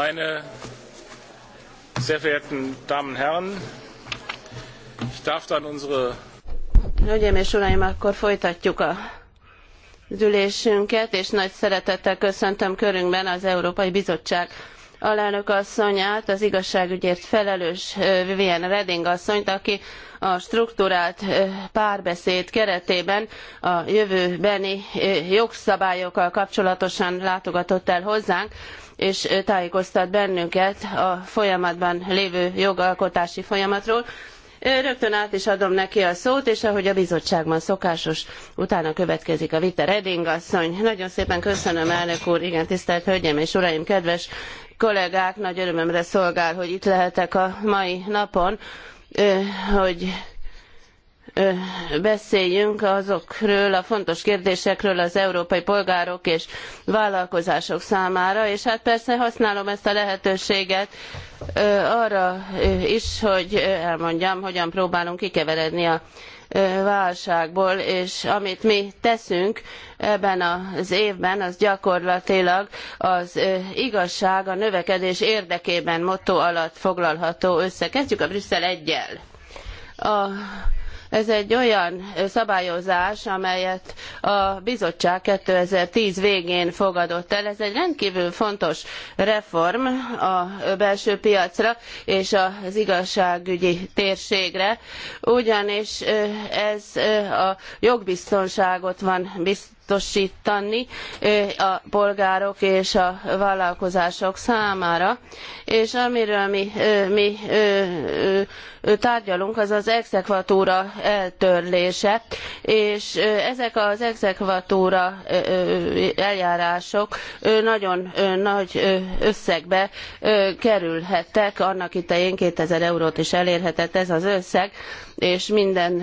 meine sehr verehrten Damen und Herren, ich darf dann unsere Hölgyeim és Uraim, akkor folytatjuk a ülésünket, és nagy szeretettel köszöntöm körünkben az Európai Bizottság alelnök asszonyát, az igazságügyért felelős viviane Reding asszonyt, aki a strukturált párbeszéd keretében a jövőbeni jogszabályokkal kapcsolatosan látogatott el hozzánk, és tájékoztat bennünket a folyamatban lévő jogalkotási folyamatról. Rögtön át is adom neki a szót, és ahogy a bizottságban szokásos, utána következik a vita. Reding asszony, nagyon szépen köszönöm, elnök úr, igen, tisztelt hölgyeim és uraim, kedves kollégák, nagy örömömre szolgál, hogy itt lehetek a mai napon, hogy beszéljünk azokról a fontos kérdésekről az európai polgárok és vállalkozások számára, és hát persze használom ezt a lehetőséget arra is, hogy elmondjam, hogyan próbálunk kikeveredni a válságból, és amit mi teszünk ebben az évben, az gyakorlatilag az igazság a növekedés érdekében motto alatt foglalható össze. Kezdjük a Brüsszel egyel. A ez egy olyan szabályozás, amelyet a bizottság 2010 végén fogadott el. Ez egy rendkívül fontos reform a belső piacra és az igazságügyi térségre, ugyanis ez a jogbiztonságot van biztosítani biztosítani a polgárok és a vállalkozások számára. És amiről mi, mi tárgyalunk, az az exekvatúra eltörlése, és ezek az exekvatúra eljárások nagyon nagy összegbe kerülhettek, annak idején 2000 eurót is elérhetett ez az összeg, és minden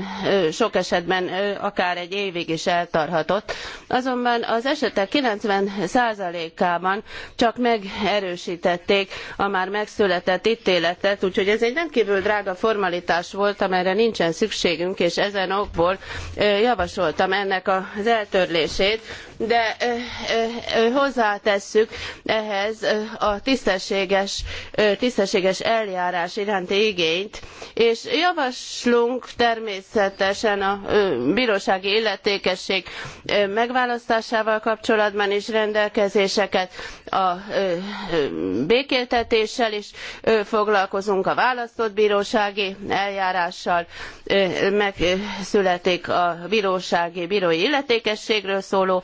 sok esetben akár egy évig is eltarhatott. Azonban az esetek 90%-ában csak megerősítették a már megszületett ítéletet, úgyhogy ez egy rendkívül drága formalitás volt, amelyre nincsen szükségünk, és ezen okból javasoltam ennek az eltörlését, de hozzátesszük ehhez a tisztességes, tisztességes eljárás iránti igényt, és javaslunk természetesen a bírósági illetékesség megválasztásával kapcsolatban is rendelkezéseket, a békéltetéssel is foglalkozunk, a választott bírósági eljárással megszületik a bírósági bírói illetékességről szóló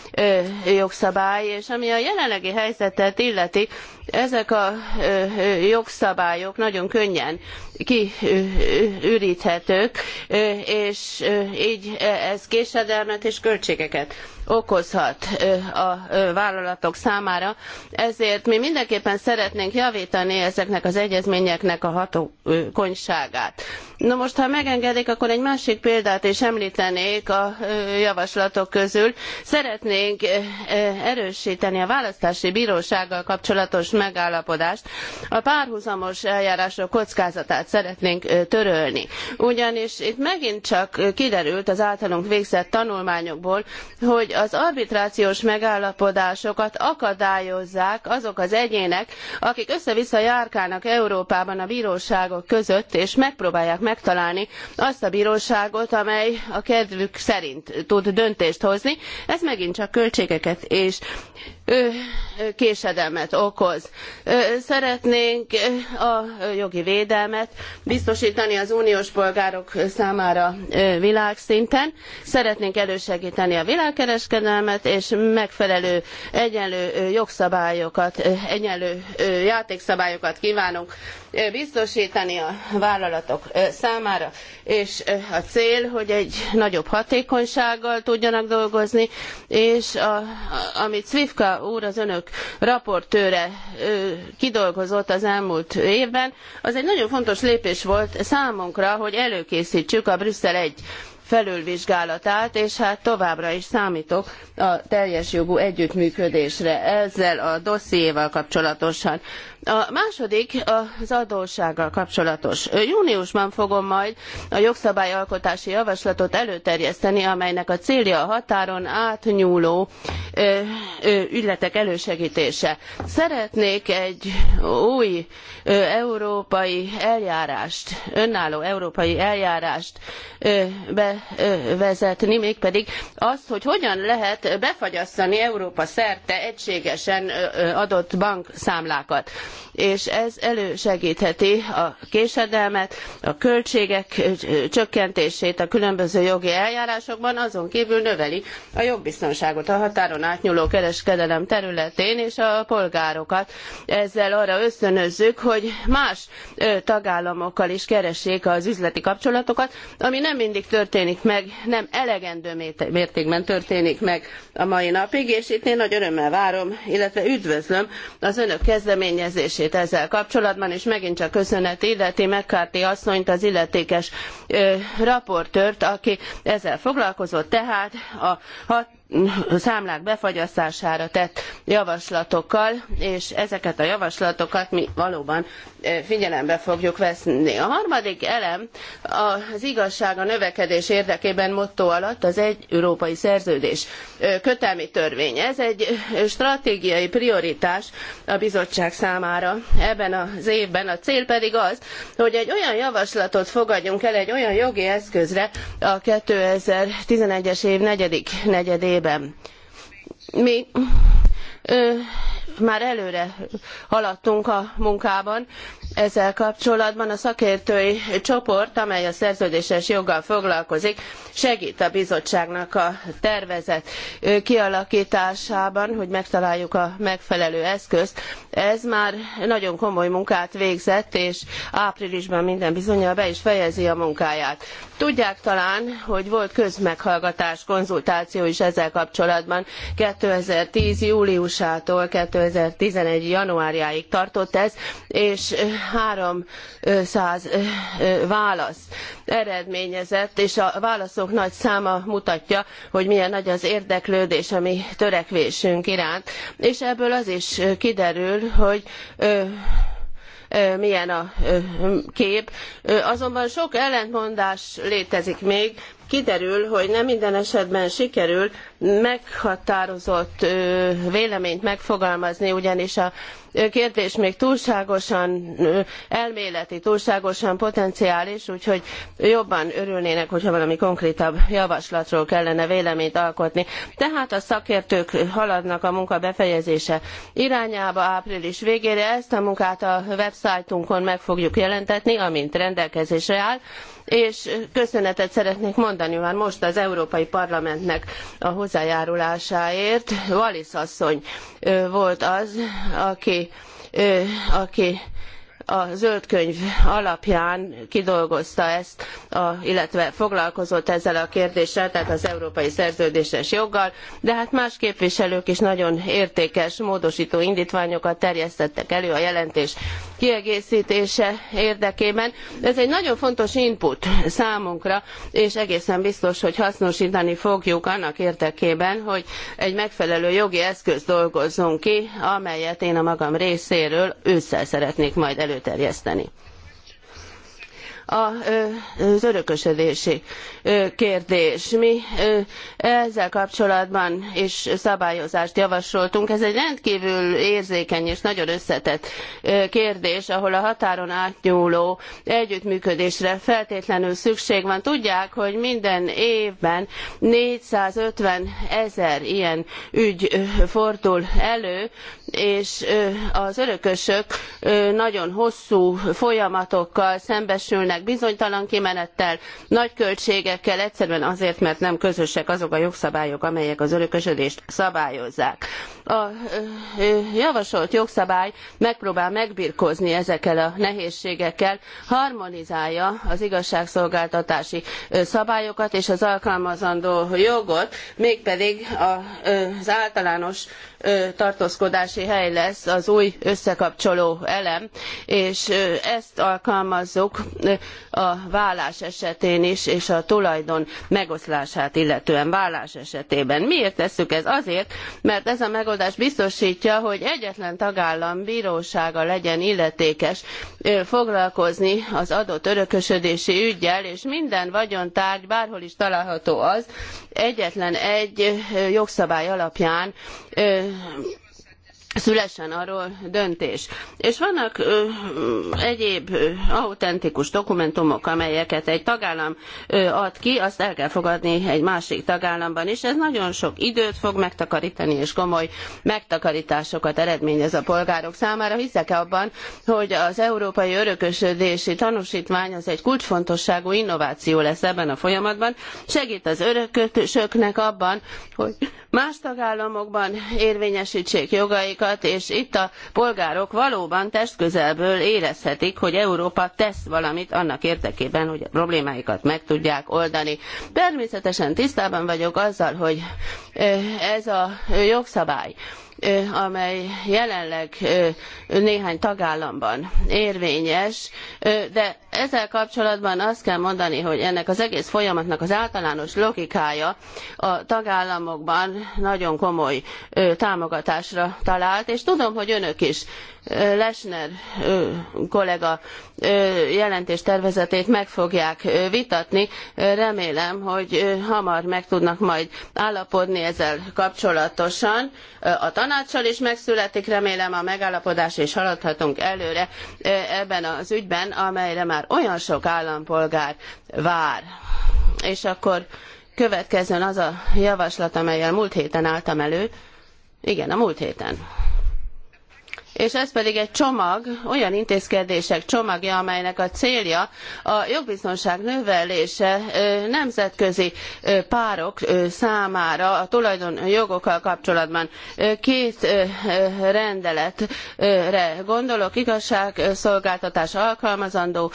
jogszabály, és ami a jelenlegi helyzetet illeti, ezek a jogszabályok nagyon könnyen kiüríthetők, és így ez késedelmet és költségeket okozhat a vállalatok számára. Ezért mi mindenképpen szeretnénk javítani ezeknek az egyezményeknek a hatókonyságát. Na most, ha megengedik, akkor egy másik példát is említenék a javaslatok közül. Szeretnék szeretnénk erősteni a választási bírósággal kapcsolatos megállapodást. A párhuzamos eljárások kockázatát szeretnénk törölni. Ugyanis itt megint csak kiderült az általunk végzett tanulmányokból, hogy az arbitrációs megállapodásokat akadályozzák azok az egyének, akik össze-vissza járkálnak Európában a bíróságok között, és megpróbálják megtalálni azt a bíróságot, amely a kedvük szerint tud döntést hozni. Ez megint csak költségeket, és késedelmet okoz. Szeretnénk a jogi védelmet biztosítani az uniós polgárok számára világszinten. Szeretnénk elősegíteni a világkereskedelmet, és megfelelő egyenlő jogszabályokat, egyenlő játékszabályokat kívánunk biztosítani a vállalatok számára, és a cél, hogy egy nagyobb hatékonysággal tudjanak dolgozni, és a, amit Svifka úr, az önök raportőre kidolgozott az elmúlt évben, az egy nagyon fontos lépés volt számunkra, hogy előkészítsük a Brüsszel egy felülvizsgálatát, és hát továbbra is számítok a teljes jogú együttműködésre ezzel a dossziéval kapcsolatosan. A második az adóssággal kapcsolatos. Júniusban fogom majd a jogszabályalkotási javaslatot előterjeszteni, amelynek a célja a határon átnyúló ügyletek elősegítése. Szeretnék egy új európai eljárást, önálló európai eljárást bevezetni, mégpedig azt, hogy hogyan lehet befagyasztani Európa szerte egységesen adott bankszámlákat és ez elősegítheti a késedelmet, a költségek csökkentését a különböző jogi eljárásokban, azon kívül növeli a jogbiztonságot a határon átnyúló kereskedelem területén, és a polgárokat ezzel arra ösztönözzük, hogy más tagállamokkal is keressék az üzleti kapcsolatokat, ami nem mindig történik meg, nem elegendő mértékben történik meg a mai napig, és itt én nagy örömmel várom, illetve üdvözlöm az önök kezdeményezését érzését ezzel kapcsolatban, és megint csak köszönet illeti McCarthy asszonyt, az illetékes ö, raportőrt, aki ezzel foglalkozott, tehát a hat számlák befagyasztására tett javaslatokkal, és ezeket a javaslatokat mi valóban eh, figyelembe fogjuk veszni. A harmadik elem az igazság a növekedés érdekében motto alatt az egy európai szerződés eh, kötelmi törvény. Ez egy eh, stratégiai prioritás a bizottság számára ebben az évben. A cél pedig az, hogy egy olyan javaslatot fogadjunk el, egy olyan jogi eszközre a 2011-es év negyedik negyedében, esetében. mi már előre haladtunk a munkában ezzel kapcsolatban. A szakértői csoport, amely a szerződéses joggal foglalkozik, segít a bizottságnak a tervezet kialakításában, hogy megtaláljuk a megfelelő eszközt. Ez már nagyon komoly munkát végzett, és áprilisban minden bizonyal be is fejezi a munkáját. Tudják talán, hogy volt közmeghallgatás, konzultáció is ezzel kapcsolatban 2010. júliusától 2010 2011. januárjáig tartott ez, és 300 válasz eredményezett, és a válaszok nagy száma mutatja, hogy milyen nagy az érdeklődés a mi törekvésünk iránt. És ebből az is kiderül, hogy milyen a kép. Azonban sok ellentmondás létezik még, kiderül, hogy nem minden esetben sikerül meghatározott véleményt megfogalmazni, ugyanis a kérdés még túlságosan elméleti, túlságosan potenciális, úgyhogy jobban örülnének, hogyha valami konkrétabb javaslatról kellene véleményt alkotni. Tehát a szakértők haladnak a munka befejezése irányába április végére. Ezt a munkát a websájtunkon meg fogjuk jelentetni, amint rendelkezésre áll, és köszönetet szeretnék mondani mondani már most az Európai Parlamentnek a hozzájárulásáért. Wallis asszony volt az, aki, aki a zöld könyv alapján kidolgozta ezt, a, illetve foglalkozott ezzel a kérdéssel, tehát az európai szerződéses joggal, de hát más képviselők is nagyon értékes módosító indítványokat terjesztettek elő a jelentés kiegészítése érdekében. Ez egy nagyon fontos input számunkra, és egészen biztos, hogy hasznosítani fogjuk annak érdekében, hogy egy megfelelő jogi eszköz dolgozzunk ki, amelyet én a magam részéről ősszel szeretnék majd előterjeszteni az örökösödési kérdés. Mi ezzel kapcsolatban is szabályozást javasoltunk. Ez egy rendkívül érzékeny és nagyon összetett kérdés, ahol a határon átnyúló együttműködésre feltétlenül szükség van. Tudják, hogy minden évben 450 ezer ilyen ügy fordul elő, és az örökösök nagyon hosszú folyamatokkal szembesülnek, válság bizonytalan kimenettel, nagy költségekkel, egyszerűen azért, mert nem közösek azok a jogszabályok, amelyek az örökösödést szabályozzák. A javasolt jogszabály megpróbál megbirkózni ezekkel a nehézségekkel, harmonizálja az igazságszolgáltatási szabályokat és az alkalmazandó jogot, mégpedig az általános tartózkodási hely lesz az új összekapcsoló elem, és ezt alkalmazzuk a vállás esetén is, és a tulajdon megoszlását illetően vállás esetében. Miért tesszük ezt Azért, mert ez a megoldás biztosítja, hogy egyetlen tagállam bírósága legyen illetékes foglalkozni az adott örökösödési ügyel, és minden vagyontárgy bárhol is található az, egyetlen egy jogszabály alapján ö, szülessen arról döntés. És vannak ö, egyéb ö, autentikus dokumentumok, amelyeket egy tagállam ö, ad ki, azt el kell fogadni egy másik tagállamban is. Ez nagyon sok időt fog megtakarítani, és komoly megtakarításokat eredményez a polgárok számára. Hiszek abban, hogy az Európai Örökösödési Tanúsítvány az egy kulcsfontosságú innováció lesz ebben a folyamatban. Segít az örökösöknek abban, hogy más tagállamokban érvényesítsék jogaikat, jogaikat, és itt a polgárok valóban testközelből érezhetik, hogy Európa tesz valamit annak érdekében, hogy a problémáikat meg tudják oldani. Természetesen tisztában vagyok azzal, hogy eh, ez a jogszabály amely jelenleg néhány tagállamban érvényes, de ezzel kapcsolatban azt kell mondani, hogy ennek az egész folyamatnak az általános logikája a tagállamokban nagyon komoly támogatásra talált, és tudom, hogy önök is Lesner kollega jelentés tervezetét meg fogják vitatni. Remélem, hogy hamar meg tudnak majd állapodni ezzel kapcsolatosan a tanáccsal, is megszületik, remélem a megállapodás, és haladhatunk előre ebben az ügyben, amelyre már olyan sok állampolgár vár. És akkor következzen az a javaslat, amelyel múlt héten álltam elő. Igen, a múlt héten és ez pedig egy csomag, olyan intézkedések csomagja, amelynek a célja a jogbiztonság növelése nemzetközi párok számára a tulajdonjogokkal kapcsolatban. Két rendeletre gondolok, igazságszolgáltatás alkalmazandó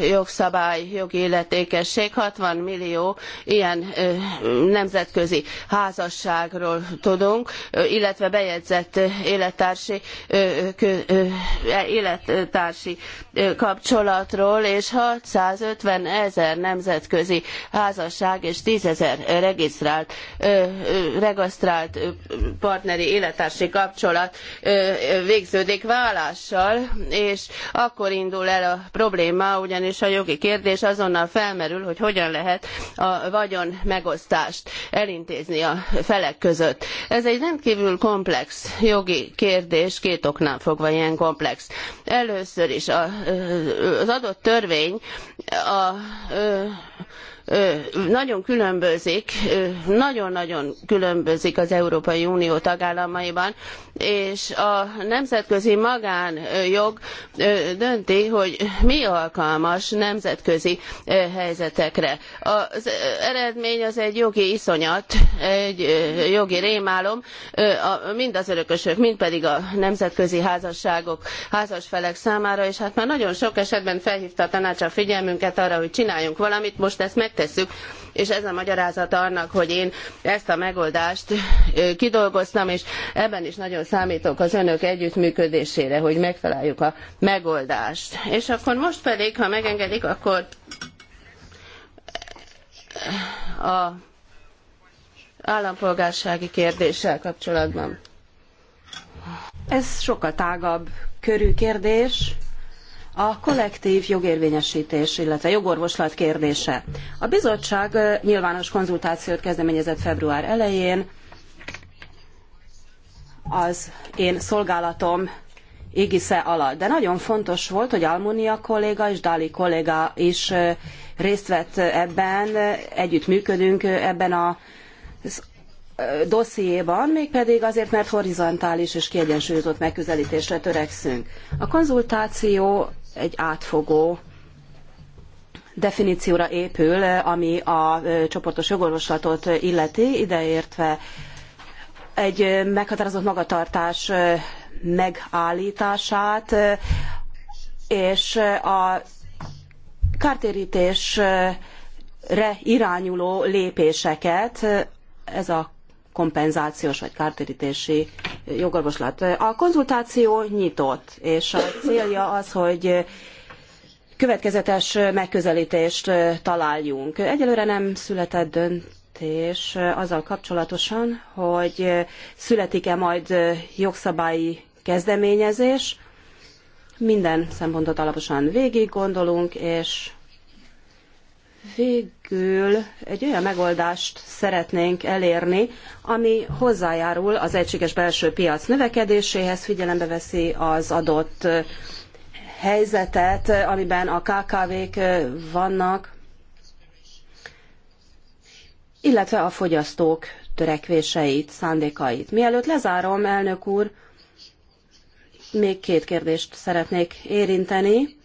jogszabály, jogi illetékesség, 60 millió ilyen nemzetközi házasságról tudunk, illetve bejegyzett élettársi élettársi kapcsolatról, és 650 ezer nemzetközi házasság és 10 ezer regisztrált, regisztrált partneri élettársi kapcsolat végződik válással, és akkor indul el a probléma, ugyanis a jogi kérdés azonnal felmerül, hogy hogyan lehet a vagyon megosztást elintézni a felek között. Ez egy rendkívül komplex jogi kérdés két oknál fogva ilyen komplex. Először is az adott törvény a nagyon különbözik, nagyon-nagyon különbözik az Európai Unió tagállamaiban, és a nemzetközi magánjog dönti, hogy mi alkalmas nemzetközi helyzetekre. Az eredmény az egy jogi iszonyat, egy jogi rémálom, mind az örökösök, mind pedig a nemzetközi házasságok, házasfelek számára, és hát már nagyon sok esetben felhívta a tanács a figyelmünket arra, hogy csináljunk valamit, most ezt meg megtesszük, és ez a magyarázata annak, hogy én ezt a megoldást kidolgoztam, és ebben is nagyon számítok az önök együttműködésére, hogy megtaláljuk a megoldást. És akkor most pedig, ha megengedik, akkor a állampolgársági kérdéssel kapcsolatban. Ez sokkal tágabb körű kérdés. A kollektív jogérvényesítés, illetve jogorvoslat kérdése. A bizottság nyilvános konzultációt kezdeményezett február elején. Az én szolgálatom égisze alatt. De nagyon fontos volt, hogy Almunia kolléga és Dali kolléga is részt vett ebben, együtt működünk ebben a dossziéban, mégpedig azért, mert horizontális és kiegyensúlyozott megközelítésre törekszünk. A konzultáció egy átfogó definícióra épül, ami a csoportos jogorvoslatot illeti, ideértve egy meghatározott magatartás megállítását, és a kártérítésre irányuló lépéseket, ez a kompenzációs vagy kártérítési jogorvoslat. A konzultáció nyitott, és a célja az, hogy következetes megközelítést találjunk. Egyelőre nem született döntés azzal kapcsolatosan, hogy születik-e majd jogszabályi kezdeményezés. Minden szempontot alaposan végiggondolunk és Végül egy olyan megoldást szeretnénk elérni, ami hozzájárul az egységes belső piac növekedéséhez, figyelembe veszi az adott helyzetet, amiben a KKV-k vannak, illetve a fogyasztók törekvéseit, szándékait. Mielőtt lezárom, elnök úr, még két kérdést szeretnék érinteni.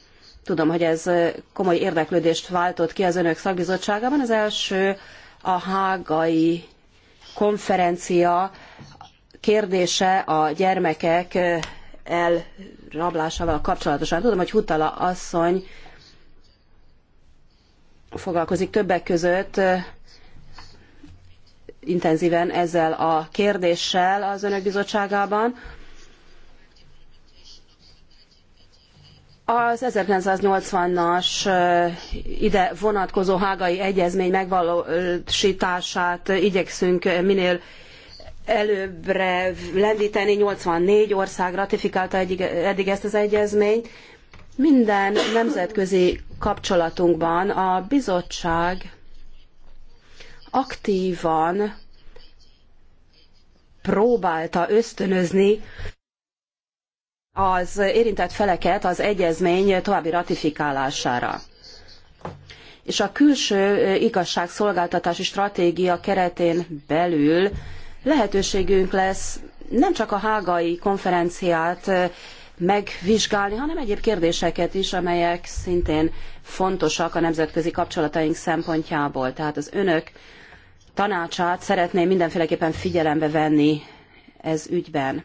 Tudom, hogy ez komoly érdeklődést váltott ki az önök szakbizottságában. Az első a hágai konferencia kérdése a gyermekek elrablásával kapcsolatosan. Tudom, hogy Hutala asszony foglalkozik többek között intenzíven ezzel a kérdéssel az önök bizottságában. Az 1980-as ide vonatkozó hágai egyezmény megvalósítását igyekszünk minél előbbre lendíteni. 84 ország ratifikálta eddig ezt az egyezményt. Minden nemzetközi kapcsolatunkban a bizottság aktívan próbálta ösztönözni az érintett feleket az egyezmény további ratifikálására. És a külső igazságszolgáltatási stratégia keretén belül lehetőségünk lesz nem csak a hágai konferenciát megvizsgálni, hanem egyéb kérdéseket is, amelyek szintén fontosak a nemzetközi kapcsolataink szempontjából. Tehát az önök tanácsát szeretném mindenféleképpen figyelembe venni ez ügyben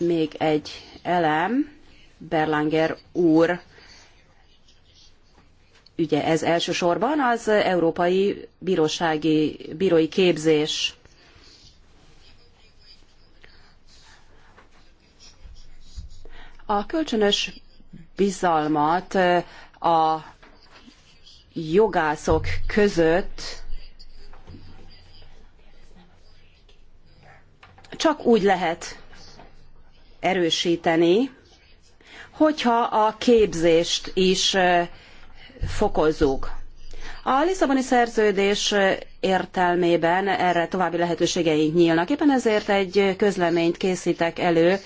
még egy elem, Berlanger úr, ugye ez elsősorban az európai bírósági, bírói képzés A kölcsönös bizalmat a jogászok között csak úgy lehet erősíteni, hogyha a képzést is fokozzuk. A Lisszaboni szerződés értelmében erre további lehetőségeink nyílnak. Éppen ezért egy közleményt készítek elő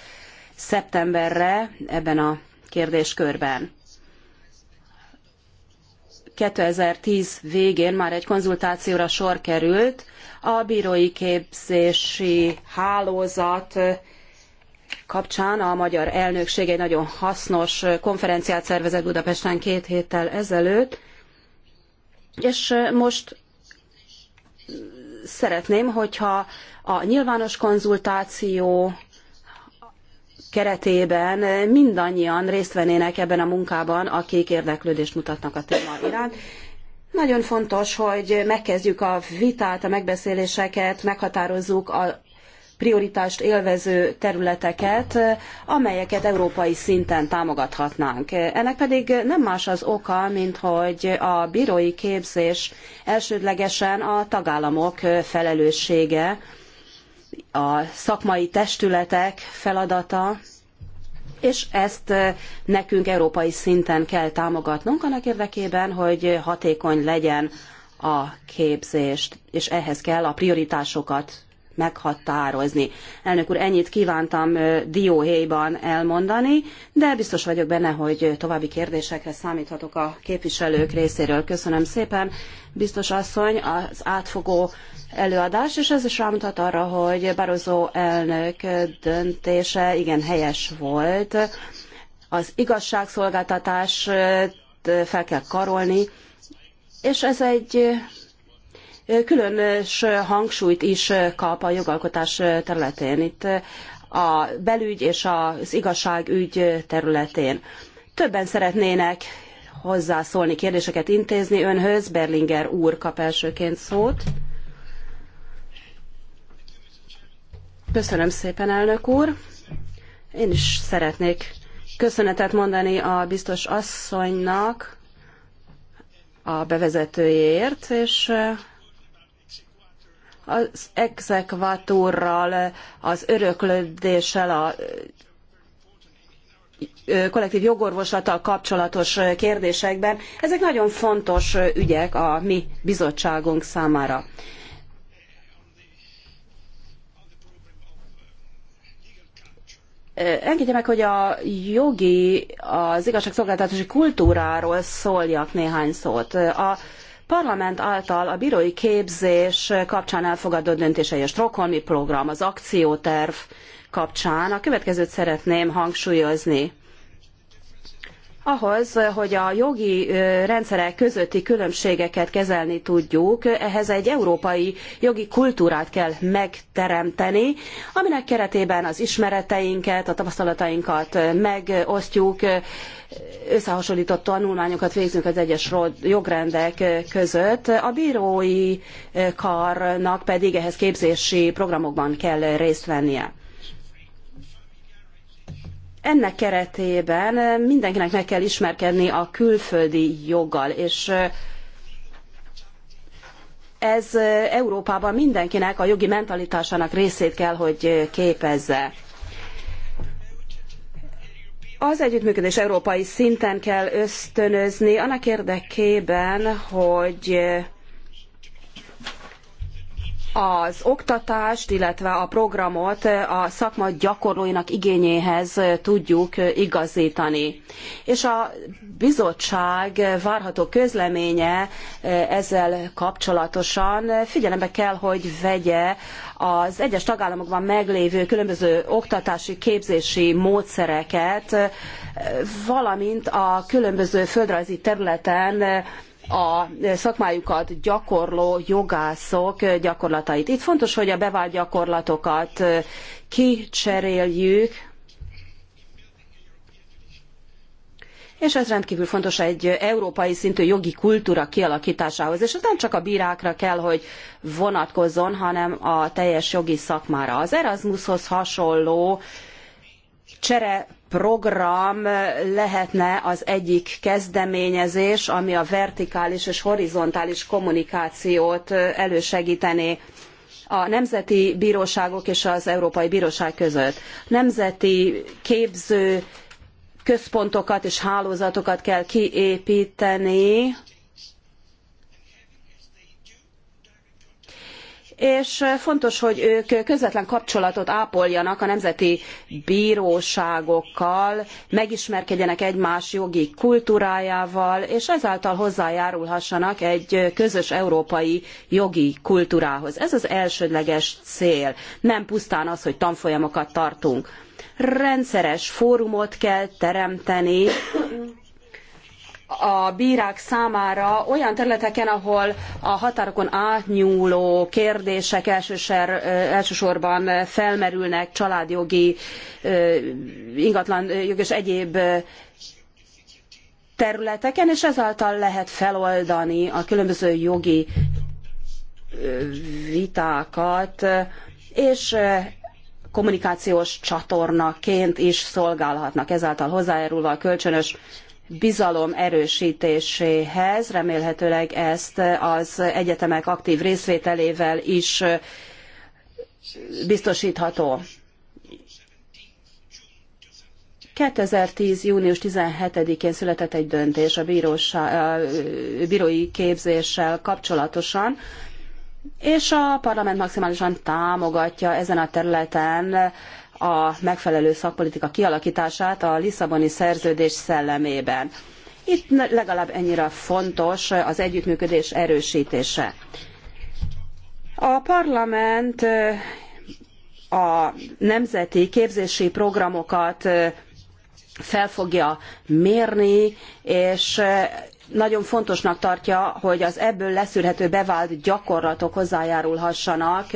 szeptemberre ebben a kérdéskörben. 2010 végén már egy konzultációra sor került, a bírói képzési hálózat kapcsán a magyar elnökség egy nagyon hasznos konferenciát szervezett Budapesten két héttel ezelőtt, és most szeretném, hogyha a nyilvános konzultáció keretében mindannyian részt vennének ebben a munkában, akik érdeklődést mutatnak a téma iránt. Nagyon fontos, hogy megkezdjük a vitát, a megbeszéléseket, meghatározzuk a prioritást élvező területeket, amelyeket európai szinten támogathatnánk. Ennek pedig nem más az oka, mint hogy a bírói képzés elsődlegesen a tagállamok felelőssége, a szakmai testületek feladata, és ezt nekünk európai szinten kell támogatnunk annak érdekében, hogy hatékony legyen a képzést, és ehhez kell a prioritásokat meghatározni. Elnök úr, ennyit kívántam dióhéjban elmondani, de biztos vagyok benne, hogy további kérdésekre számíthatok a képviselők részéről. Köszönöm szépen, biztos asszony, az átfogó előadás, és ez is rámutat arra, hogy Barozó elnök döntése igen helyes volt. Az igazságszolgáltatást fel kell karolni, és ez egy különös hangsúlyt is kap a jogalkotás területén, itt a belügy és az igazságügy területén. Többen szeretnének hozzászólni, kérdéseket intézni önhöz. Berlinger úr kap elsőként szót. Köszönöm szépen, elnök úr. Én is szeretnék köszönetet mondani a biztos asszonynak a bevezetőjéért, és az exekvátorral, az öröklődéssel, a kollektív jogorvoslattal kapcsolatos kérdésekben. Ezek nagyon fontos ügyek a mi bizottságunk számára. Engedje meg, hogy a jogi, az igazságszolgáltatási kultúráról szóljak néhány szót. A parlament által a bírói képzés kapcsán elfogadott döntései, a Stockholmi program, az akcióterv kapcsán a következőt szeretném hangsúlyozni. Ahhoz, hogy a jogi rendszerek közötti különbségeket kezelni tudjuk, ehhez egy európai jogi kultúrát kell megteremteni, aminek keretében az ismereteinket, a tapasztalatainkat megosztjuk, összehasonlított tanulmányokat végzünk az egyes jogrendek között. A bírói karnak pedig ehhez képzési programokban kell részt vennie ennek keretében eh, mindenkinek meg kell ismerkedni a külföldi joggal, és eh, ez eh, Európában mindenkinek a jogi mentalitásának részét kell, hogy képezze. Az együttműködés európai szinten kell ösztönözni annak érdekében, hogy az oktatást, illetve a programot a szakma gyakorlóinak igényéhez tudjuk igazítani. És a bizottság várható közleménye ezzel kapcsolatosan figyelembe kell, hogy vegye az egyes tagállamokban meglévő különböző oktatási, képzési módszereket, valamint a különböző földrajzi területen a szakmájukat gyakorló jogászok gyakorlatait. Itt fontos, hogy a bevált gyakorlatokat kicseréljük, és ez rendkívül fontos egy európai szintű jogi kultúra kialakításához, és ez nem csak a bírákra kell, hogy vonatkozzon, hanem a teljes jogi szakmára. Az Erasmushoz hasonló csere program lehetne az egyik kezdeményezés, ami a vertikális és horizontális kommunikációt elősegítené a nemzeti bíróságok és az Európai Bíróság között. Nemzeti képző központokat és hálózatokat kell kiépíteni, és eh, fontos, hogy ők közvetlen kapcsolatot ápoljanak a nemzeti bíróságokkal, megismerkedjenek egymás jogi kultúrájával, és ezáltal hozzájárulhassanak egy eh, közös európai jogi kultúrához. Ez az elsődleges cél, nem pusztán az, hogy tanfolyamokat tartunk. Rendszeres fórumot kell teremteni, a bírák számára olyan területeken, ahol a határokon átnyúló kérdések elsősor, elsősorban felmerülnek, családjogi, ingatlanjog és egyéb területeken, és ezáltal lehet feloldani a különböző jogi vitákat, és kommunikációs csatornaként is szolgálhatnak, ezáltal hozzájárulva a kölcsönös bizalom erősítéséhez. Remélhetőleg ezt az egyetemek aktív részvételével is biztosítható. 2010. június 17-én született egy döntés a, bírósa, a bírói képzéssel kapcsolatosan, és a parlament maximálisan támogatja ezen a területen a megfelelő szakpolitika kialakítását a Lisszaboni szerződés szellemében. Itt legalább ennyire fontos az együttműködés erősítése. A parlament a nemzeti képzési programokat fel fogja mérni, és nagyon fontosnak tartja, hogy az ebből leszűrhető bevált gyakorlatok hozzájárulhassanak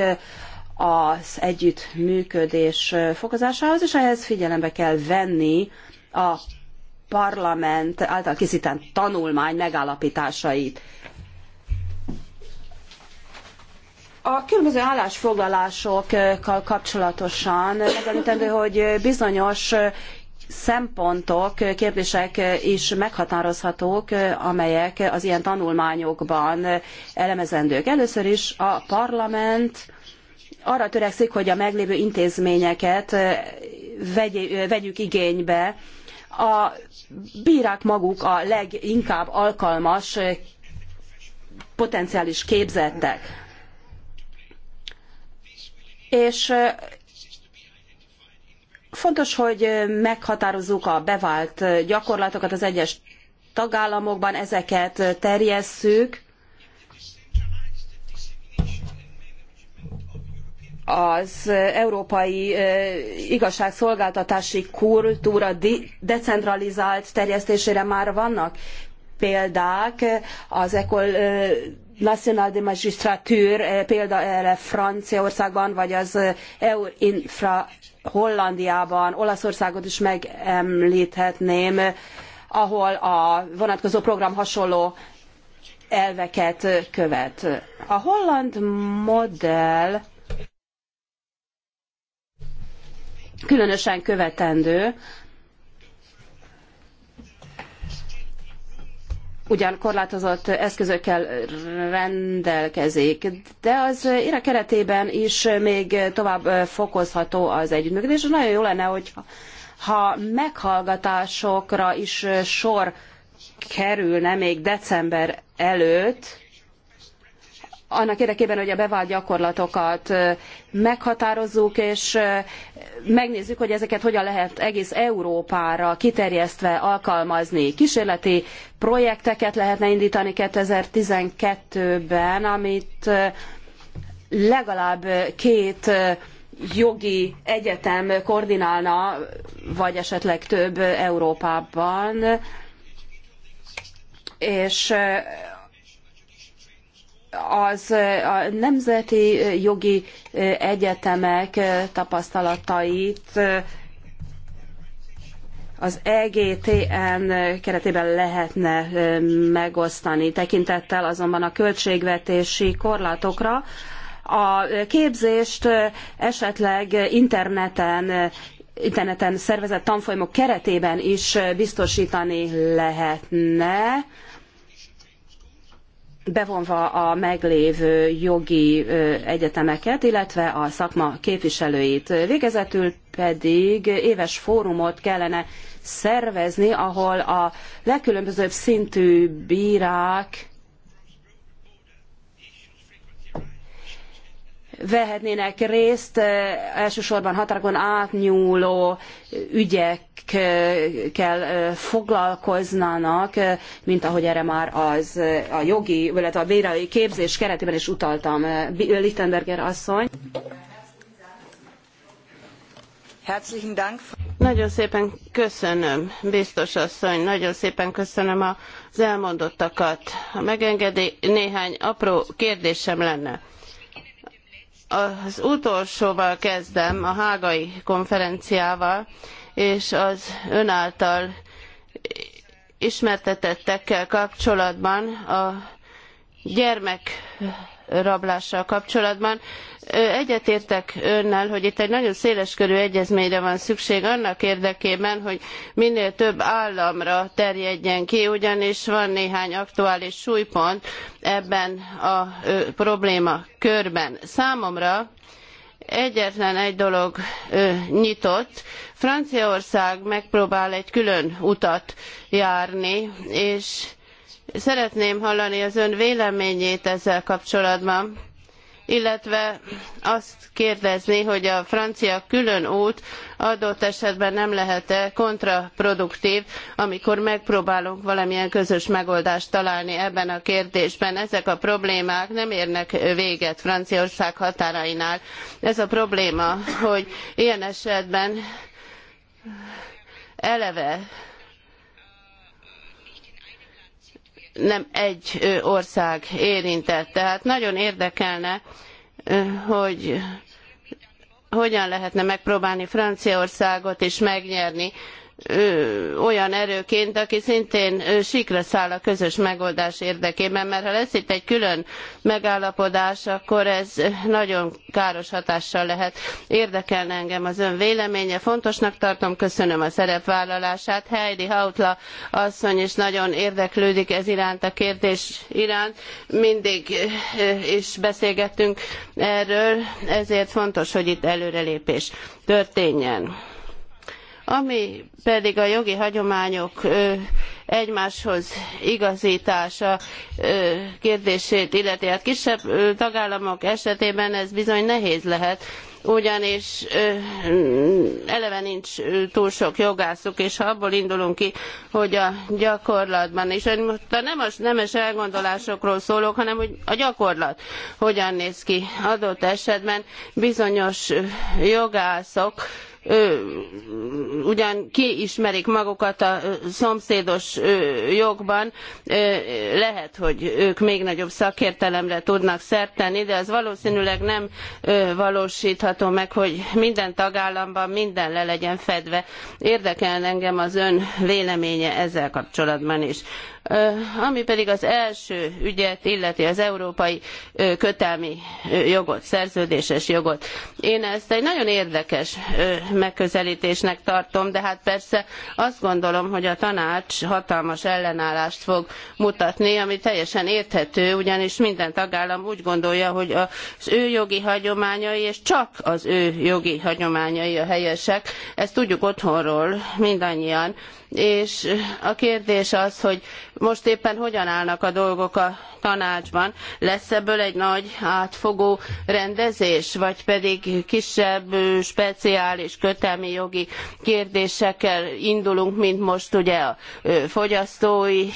az együttműködés fokozásához, és ehhez figyelembe kell venni a parlament által készített tanulmány megállapításait. A különböző állásfoglalásokkal kapcsolatosan megemlítendő, hogy bizonyos szempontok, kérdések is meghatározhatók, amelyek az ilyen tanulmányokban elemezendők. Először is a parlament arra törekszik, hogy a meglévő intézményeket vegyük igénybe. A bírák maguk a leginkább alkalmas, potenciális képzettek. És fontos, hogy meghatározzuk a bevált gyakorlatokat az egyes tagállamokban, ezeket terjesszük, az európai igazságszolgáltatási kultúra decentralizált terjesztésére már vannak példák, az École Nationale de Magistrature példa erre Franciaországban, vagy az eu infra Hollandiában, Olaszországot is megemlíthetném, ahol a vonatkozó program hasonló elveket követ. A holland modell különösen követendő, ugyan korlátozott eszközökkel rendelkezik, de az ére keretében is még tovább fokozható az együttműködés. Nagyon jó lenne, hogy ha meghallgatásokra is sor kerülne még december előtt, annak érdekében, hogy a bevált gyakorlatokat meghatározzuk, és megnézzük, hogy ezeket hogyan lehet egész Európára kiterjesztve alkalmazni. Kísérleti projekteket lehetne indítani 2012-ben, amit legalább két jogi egyetem koordinálna, vagy esetleg több Európában, és az a nemzeti jogi egyetemek tapasztalatait az EGTN keretében lehetne megosztani, tekintettel azonban a költségvetési korlátokra. A képzést esetleg interneten interneten szervezett tanfolyamok keretében is biztosítani lehetne bevonva a meglévő jogi egyetemeket, illetve a szakma képviselőit. Végezetül pedig éves fórumot kellene szervezni, ahol a legkülönbözőbb szintű bírák vehetnének részt elsősorban határokon átnyúló ügyekkel foglalkoznának, mint ahogy erre már az a jogi, illetve a bírói képzés keretében is utaltam Lichtenberger asszony. Nagyon szépen köszönöm, biztos asszony, nagyon szépen köszönöm az elmondottakat. Ha megengedi, néhány apró kérdésem lenne az utolsóval kezdem, a hágai konferenciával, és az ön által ismertetettekkel kapcsolatban a gyermek rablással kapcsolatban. Egyetértek önnel, hogy itt egy nagyon széleskörű egyezményre van szükség annak érdekében, hogy minél több államra terjedjen ki, ugyanis van néhány aktuális súlypont ebben a probléma körben. Számomra egyetlen egy dolog nyitott franciaország megpróbál egy külön utat járni és Szeretném hallani az ön véleményét ezzel kapcsolatban, illetve azt kérdezni, hogy a francia külön út adott esetben nem lehet-e kontraproduktív, amikor megpróbálunk valamilyen közös megoldást találni ebben a kérdésben. Ezek a problémák nem érnek véget Franciaország határainál. Ez a probléma, hogy ilyen esetben eleve nem egy ország érintett. Tehát nagyon érdekelne, hogy hogyan lehetne megpróbálni Franciaországot is megnyerni olyan erőként, aki szintén sikra száll a közös megoldás érdekében, mert ha lesz itt egy külön megállapodás, akkor ez nagyon káros hatással lehet. Érdekelne engem az ön véleménye, fontosnak tartom, köszönöm a szerepvállalását. Heidi Hautla asszony is nagyon érdeklődik ez iránt a kérdés iránt. Mindig is beszélgettünk erről, ezért fontos, hogy itt előrelépés történjen ami pedig a jogi hagyományok egymáshoz igazítása kérdését illeti, hát kisebb tagállamok esetében ez bizony nehéz lehet, ugyanis eleve nincs túl sok jogászuk, és ha abból indulunk ki, hogy a gyakorlatban, és most nem a nemes elgondolásokról szólok, hanem hogy a gyakorlat hogyan néz ki adott esetben bizonyos jogászok, ugyan kiismerik magukat a szomszédos jogban, lehet, hogy ők még nagyobb szakértelemre tudnak szert tenni, de az valószínűleg nem valósítható meg, hogy minden tagállamban minden le legyen fedve. Érdekel engem az ön véleménye ezzel kapcsolatban is. Ami pedig az első ügyet illeti az európai kötelmi jogot, szerződéses jogot. Én ezt egy nagyon érdekes megközelítésnek tartom, de hát persze azt gondolom, hogy a tanács hatalmas ellenállást fog mutatni, ami teljesen érthető, ugyanis minden tagállam úgy gondolja, hogy az ő jogi hagyományai, és csak az ő jogi hagyományai a helyesek. Ezt tudjuk otthonról mindannyian. És a kérdés az, hogy most éppen hogyan állnak a dolgok a tanácsban. Lesz ebből egy nagy átfogó rendezés, vagy pedig kisebb, speciális kötelmi jogi kérdésekkel indulunk, mint most ugye a fogyasztói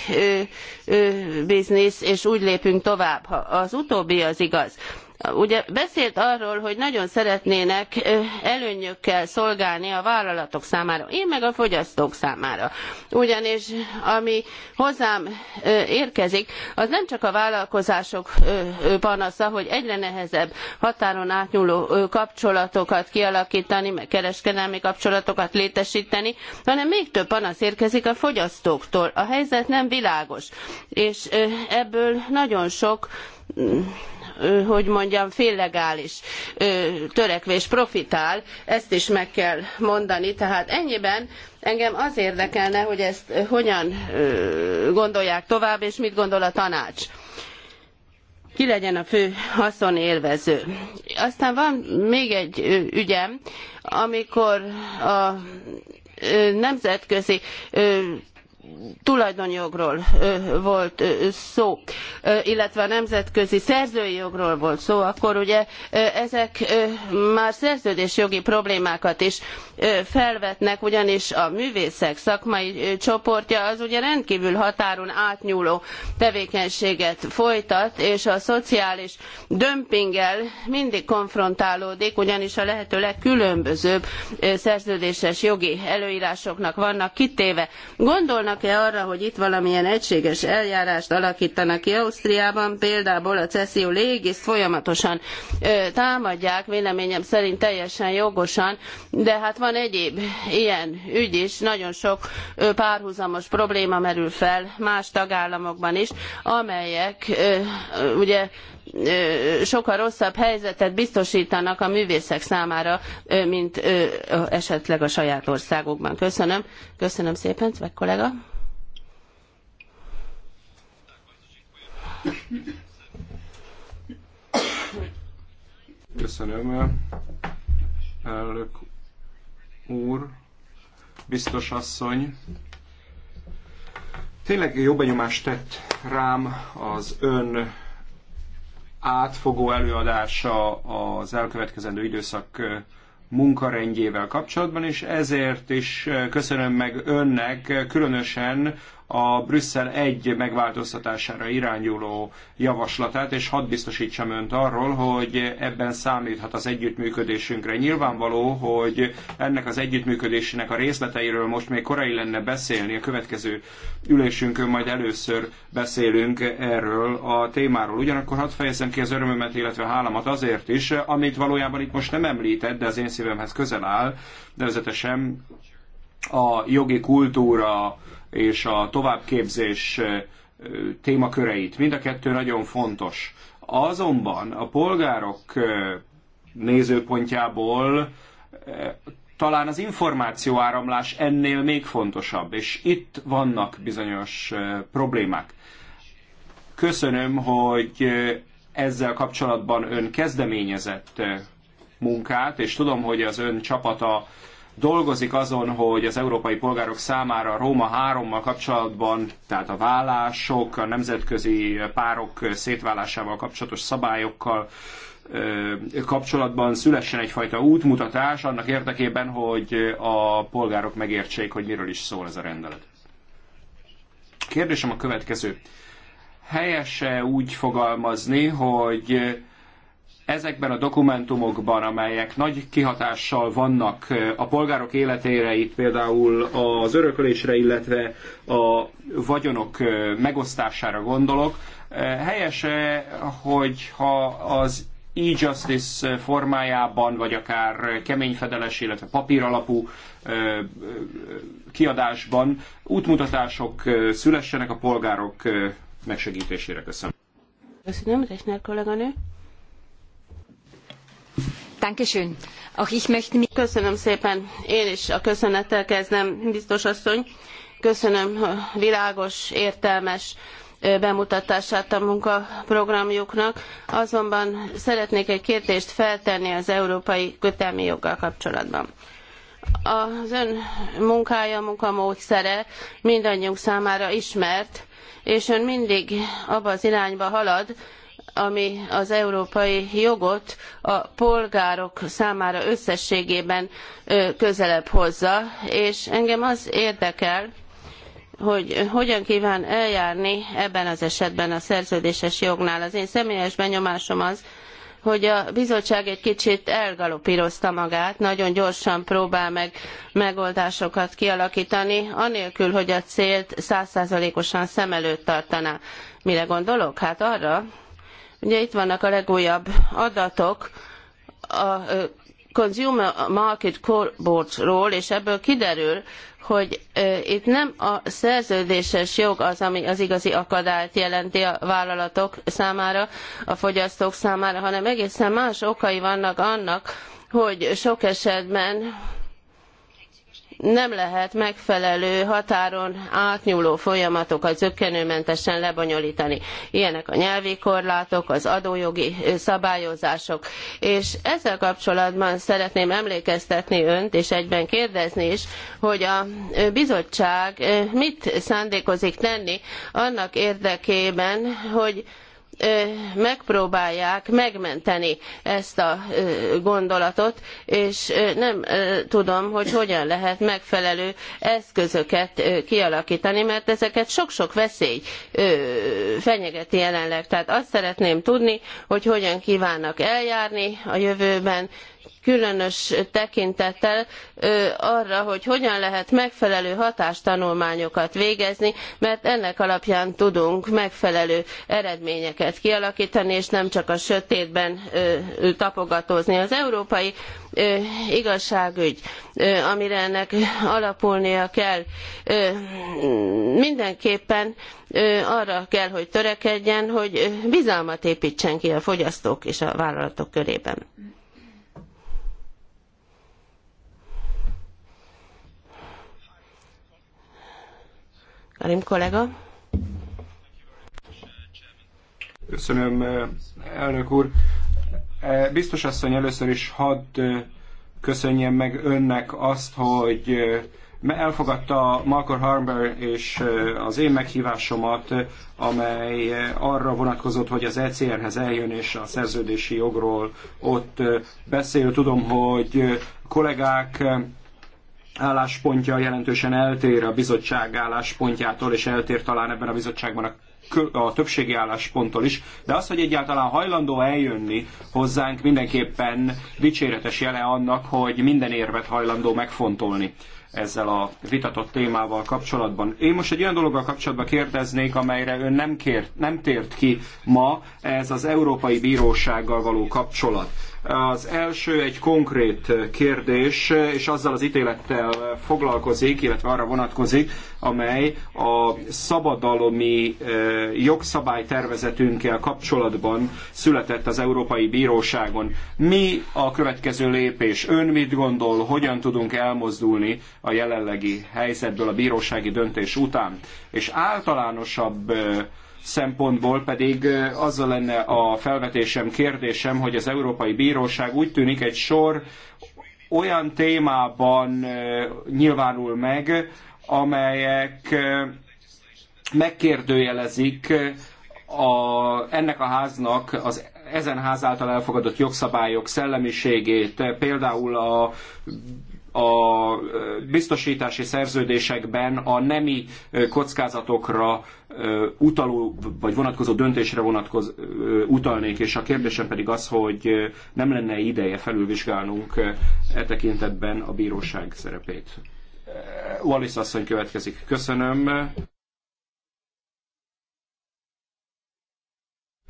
biznisz, és úgy lépünk tovább. Ha az utóbbi az igaz, Ugye beszélt arról, hogy nagyon szeretnének előnyökkel szolgálni a vállalatok számára, én meg a fogyasztók számára. Ugyanis ami hozzám érkezik, az nem csak a vállalkozások panasza, hogy egyre nehezebb határon átnyúló kapcsolatokat kialakítani, meg kereskedelmi kapcsolatokat létesíteni, hanem még több panasz érkezik a fogyasztóktól. A helyzet nem világos, és ebből nagyon sok hogy mondjam, féllegális törekvés profitál, ezt is meg kell mondani. Tehát ennyiben engem az érdekelne, hogy ezt hogyan gondolják tovább, és mit gondol a tanács ki legyen a fő haszonélvező. Aztán van még egy ügyem, amikor a nemzetközi tulajdonjogról volt szó, illetve a nemzetközi szerzői jogról volt szó, akkor ugye ezek már szerződésjogi problémákat is felvetnek, ugyanis a művészek szakmai csoportja az ugye rendkívül határon átnyúló tevékenységet folytat, és a szociális dömpinggel mindig konfrontálódik, ugyanis a lehető legkülönbözőbb szerződéses jogi előírásoknak vannak kitéve. Gondolnak hajlandóak-e arra, hogy itt valamilyen egységes eljárást alakítanak ki Ausztriában, például a Cesszió légiszt folyamatosan ö, támadják, véleményem szerint teljesen jogosan, de hát van egyéb ilyen ügy is, nagyon sok ö, párhuzamos probléma merül fel más tagállamokban is, amelyek ö, ugye sokkal rosszabb helyzetet biztosítanak a művészek számára, mint esetleg a saját országokban. Köszönöm. Köszönöm szépen, Cvek kollega. Köszönöm, elnök úr, biztos asszony. Tényleg jó benyomást tett rám az ön átfogó előadása az elkövetkezendő időszak munkarendjével kapcsolatban, és ezért is köszönöm meg önnek különösen a Brüsszel egy megváltoztatására irányuló javaslatát, és hadd biztosítsam önt arról, hogy ebben számíthat az együttműködésünkre. Nyilvánvaló, hogy ennek az együttműködésének a részleteiről most még korai lenne beszélni, a következő ülésünkön majd először beszélünk erről a témáról. Ugyanakkor hadd fejezem ki az örömömet, illetve hálamat azért is, amit valójában itt most nem említett, de az én szívemhez közel áll, nevezetesen a jogi kultúra és a továbbképzés témaköreit. Mind a kettő nagyon fontos. Azonban a polgárok nézőpontjából talán az információáramlás ennél még fontosabb, és itt vannak bizonyos problémák. Köszönöm, hogy ezzel kapcsolatban ön kezdeményezett munkát, és tudom, hogy az ön csapata dolgozik azon, hogy az európai polgárok számára Róma 3-mal kapcsolatban, tehát a vállások, a nemzetközi párok szétválásával kapcsolatos szabályokkal kapcsolatban szülessen egyfajta útmutatás annak érdekében, hogy a polgárok megértsék, hogy miről is szól ez a rendelet. Kérdésem a következő. Helyese úgy fogalmazni, hogy Ezekben a dokumentumokban, amelyek nagy kihatással vannak a polgárok életére, itt például az örökölésre, illetve a vagyonok megosztására gondolok, helyes, hogy ha az e-justice formájában, vagy akár keményfedeles, illetve papíralapú kiadásban útmutatások szülessenek a polgárok megsegítésére. Köszönöm. Köszönöm, Resner kolléganő. Köszönöm szépen. Én is a köszönettel kezdem, biztos asszony. Köszönöm a világos, értelmes bemutatását a munkaprogramjuknak. Azonban szeretnék egy kérdést feltenni az európai kötelmi joggal kapcsolatban. Az ön munkája, munkamódszere mindannyiunk számára ismert, és ön mindig abba az irányba halad, ami az európai jogot a polgárok számára összességében közelebb hozza, és engem az érdekel, hogy hogyan kíván eljárni ebben az esetben a szerződéses jognál. Az én személyes benyomásom az, hogy a bizottság egy kicsit elgalopírozta magát, nagyon gyorsan próbál meg megoldásokat kialakítani, anélkül, hogy a célt százszázalékosan szem előtt tartaná. Mire gondolok? Hát arra, Ugye itt vannak a legújabb adatok a Consumer Market Boardról, és ebből kiderül, hogy itt nem a szerződéses jog az, ami az igazi akadályt jelenti a vállalatok számára, a fogyasztók számára, hanem egészen más okai vannak annak, hogy sok esetben nem lehet megfelelő határon átnyúló folyamatokat zökkenőmentesen lebonyolítani. Ilyenek a nyelvi korlátok, az adójogi szabályozások. És ezzel kapcsolatban szeretném emlékeztetni önt, és egyben kérdezni is, hogy a bizottság mit szándékozik tenni annak érdekében, hogy megpróbálják megmenteni ezt a gondolatot, és nem tudom, hogy hogyan lehet megfelelő eszközöket kialakítani, mert ezeket sok-sok veszély fenyegeti jelenleg. Tehát azt szeretném tudni, hogy hogyan kívánnak eljárni a jövőben, különös tekintettel arra, hogy hogyan lehet megfelelő hatástanulmányokat végezni, mert ennek alapján tudunk megfelelő eredményeket kialakítani, és nem csak a sötétben tapogatózni. Az európai igazságügy, amire ennek alapulnia kell, mindenképpen arra kell, hogy törekedjen, hogy bizalmat építsen ki a fogyasztók és a vállalatok körében. Karim kollega. Köszönöm, eh, elnök úr. Eh, biztos asszony, először is hadd eh, köszönjem meg önnek azt, hogy elfogadta Malcolm Harbour és az én meghívásomat, amely arra vonatkozott, hogy az ECR-hez eljön és a szerződési jogról ott beszél. Tudom, hogy kollégák álláspontja jelentősen eltér a bizottság álláspontjától, és eltér talán ebben a bizottságban a a többségi állásponttól is, de az, hogy egyáltalán hajlandó eljönni hozzánk, mindenképpen dicséretes jele annak, hogy minden érvet hajlandó megfontolni ezzel a vitatott témával kapcsolatban. Én most egy olyan dologgal kapcsolatban kérdeznék, amelyre ön nem, kért, nem tért ki ma, ez az Európai Bírósággal való kapcsolat. Az első egy konkrét kérdés, és azzal az ítélettel foglalkozik, illetve arra vonatkozik, amely a szabadalomi eh, jogszabálytervezetünkkel kapcsolatban született az Európai Bíróságon. Mi a következő lépés? Ön mit gondol, hogyan tudunk elmozdulni a jelenlegi helyzetből a bírósági döntés után? És általánosabb eh, szempontból pedig azzal lenne a felvetésem, kérdésem, hogy az Európai Bíróság úgy tűnik egy sor olyan témában nyilvánul meg, amelyek megkérdőjelezik a, ennek a háznak az ezen ház által elfogadott jogszabályok szellemiségét, például a a biztosítási szerződésekben a nemi kockázatokra utaló, vagy vonatkozó döntésre vonatkoz, utalnék, és a kérdésem pedig az, hogy nem lenne ideje felülvizsgálnunk e tekintetben a bíróság szerepét. Wallis asszony következik. Köszönöm.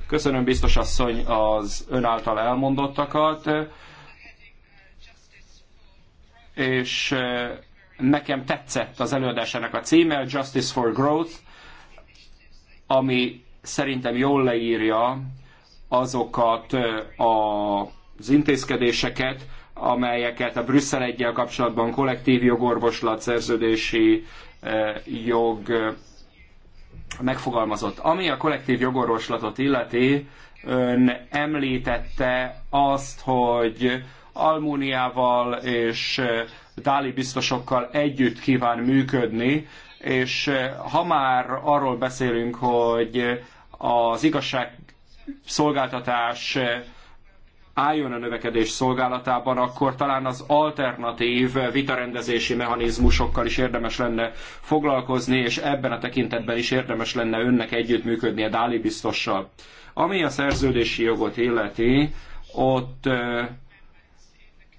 Köszönöm biztos asszony az ön által elmondottakat és nekem tetszett az előadásának a címe, Justice for Growth, ami szerintem jól leírja azokat az intézkedéseket, amelyeket a Brüsszel egyel kapcsolatban kollektív jogorvoslat, szerződési jog megfogalmazott. Ami a kollektív jogorvoslatot illeti, ön említette azt, hogy Almúniával és eh, Dáli biztosokkal együtt kíván működni, és eh, ha már arról beszélünk, hogy az igazság szolgáltatás eh, álljon a növekedés szolgálatában, akkor talán az alternatív vitarendezési mechanizmusokkal is érdemes lenne foglalkozni, és ebben a tekintetben is érdemes lenne önnek együttműködni a Dáli biztossal. Ami a szerződési jogot illeti, ott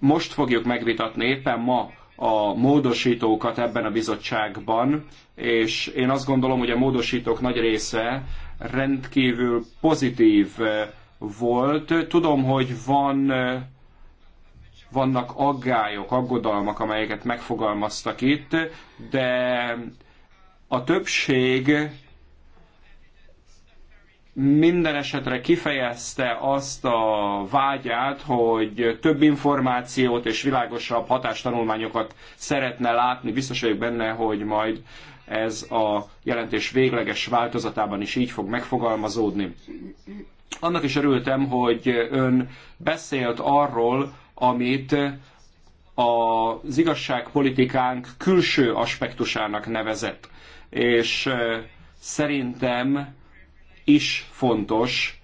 most fogjuk megvitatni éppen ma a módosítókat ebben a bizottságban, és én azt gondolom, hogy a módosítók nagy része rendkívül pozitív eh, volt. Tudom, hogy van, eh, vannak aggályok, aggodalmak, amelyeket megfogalmaztak itt, de a többség minden esetre kifejezte azt a vágyát, hogy több információt és világosabb hatástanulmányokat szeretne látni. Biztos vagyok benne, hogy majd ez a jelentés végleges változatában is így fog megfogalmazódni. Annak is örültem, hogy ön beszélt arról, amit az igazságpolitikánk külső aspektusának nevezett. És eh, szerintem is fontos,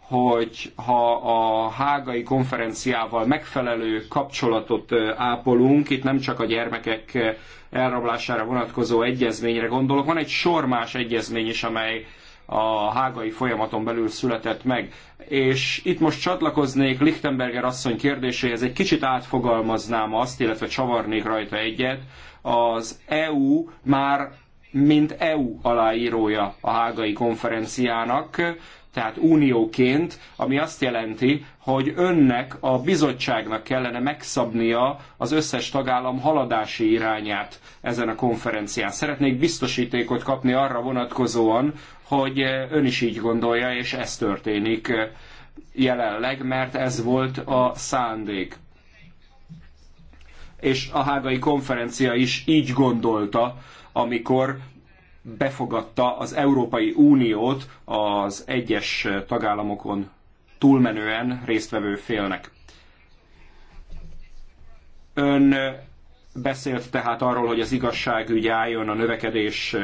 hogy ha a hágai konferenciával megfelelő kapcsolatot ápolunk, itt nem csak a gyermekek elrablására vonatkozó egyezményre gondolok, van egy sor más egyezmény is, amely a hágai folyamaton belül született meg. És itt most csatlakoznék Lichtenberger asszony kérdéséhez, egy kicsit átfogalmaznám azt, illetve csavarnék rajta egyet. Az EU már mint EU aláírója a hágai konferenciának, tehát unióként, ami azt jelenti, hogy önnek a bizottságnak kellene megszabnia az összes tagállam haladási irányát ezen a konferencián. Szeretnék biztosítékot kapni arra vonatkozóan, hogy ön is így gondolja, és ez történik jelenleg, mert ez volt a szándék. És a hágai konferencia is így gondolta, amikor befogadta az Európai Uniót az egyes tagállamokon túlmenően résztvevő félnek. Ön beszélt tehát arról, hogy az igazságügy álljon a növekedés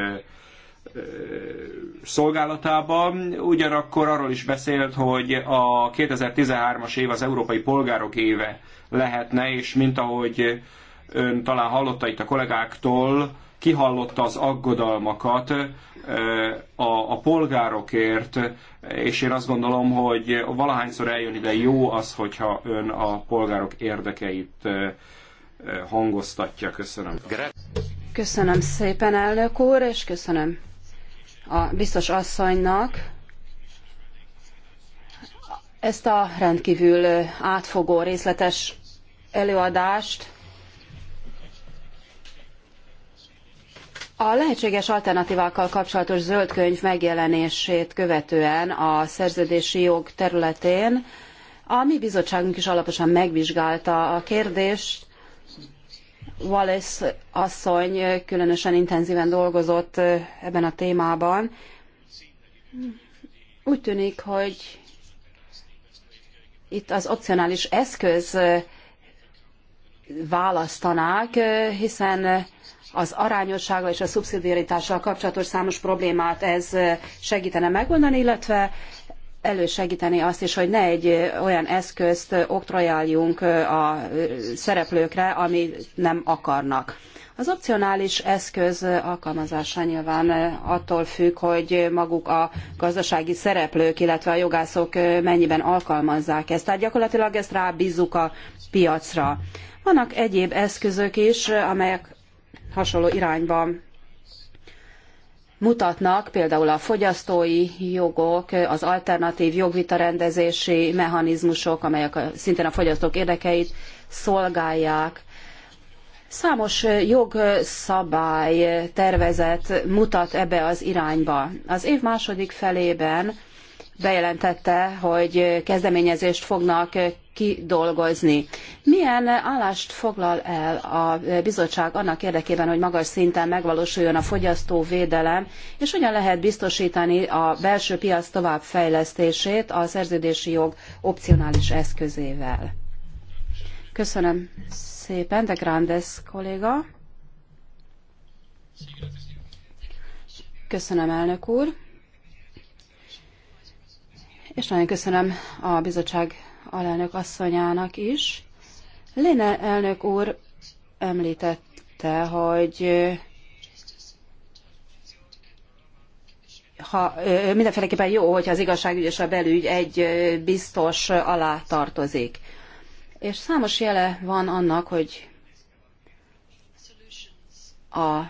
szolgálatában, ugyanakkor arról is beszélt, hogy a 2013-as év az európai polgárok éve lehetne, és mint ahogy ön talán hallotta itt a kollégáktól, kihallotta az aggodalmakat a, a polgárokért, és én azt gondolom, hogy valahányszor eljön ide jó az, hogyha ön a polgárok érdekeit hangoztatja. Köszönöm. Köszönöm szépen, elnök úr, és köszönöm a biztos asszonynak ezt a rendkívül átfogó, részletes előadást. A lehetséges alternatívákkal kapcsolatos zöld könyv megjelenését követően a szerződési jog területén a mi bizottságunk is alaposan megvizsgálta a kérdést. Wallace asszony különösen intenzíven dolgozott ebben a témában. Úgy tűnik, hogy itt az opcionális eszköz választanák, hiszen az arányossággal és a szubszidiaritással kapcsolatos számos problémát ez segítene megoldani, illetve elősegíteni azt is, hogy ne egy olyan eszközt oktrojáljunk a szereplőkre, amit nem akarnak. Az opcionális eszköz alkalmazása nyilván attól függ, hogy maguk a gazdasági szereplők, illetve a jogászok mennyiben alkalmazzák ezt. Tehát gyakorlatilag ezt rábízzuk a piacra. Vannak egyéb eszközök is, amelyek hasonló irányban mutatnak, például a fogyasztói jogok, az alternatív jogvita rendezési mechanizmusok, amelyek szintén a fogyasztók érdekeit szolgálják. Számos jogszabály tervezet mutat ebbe az irányba. Az év második felében bejelentette, hogy kezdeményezést fognak kidolgozni. Milyen állást foglal el a bizottság annak érdekében, hogy magas szinten megvalósuljon a fogyasztóvédelem, és hogyan lehet biztosítani a belső piac továbbfejlesztését a szerződési jog opcionális eszközével? Köszönöm szépen, de Grandes kolléga. Köszönöm, elnök úr és nagyon köszönöm a bizottság alelnök asszonyának is. Léne elnök úr említette, hogy ha, mindenféleképpen jó, hogyha az igazságügy és a belügy egy biztos alá tartozik. És számos jele van annak, hogy a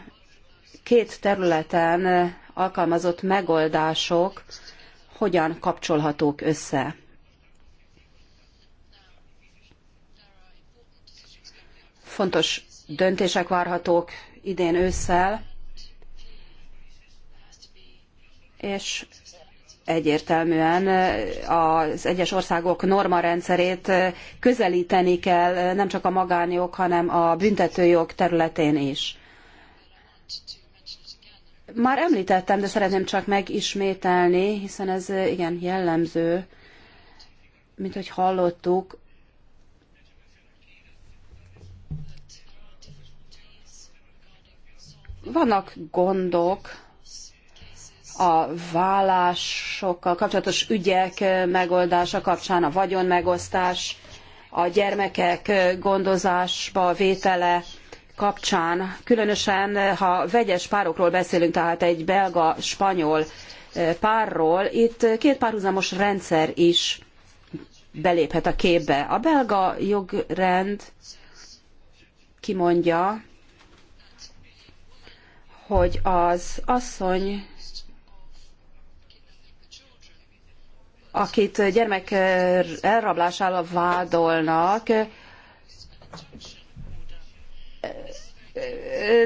két területen alkalmazott megoldások hogyan kapcsolhatók össze. Fontos döntések várhatók idén ősszel, és egyértelműen az egyes országok normarendszerét közelíteni kell nem csak a magánjog, hanem a büntetőjog területén is. Már említettem, de szeretném csak megismételni, hiszen ez igen jellemző, mint hogy hallottuk, vannak gondok a vállásokkal kapcsolatos ügyek megoldása kapcsán, a vagyon megosztás, a gyermekek gondozásba vétele, kapcsán, különösen eh, ha vegyes párokról beszélünk, tehát egy belga-spanyol eh, párról, itt eh, két párhuzamos rendszer is beléphet a képbe. A belga jogrend kimondja, hogy az asszony, akit gyermek elrablásával vádolnak,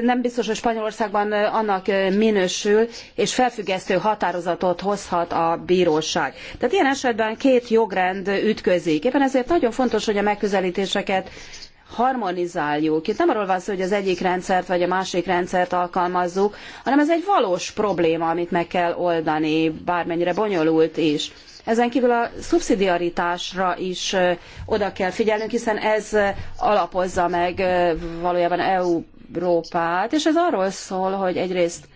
nem biztos, hogy Spanyolországban annak minősül, és felfüggesztő határozatot hozhat a bíróság. Tehát ilyen esetben két jogrend ütközik. Éppen ezért nagyon fontos, hogy a megközelítéseket harmonizáljuk. Itt nem arról van szó, hogy az egyik rendszert vagy a másik rendszert alkalmazzuk, hanem ez egy valós probléma, amit meg kell oldani, bármennyire bonyolult is. Ezen kívül a szubszidiaritásra is oda kell figyelnünk, hiszen ez alapozza meg valójában Európát, és ez arról szól, hogy egyrészt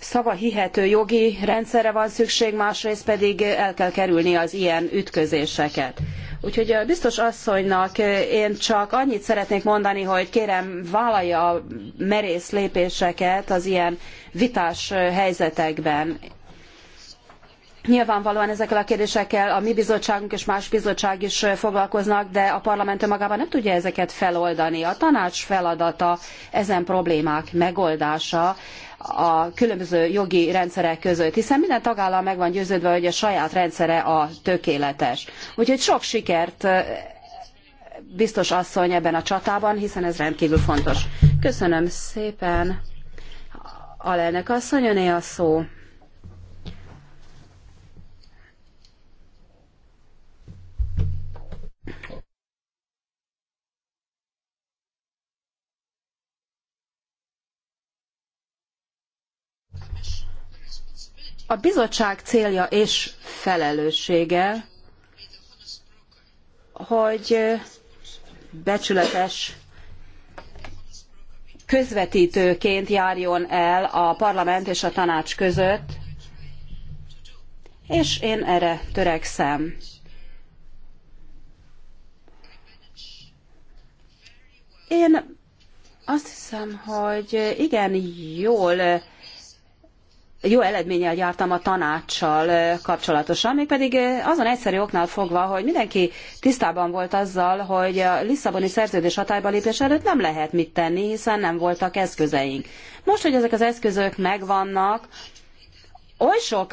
szava hihető jogi rendszerre van szükség, másrészt pedig el kell kerülni az ilyen ütközéseket. Úgyhogy a biztos asszonynak én csak annyit szeretnék mondani, hogy kérem vállalja a merész lépéseket az ilyen vitás helyzetekben. Nyilvánvalóan ezekkel a kérdésekkel a mi bizottságunk és más bizottság is foglalkoznak, de a parlament önmagában nem tudja ezeket feloldani. A tanács feladata ezen problémák megoldása a különböző jogi rendszerek között, hiszen minden tagállam meg van győződve, hogy a saját rendszere a tökéletes. Úgyhogy sok sikert biztos asszony ebben a csatában, hiszen ez rendkívül fontos. Köszönöm szépen. Alelnök asszony, öné a szó. A bizottság célja és felelőssége, hogy becsületes közvetítőként járjon el a parlament és a tanács között, és én erre törekszem. Én azt hiszem, hogy igen, jól jó eredménnyel jártam a tanácssal kapcsolatosan, mégpedig azon egyszerű oknál fogva, hogy mindenki tisztában volt azzal, hogy a Lisszaboni szerződés hatályba lépés előtt nem lehet mit tenni, hiszen nem voltak eszközeink. Most, hogy ezek az eszközök megvannak, oly sok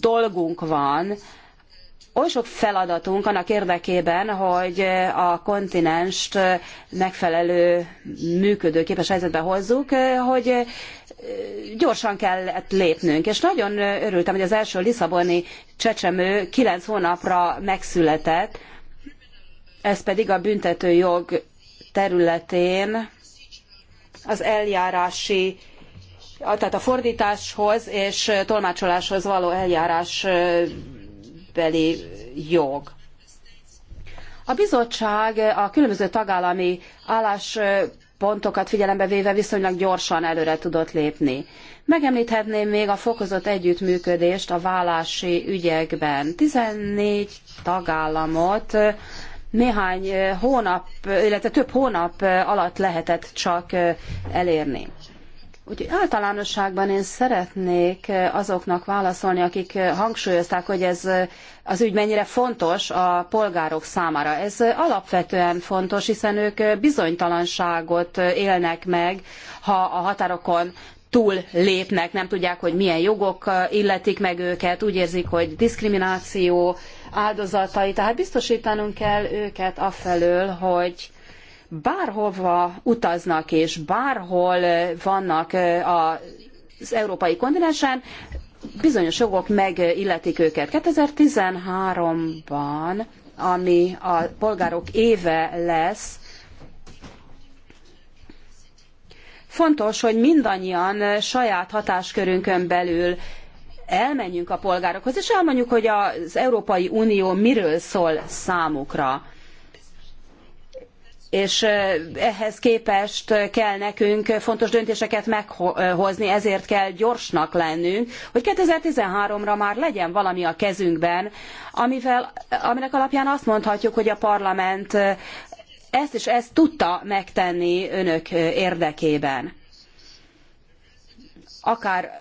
dolgunk van, oly sok feladatunk annak érdekében, hogy a kontinenst megfelelő működőképes helyzetbe hozzuk, hogy gyorsan kellett lépnünk, és nagyon örültem, hogy az első Lisszaboni csecsemő kilenc hónapra megszületett, ez pedig a büntetőjog területén az eljárási tehát a fordításhoz és tolmácsoláshoz való eljárás beli jog. A bizottság a különböző tagállami álláspontokat figyelembe véve viszonylag gyorsan előre tudott lépni. Megemlíthetném még a fokozott együttműködést a vállási ügyekben. 14 tagállamot néhány hónap, illetve több hónap alatt lehetett csak elérni. Úgyhogy általánosságban én szeretnék azoknak válaszolni, akik hangsúlyozták, hogy ez az ügy mennyire fontos a polgárok számára. Ez alapvetően fontos, hiszen ők bizonytalanságot élnek meg, ha a határokon túl lépnek, nem tudják, hogy milyen jogok illetik meg őket, úgy érzik, hogy diszkrimináció áldozatai. Tehát biztosítanunk kell őket afelől, hogy bárhova utaznak és bárhol vannak az európai kontinensen, bizonyos jogok megilletik őket. 2013-ban, ami a polgárok éve lesz, fontos, hogy mindannyian saját hatáskörünkön belül elmenjünk a polgárokhoz, és elmondjuk, hogy az Európai Unió miről szól számukra és ehhez képest kell nekünk fontos döntéseket meghozni, ezért kell gyorsnak lennünk, hogy 2013-ra már legyen valami a kezünkben, amivel, aminek alapján azt mondhatjuk, hogy a parlament ezt és ezt tudta megtenni önök érdekében. Akár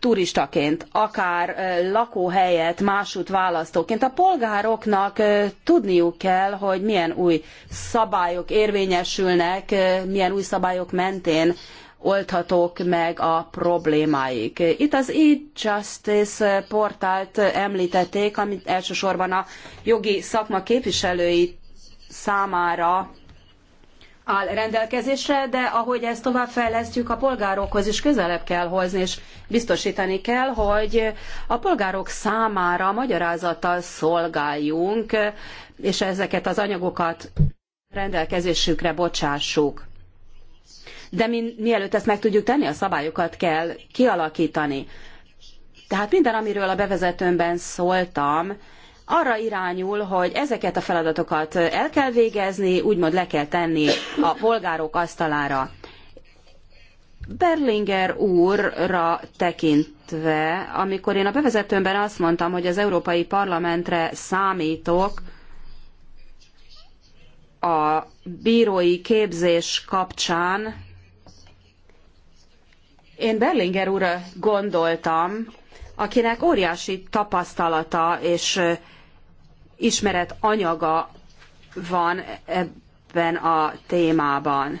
turistaként, akár lakóhelyet másút választóként. A polgároknak tudniuk kell, hogy milyen új szabályok érvényesülnek, milyen új szabályok mentén oldhatók meg a problémáik. Itt az e-justice portált említették, amit elsősorban a jogi szakma képviselői számára áll rendelkezésre, de ahogy ezt továbbfejlesztjük, a polgárokhoz is közelebb kell hozni, és biztosítani kell, hogy a polgárok számára magyarázattal szolgáljunk, és ezeket az anyagokat rendelkezésükre bocsássuk. De mi, mielőtt ezt meg tudjuk tenni, a szabályokat kell kialakítani. Tehát minden, amiről a bevezetőmben szóltam, arra irányul, hogy ezeket a feladatokat el kell végezni, úgymond le kell tenni a polgárok asztalára. Berlinger úrra tekintve, amikor én a bevezetőmben azt mondtam, hogy az Európai Parlamentre számítok a bírói képzés kapcsán, én Berlinger úrra gondoltam, akinek óriási tapasztalata és ismeret anyaga van ebben a témában.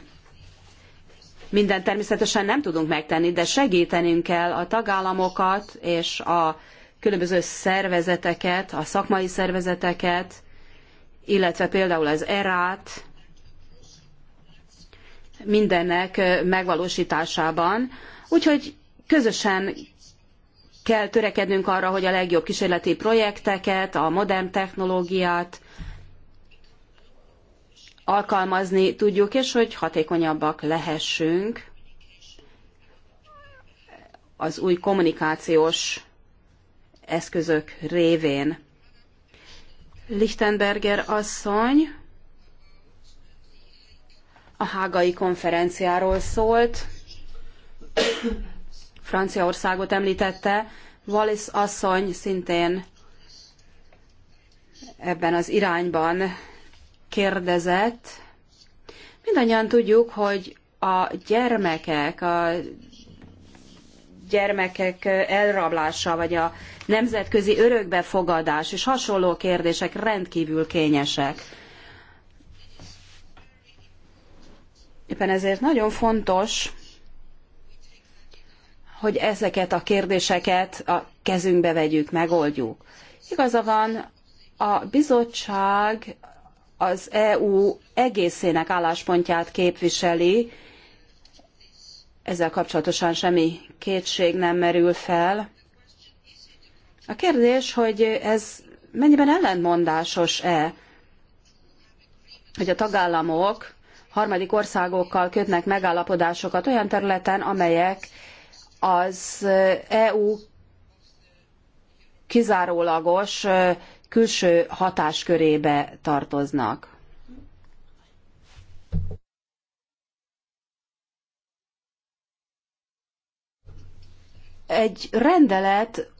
Minden természetesen nem tudunk megtenni, de segítenünk kell a tagállamokat és a különböző szervezeteket, a szakmai szervezeteket, illetve például az ERÁT, mindennek megvalósításában. Úgyhogy közösen kell törekednünk arra, hogy a legjobb kísérleti projekteket, a modern technológiát alkalmazni tudjuk, és hogy hatékonyabbak lehessünk az új kommunikációs eszközök révén. Lichtenberger asszony a hágai konferenciáról szólt. Franciaországot említette, Wallis asszony szintén ebben az irányban kérdezett. Mindannyian tudjuk, hogy a gyermekek, a gyermekek elrablása, vagy a nemzetközi örökbefogadás és hasonló kérdések rendkívül kényesek. Éppen ezért nagyon fontos, hogy ezeket a kérdéseket a kezünkbe vegyük, megoldjuk. Igaza van, a bizottság az EU egészének álláspontját képviseli, ezzel kapcsolatosan semmi kétség nem merül fel. A kérdés, hogy ez mennyiben ellentmondásos-e, hogy a tagállamok harmadik országokkal kötnek megállapodásokat olyan területen, amelyek az EU kizárólagos külső hatáskörébe tartoznak. Egy rendelet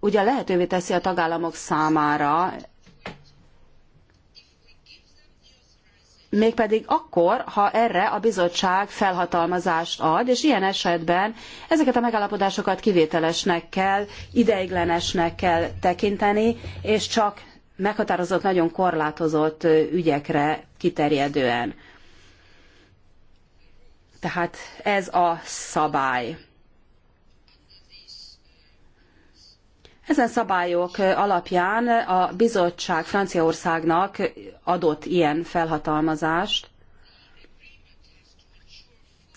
ugye lehetővé teszi a tagállamok számára mégpedig akkor, ha erre a bizottság felhatalmazást ad, és ilyen esetben ezeket a megállapodásokat kivételesnek kell, ideiglenesnek kell tekinteni, és csak meghatározott, nagyon korlátozott ügyekre kiterjedően. Tehát ez a szabály. Ezen szabályok alapján a bizottság Franciaországnak adott ilyen felhatalmazást.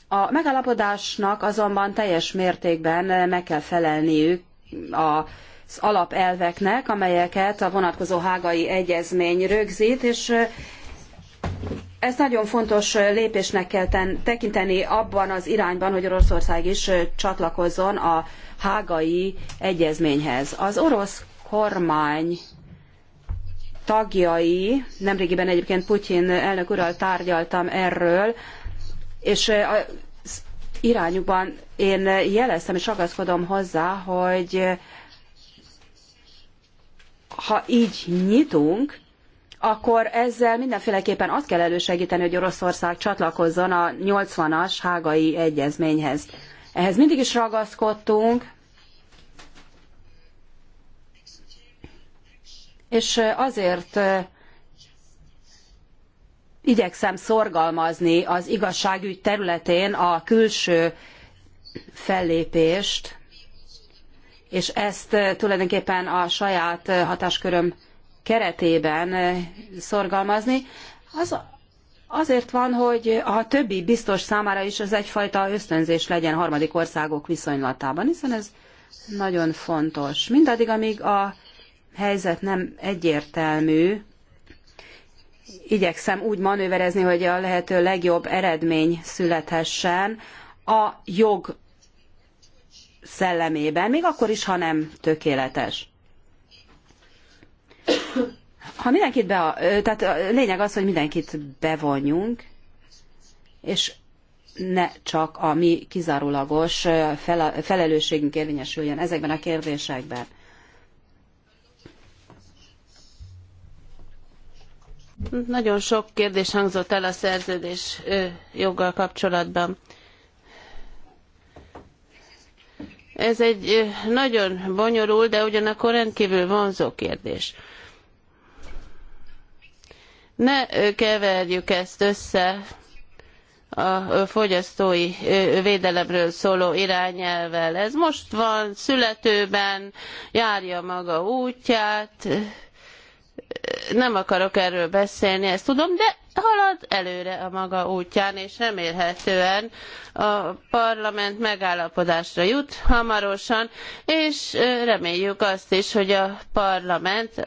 A megállapodásnak azonban teljes mértékben meg kell felelniük az alapelveknek, amelyeket a vonatkozó hágai egyezmény rögzít, és ezt nagyon fontos lépésnek kell tekinteni abban az irányban, hogy Oroszország is csatlakozzon a hágai egyezményhez. Az orosz kormány tagjai, nemrégiben egyébként Putyin elnök ural tárgyaltam erről, és az irányukban én jeleztem és ragaszkodom hozzá, hogy ha így nyitunk, akkor ezzel mindenféleképpen azt kell elősegíteni, hogy Oroszország csatlakozzon a 80-as hágai egyezményhez. Ehhez mindig is ragaszkodtunk, és azért igyekszem szorgalmazni az igazságügy területén a külső fellépést, és ezt tulajdonképpen a saját hatásköröm keretében szorgalmazni. Az azért van, hogy a többi biztos számára is ez egyfajta ösztönzés legyen harmadik országok viszonylatában, hiszen ez nagyon fontos. Mindaddig, amíg a helyzet nem egyértelmű. Igyekszem úgy manőverezni, hogy a lehető legjobb eredmény születhessen a jog szellemében, még akkor is, ha nem tökéletes. Ha mindenkit be, tehát a lényeg az, hogy mindenkit bevonjunk, és ne csak a mi kizárólagos felelősségünk érvényesüljön ezekben a kérdésekben. Nagyon sok kérdés hangzott el a szerződés joggal kapcsolatban. Ez egy nagyon bonyolult, de ugyanakkor rendkívül vonzó kérdés. Ne keverjük ezt össze a fogyasztói védelemről szóló irányelvvel. Ez most van születőben, járja maga útját, nem akarok erről beszélni, ezt tudom, de halad előre a maga útján, és remélhetően a parlament megállapodásra jut hamarosan, és reméljük azt is, hogy a parlament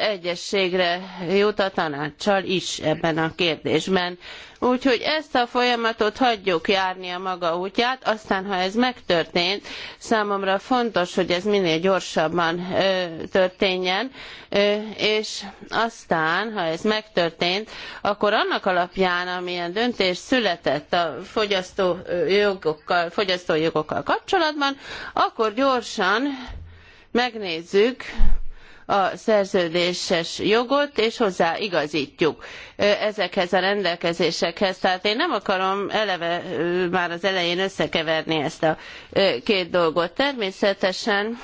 egyességre jut a tanácssal is ebben a kérdésben. Úgyhogy ezt a folyamatot hagyjuk járni a maga útját, aztán ha ez megtörtént, számomra fontos, hogy ez minél gyorsabban ö, történjen, ö, és aztán, ha ez megtörtént, akkor annak alapján, amilyen döntés született a fogyasztójogokkal, fogyasztójogokkal kapcsolatban, akkor gyorsan megnézzük, a szerződéses jogot, és hozzáigazítjuk ezekhez a rendelkezésekhez. Tehát én nem akarom eleve már az elején összekeverni ezt a két dolgot. Természetesen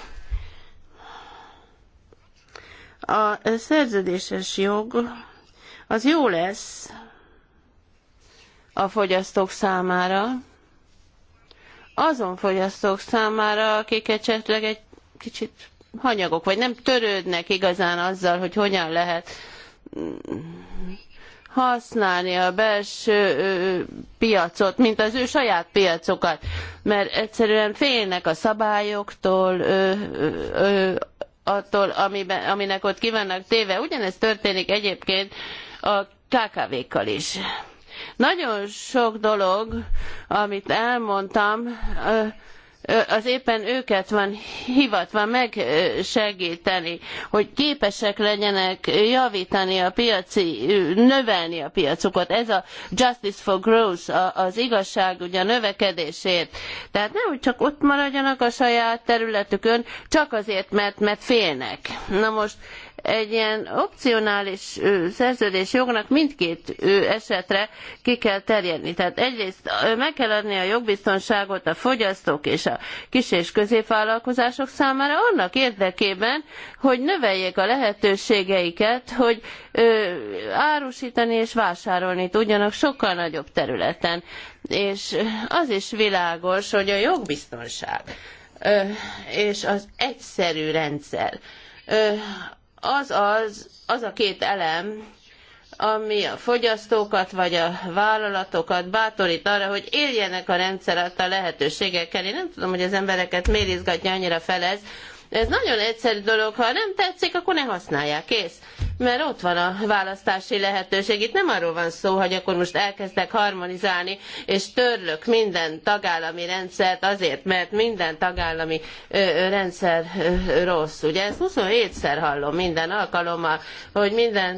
a szerződéses jog az jó lesz a fogyasztók számára, azon fogyasztók számára, akik esetleg egy kicsit hanyagok, vagy nem törődnek igazán azzal, hogy hogyan lehet mm, használni a belső piacot, mint az ő saját piacokat, mert egyszerűen félnek a szabályoktól, ö, ö, attól, amiben, aminek ott kivannak téve. Ugyanez történik egyébként a KKV-kkal is. Nagyon sok dolog, amit elmondtam, ö, az éppen őket van hivatva megsegíteni, hogy képesek legyenek javítani a piaci, növelni a piacukat. Ez a Justice for Growth, az igazság ugye a növekedésért. Tehát nem, hogy csak ott maradjanak a saját területükön, csak azért, mert, mert félnek. Na most egy ilyen opcionális szerződés jognak mindkét esetre ki kell terjedni. Tehát egyrészt meg kell adni a jogbiztonságot a fogyasztók és a kis- és középvállalkozások számára annak érdekében, hogy növeljék a lehetőségeiket, hogy árusítani és vásárolni tudjanak sokkal nagyobb területen. És az is világos, hogy a jogbiztonság és az egyszerű rendszer az, az, az a két elem, ami a fogyasztókat vagy a vállalatokat bátorít arra, hogy éljenek a rendszer adta lehetőségekkel. Én nem tudom, hogy az embereket miért izgatja annyira fel ez. Ez nagyon egyszerű dolog, ha nem tetszik, akkor ne használják, kész mert ott van a választási lehetőség. Itt nem arról van szó, hogy akkor most elkezdek harmonizálni, és törlök minden tagállami rendszert azért, mert minden tagállami rendszer rossz. Ugye ezt 27-szer hallom minden alkalommal, hogy minden,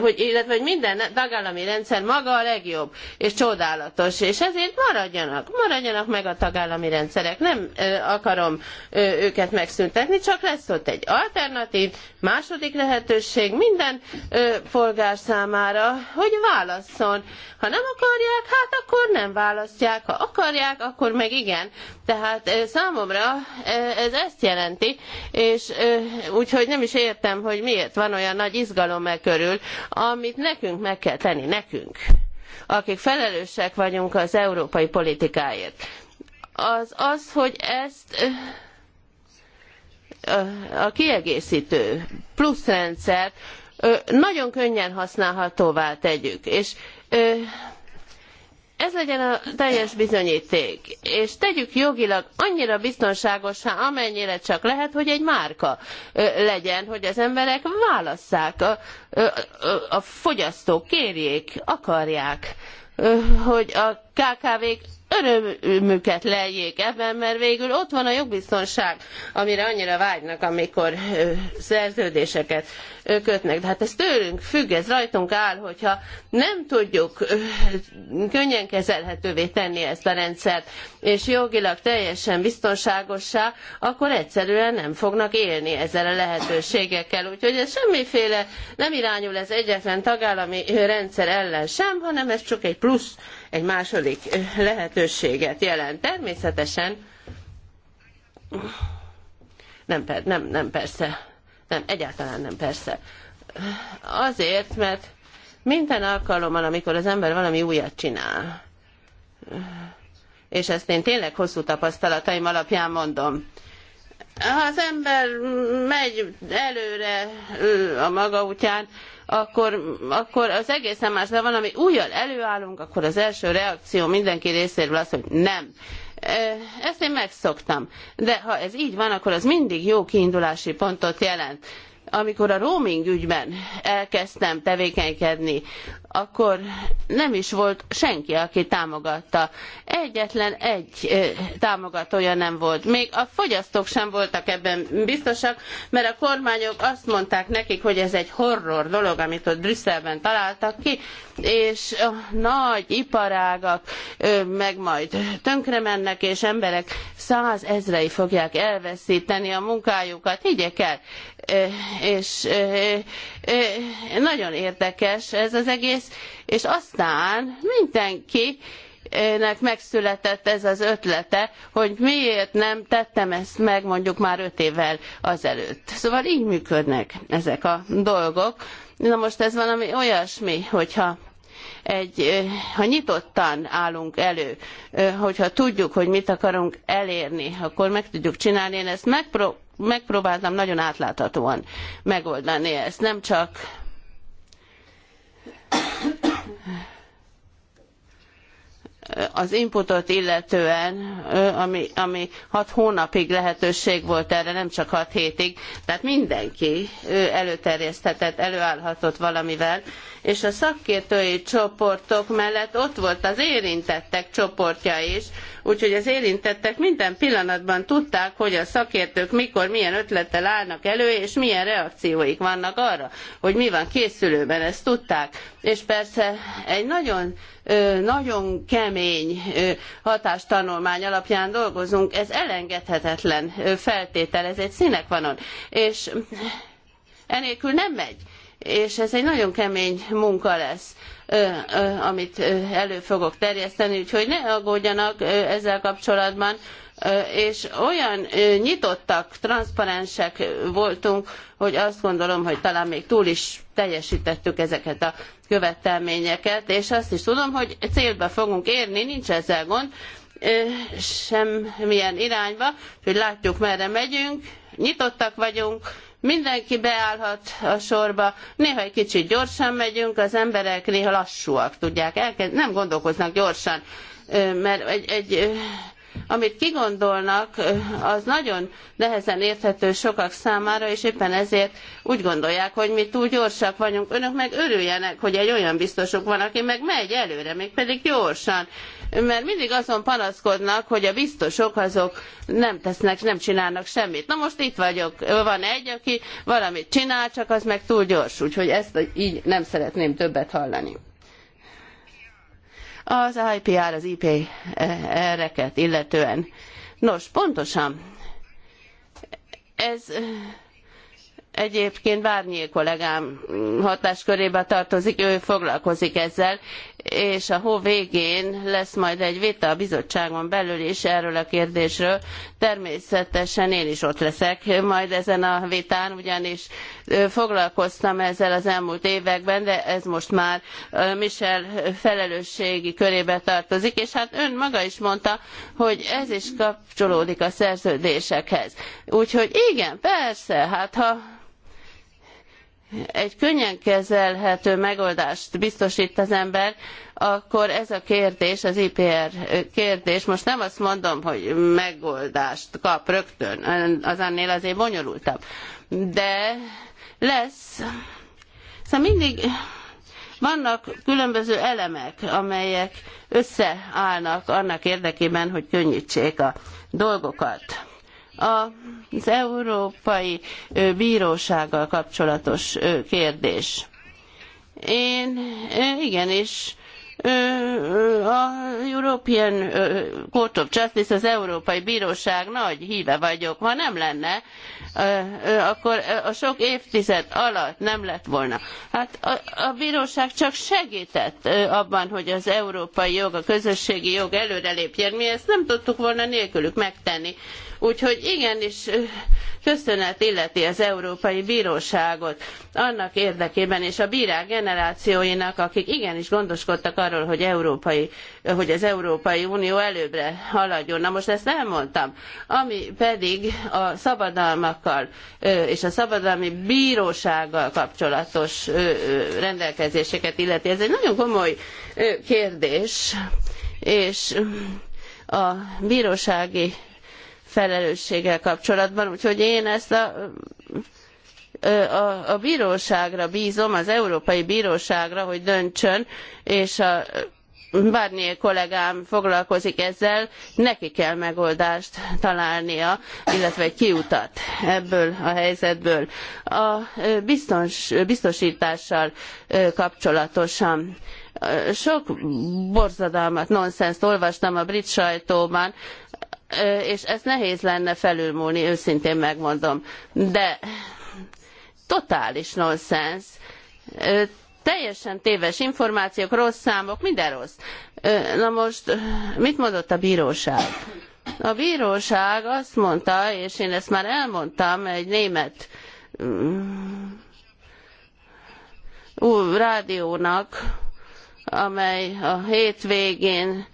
hogy, illetve hogy minden tagállami rendszer maga a legjobb, és csodálatos, és ezért maradjanak, maradjanak meg a tagállami rendszerek. Nem akarom őket megszüntetni, csak lesz ott egy alternatív, második lehetőség, minden ö, polgár számára, hogy válasszon. Ha nem akarják, hát akkor nem választják. Ha akarják, akkor meg igen. Tehát ö, számomra ö, ez ezt jelenti, és úgyhogy nem is értem, hogy miért van olyan nagy izgalom e körül, amit nekünk meg kell tenni, nekünk akik felelősek vagyunk az európai politikáért, az az, hogy ezt a kiegészítő plusz rendszert nagyon könnyen használhatóvá tegyük. És ez legyen a teljes bizonyíték, és tegyük jogilag annyira biztonságosá, amennyire csak lehet, hogy egy márka legyen, hogy az emberek válasszák, a, a, a fogyasztók kérjék, akarják, hogy a KKV-k örömüket lejjék ebben, mert végül ott van a jogbiztonság, amire annyira vágynak, amikor szerződéseket kötnek. De hát ez tőlünk függ, ez rajtunk áll, hogyha nem tudjuk könnyen kezelhetővé tenni ezt a rendszert, és jogilag teljesen biztonságossá, akkor egyszerűen nem fognak élni ezzel a lehetőségekkel. Úgyhogy ez semmiféle nem irányul ez egyetlen tagállami rendszer ellen sem, hanem ez csak egy plusz egy második lehetőséget jelent. Természetesen nem, nem, nem persze, nem, egyáltalán nem persze. Azért, mert minden alkalommal, amikor az ember valami újat csinál, és ezt én tényleg hosszú tapasztalataim alapján mondom, ha az ember megy előre a maga útján, akkor, akkor az egészen más, de valami újjal előállunk, akkor az első reakció mindenki részéről az, hogy nem. Ezt én megszoktam. De ha ez így van, akkor az mindig jó kiindulási pontot jelent amikor a roaming ügyben elkezdtem tevékenykedni, akkor nem is volt senki, aki támogatta. Egyetlen egy támogatója nem volt. Még a fogyasztók sem voltak ebben biztosak, mert a kormányok azt mondták nekik, hogy ez egy horror dolog, amit ott Brüsszelben találtak ki, és a nagy iparágak meg majd tönkremennek, és emberek százezrei fogják elveszíteni a munkájukat. Higgyek el, és nagyon érdekes ez az egész, és aztán mindenki nek megszületett ez az ötlete, hogy miért nem tettem ezt meg mondjuk már öt évvel azelőtt. Szóval így működnek ezek a dolgok Na most ez valami olyasmi, hogyha egy, ha nyitottan állunk elő, hogyha tudjuk, hogy mit akarunk elérni, akkor meg tudjuk csinálni. Én ezt megpró- megpróbáltam nagyon átláthatóan megoldani ezt. Nem csak az inputot illetően, ami, ami hat hónapig lehetőség volt erre, nem csak hat hétig, tehát mindenki előterjeszthetett, előállhatott valamivel, és a szakértői csoportok mellett ott volt az érintettek csoportja is, úgyhogy az érintettek minden pillanatban tudták, hogy a szakértők mikor, milyen ötlettel állnak elő, és milyen reakcióik vannak arra, hogy mi van készülőben, ezt tudták. És persze egy nagyon nagyon kemény hatástanulmány alapján dolgozunk, ez elengedhetetlen feltétel, ez egy színek vanon. És enélkül nem megy és ez egy nagyon kemény munka lesz, amit elő fogok terjeszteni, úgyhogy ne aggódjanak ezzel kapcsolatban és olyan nyitottak, transzparensek voltunk, hogy azt gondolom, hogy talán még túl is teljesítettük ezeket a követelményeket, és azt is tudom, hogy célba fogunk érni, nincs ezzel gond, semmilyen irányba, hogy látjuk merre megyünk, nyitottak vagyunk, mindenki beállhat a sorba, néha egy kicsit gyorsan megyünk, az emberek néha lassúak, tudják, elkezd, nem gondolkoznak gyorsan, mert egy, egy amit kigondolnak, az nagyon nehezen érthető sokak számára, és éppen ezért úgy gondolják, hogy mi túl gyorsak vagyunk. Önök meg örüljenek, hogy egy olyan biztosuk van, aki meg megy előre, mégpedig gyorsan. Mert mindig azon panaszkodnak, hogy a biztosok azok nem tesznek, nem csinálnak semmit. Na most itt vagyok, van egy, aki valamit csinál, csak az meg túl gyors, úgyhogy ezt így nem szeretném többet hallani az IPR, az IPR-eket illetően. Nos, pontosan ez egyébként Várnyi kollégám hatáskörébe tartozik, ő foglalkozik ezzel, és a hó végén lesz majd egy vita a bizottságon belül is erről a kérdésről, Természetesen én is ott leszek majd ezen a vitán, ugyanis foglalkoztam ezzel az elmúlt években, de ez most már Michel felelősségi körébe tartozik, és hát ön maga is mondta, hogy ez is kapcsolódik a szerződésekhez. Úgyhogy igen, persze, hát ha egy könnyen kezelhető megoldást biztosít az ember, akkor ez a kérdés, az IPR kérdés, most nem azt mondom, hogy megoldást kap rögtön, az annél azért bonyolultabb, de lesz. Szóval mindig vannak különböző elemek, amelyek összeállnak annak érdekében, hogy könnyítsék a dolgokat az Európai Bírósággal kapcsolatos kérdés. Én igenis a European Court of Justice, az Európai Bíróság nagy híve vagyok. Ha nem lenne, akkor a sok évtized alatt nem lett volna. Hát a, a bíróság csak segített abban, hogy az európai jog, a közösségi jog előrelépjen. Mi ezt nem tudtuk volna nélkülük megtenni. Úgyhogy igenis köszönet illeti az Európai Bíróságot annak érdekében és a bírák generációinak, akik igenis gondoskodtak arról, hogy, európai, hogy az Európai Unió előbbre haladjon. Na most ezt elmondtam. Ami pedig a szabadalmakkal és a szabadalmi bírósággal kapcsolatos rendelkezéseket illeti, ez egy nagyon komoly kérdés, és a bírósági felelősséggel kapcsolatban. Úgyhogy én ezt a a, a bíróságra bízom, az Európai Bíróságra, hogy döntsön, és a Barnier kollégám foglalkozik ezzel, neki kell megoldást találnia, illetve egy kiutat ebből a helyzetből. A biztons, biztosítással kapcsolatosan sok borzadalmat, nonsenszt olvastam a brit sajtóban, és ezt nehéz lenne felülmúlni, őszintén megmondom. De totális nonsens. Teljesen téves információk, rossz számok, minden rossz. Na most, mit mondott a bíróság? A bíróság azt mondta, és én ezt már elmondtam egy német mm, rádiónak, amely a hétvégén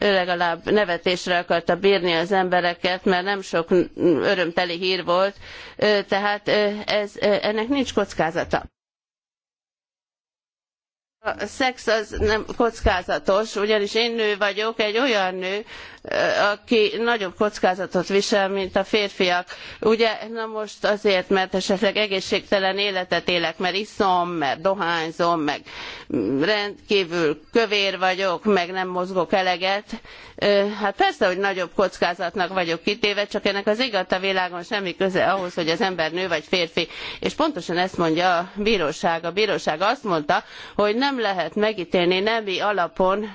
ő legalább nevetésre akarta bírni az embereket, mert nem sok örömteli hír volt, tehát ez, ennek nincs kockázata. A szex az nem kockázatos, ugyanis én nő vagyok, egy olyan nő, aki nagyobb kockázatot visel, mint a férfiak. Ugye, na most azért, mert esetleg egészségtelen életet élek, mert iszom, mert dohányzom, meg rendkívül kövér vagyok, meg nem mozgok eleget. Hát persze, hogy nagyobb kockázatnak vagyok kitéve, csak ennek az igat a világon semmi köze ahhoz, hogy az ember nő vagy férfi. És pontosan ezt mondja a bíróság. A bíróság azt mondta, hogy nem lehet megítélni nemi alapon,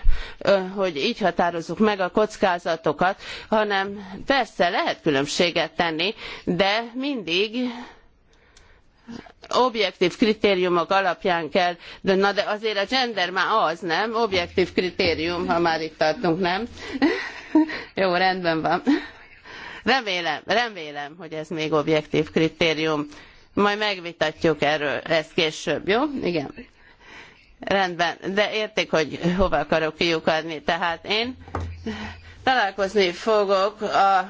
hogy így határozzuk meg a kockázatot szavazatokat, hanem persze lehet különbséget tenni, de mindig objektív kritériumok alapján kell, de na de azért a gender már az, nem? Objektív kritérium, ha már itt tartunk, nem? Jó, rendben van. Remélem, remélem, hogy ez még objektív kritérium. Majd megvitatjuk erről ezt később, jó? Igen. Rendben, de értik, hogy hova akarok kiukadni. Tehát én Találkozni fogok a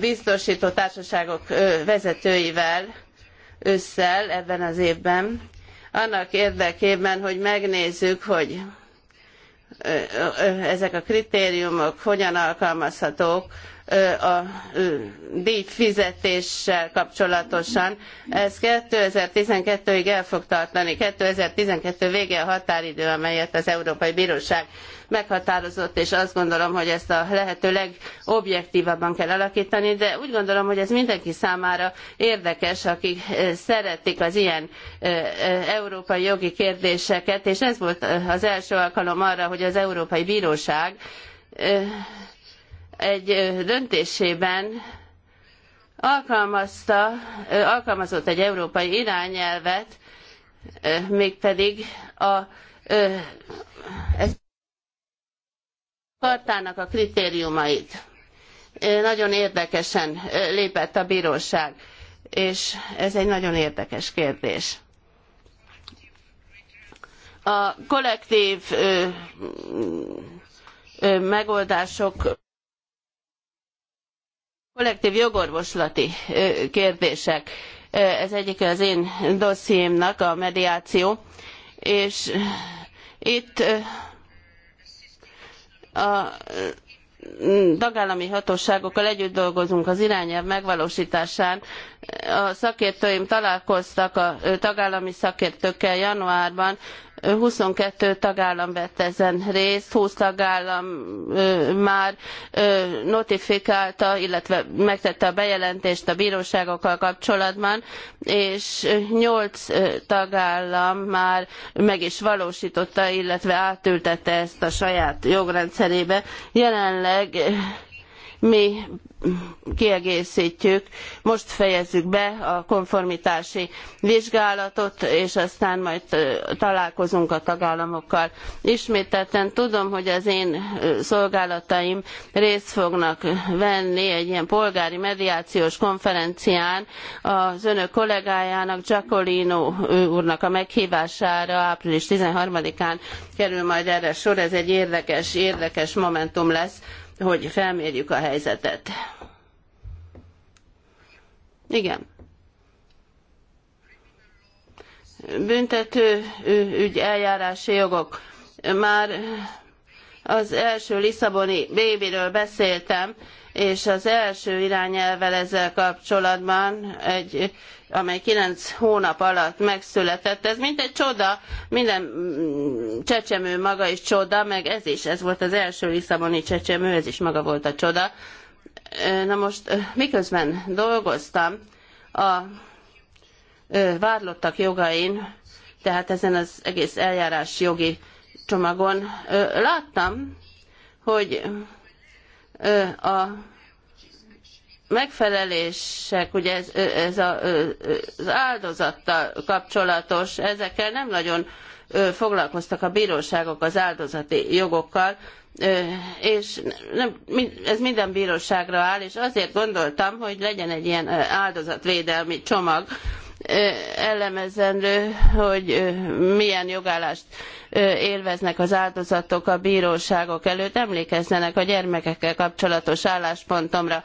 biztosító társaságok vezetőivel ősszel ebben az évben, annak érdekében, hogy megnézzük, hogy ezek a kritériumok hogyan alkalmazhatók a díjfizetéssel kapcsolatosan. Ez 2012-ig el fog tartani. 2012 vége a határidő, amelyet az Európai Bíróság meghatározott, és azt gondolom, hogy ezt a lehető legobjektívabban kell alakítani, de úgy gondolom, hogy ez mindenki számára érdekes, akik szeretik az ilyen európai jogi kérdéseket, és ez volt az első alkalom arra, hogy az Európai Bíróság egy döntésében alkalmazta, alkalmazott egy európai irányelvet, mégpedig a kartának a kritériumait. Nagyon érdekesen lépett a bíróság, és ez egy nagyon érdekes kérdés a kollektív ö, ö, megoldások kollektív jogorvoslati kérdések. Ez egyik az én dossziémnak, a mediáció, és itt a tagállami hatóságokkal együtt dolgozunk az irányelv megvalósításán. A szakértőim találkoztak a tagállami szakértőkkel januárban, 22 tagállam vett ezen részt, 20 tagállam már notifikálta, illetve megtette a bejelentést a bíróságokkal kapcsolatban, és 8 tagállam már meg is valósította, illetve átültette ezt a saját jogrendszerébe. Jelenleg mi kiegésztjük Most fejezzük be a konformitási vizsgálatot, és aztán majd találkozunk a tagállamokkal. Ismételten tudom, hogy az én szolgálataim részt fognak venni egy ilyen polgári mediációs konferencián az önök kollégájának, Giacolino úrnak a meghívására április 13-án kerül majd erre sor. Ez egy érdekes, érdekes momentum lesz hogy felmérjük a helyzetet. Igen. Büntető ügy eljárási jogok. Már az első Lisszaboni bébiről beszéltem, és az első irányelvel ezzel kapcsolatban, egy, amely kilenc hónap alatt megszületett, ez mint egy csoda, minden csecsemő maga is csoda, meg ez is, ez volt az első Lisszaboni csecsemő, ez is maga volt a csoda. Na most, miközben dolgoztam a vádlottak jogain, tehát ezen az egész eljárás jogi csomagon, láttam, hogy a megfelelések, ugye ez, ez a, az áldozattal kapcsolatos, ezekkel nem nagyon foglalkoztak a bíróságok az áldozati jogokkal, és ez minden bíróságra áll, és azért gondoltam, hogy legyen egy ilyen áldozatvédelmi csomag, elemezendő, hogy milyen jogállást élveznek az áldozatok a bíróságok előtt. Emlékezzenek a gyermekekkel kapcsolatos álláspontomra,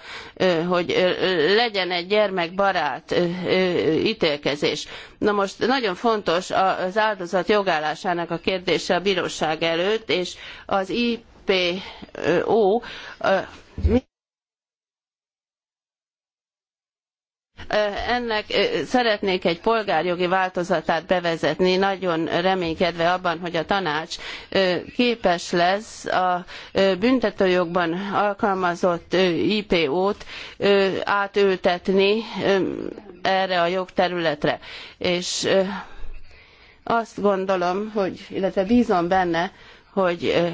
hogy legyen egy gyermekbarát ítélkezés. Na most nagyon fontos az áldozat jogállásának a kérdése a bíróság előtt, és az IPO ennek szeretnék egy polgárjogi változatát bevezetni, nagyon reménykedve abban, hogy a tanács képes lesz a büntetőjogban alkalmazott IPO-t átültetni erre a jogterületre. És azt gondolom, hogy, illetve bízom benne, hogy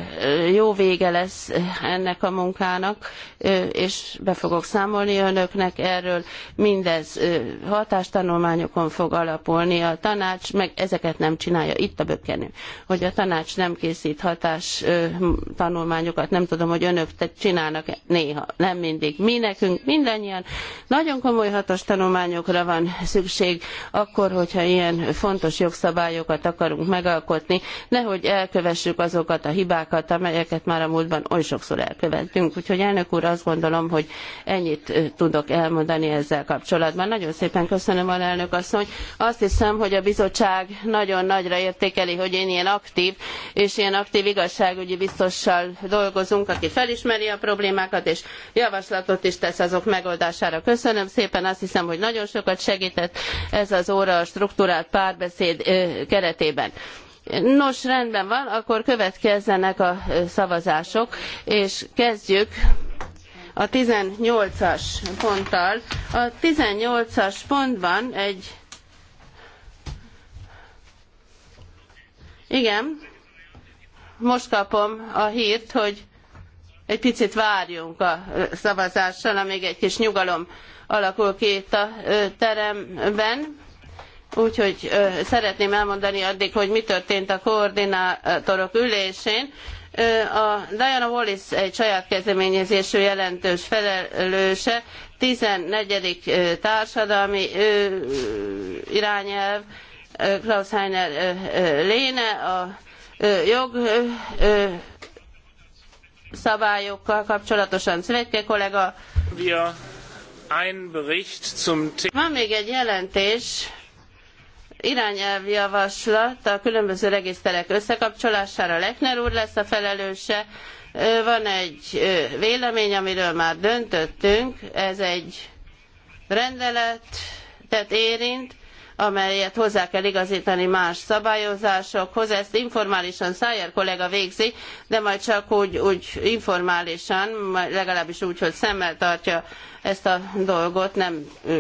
jó vége lesz ennek a munkának, és be fogok számolni önöknek erről. Mindez hatástanulmányokon fog alapulni. A tanács meg ezeket nem csinálja. Itt a bökkenő. Hogy a tanács nem készít hatástanulmányokat, nem tudom, hogy önök csinálnak néha, nem mindig. Mi nekünk mindannyian nagyon komoly hatástanulmányokra van szükség, akkor, hogyha ilyen fontos jogszabályokat akarunk megalkotni, nehogy elkövessük azok azokat a hibákat, amelyeket már a múltban oly sokszor elkövettünk. Úgyhogy elnök úr, azt gondolom, hogy ennyit tudok elmondani ezzel kapcsolatban. Nagyon szépen köszönöm a elnök asszony. Azt hiszem, hogy a bizottság nagyon nagyra értékeli, hogy én ilyen aktív és ilyen aktív igazságügyi biztossal dolgozunk, aki felismeri a problémákat és javaslatot is tesz azok megoldására. Köszönöm szépen, azt hiszem, hogy nagyon sokat segített ez az óra a strukturált párbeszéd keretében. Nos, rendben van, akkor következzenek a szavazások, és kezdjük a 18-as ponttal. A 18-as pontban egy... Igen, most kapom a hírt, hogy egy picit várjunk a szavazással, amíg egy kis nyugalom alakul ki itt a teremben Úgyhogy szeretném elmondani addig, hogy mi történt a koordinátorok ülésén. A Diana Wallis egy saját kezdeményezésű jelentős felelőse, 14. társadalmi irányelv, Klaus Heiner Léne a jog szabályokkal kapcsolatosan Szvetke kollega. Van még egy jelentés, irányelvjavaslat a különböző regiszterek összekapcsolására Lechner úr lesz a felelőse. Van egy vélemény, amiről már döntöttünk, ez egy rendeletet érint, amelyet hozzá kell igazítani más szabályozásokhoz. Ezt informálisan Szájer kollega végzi, de majd csak úgy, úgy informálisan, legalábbis úgy, hogy szemmel tartja ezt a dolgot, nem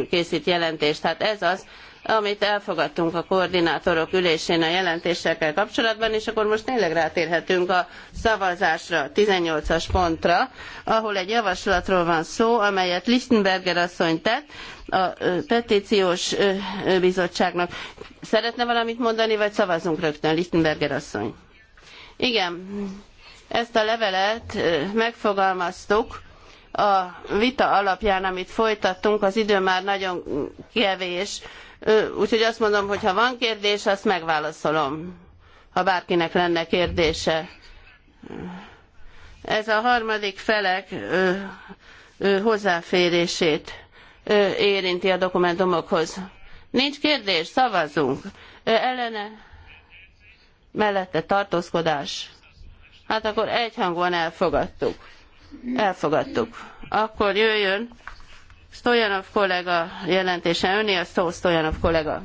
készít jelentést. Tehát ez az, amit elfogadtunk a koordinátorok ülésén a jelentésekkel kapcsolatban, és akkor most tényleg rátérhetünk a szavazásra, 18-as pontra, ahol egy javaslatról van szó, amelyet Lichtenberger asszony tett, a petíciós bizottságnak. Szeretne valamit mondani, vagy szavazunk rögtön, Lichtenberger asszony? Igen, ezt a levelet megfogalmaztuk, a vita alapján, amit folytattunk, az idő már nagyon kevés, Úgyhogy azt mondom, hogy ha van kérdés, azt megválaszolom, ha bárkinek lenne kérdése. Ez a harmadik felek ö, ö, hozzáférését ö, érinti a dokumentumokhoz. Nincs kérdés, szavazzunk. ellene, mellette tartózkodás. Hát akkor egyhangúan elfogadtuk. Elfogadtuk. Akkor jöjjön Stojanov kollega jelentése. Öné a szó, Stojanov kollega.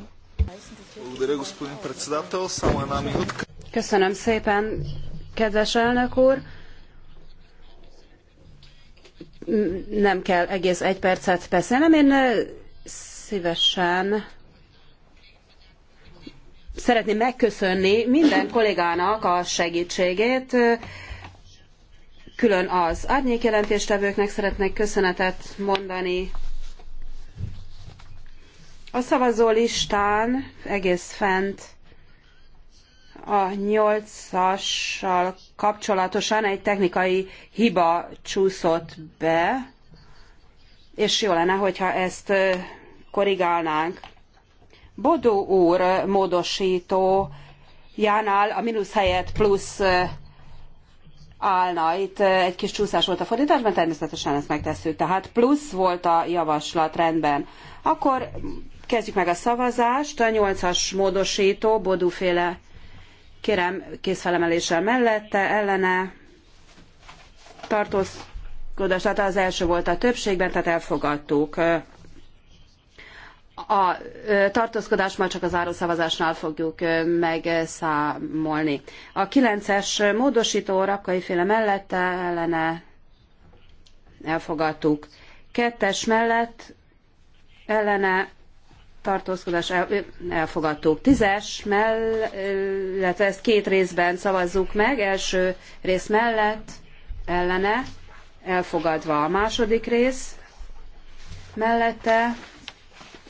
Köszönöm szépen, kedves elnök úr. Nem kell egész egy percet beszélnem. Én szívesen szeretném megköszönni minden kollégának a segítségét, külön az. árnyékjelentéstevőknek szeretnék köszönetet mondani. A szavazó listán egész fent a nyolcassal kapcsolatosan egy technikai hiba csúszott be, és jó lenne, hogyha ezt korrigálnánk. Bodó úr módosító Jánál a mínusz helyett plusz állna. Itt egy kis csúszás volt a fordításban, természetesen ezt megtesszük. Tehát plusz volt a javaslat, rendben. Akkor kezdjük meg a szavazást. A 8-as módosító, bodúféle, kérem kézfelemeléssel mellette, ellene, tartózkodás, tehát az első volt a többségben, tehát elfogadtuk a tartózkodást majd csak az árószavazásnál fogjuk megszámolni. A 9-es módosító rakai féle mellette ellene elfogadtuk. Kettes mellett ellene tartózkodás elfogadtuk. Tízes mellett, ezt két részben szavazzuk meg, első rész mellett ellene elfogadva a második rész mellette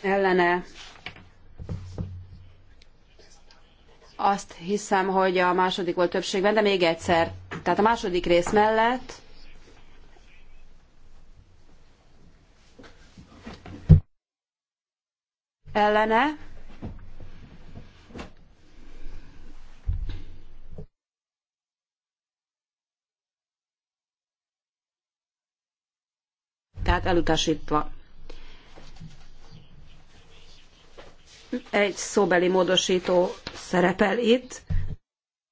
ellene azt hiszem, hogy a második volt többségben, de még egyszer. Tehát a második rész mellett ellene tehát elutasítva. Egy szóbeli módosító szerepel itt.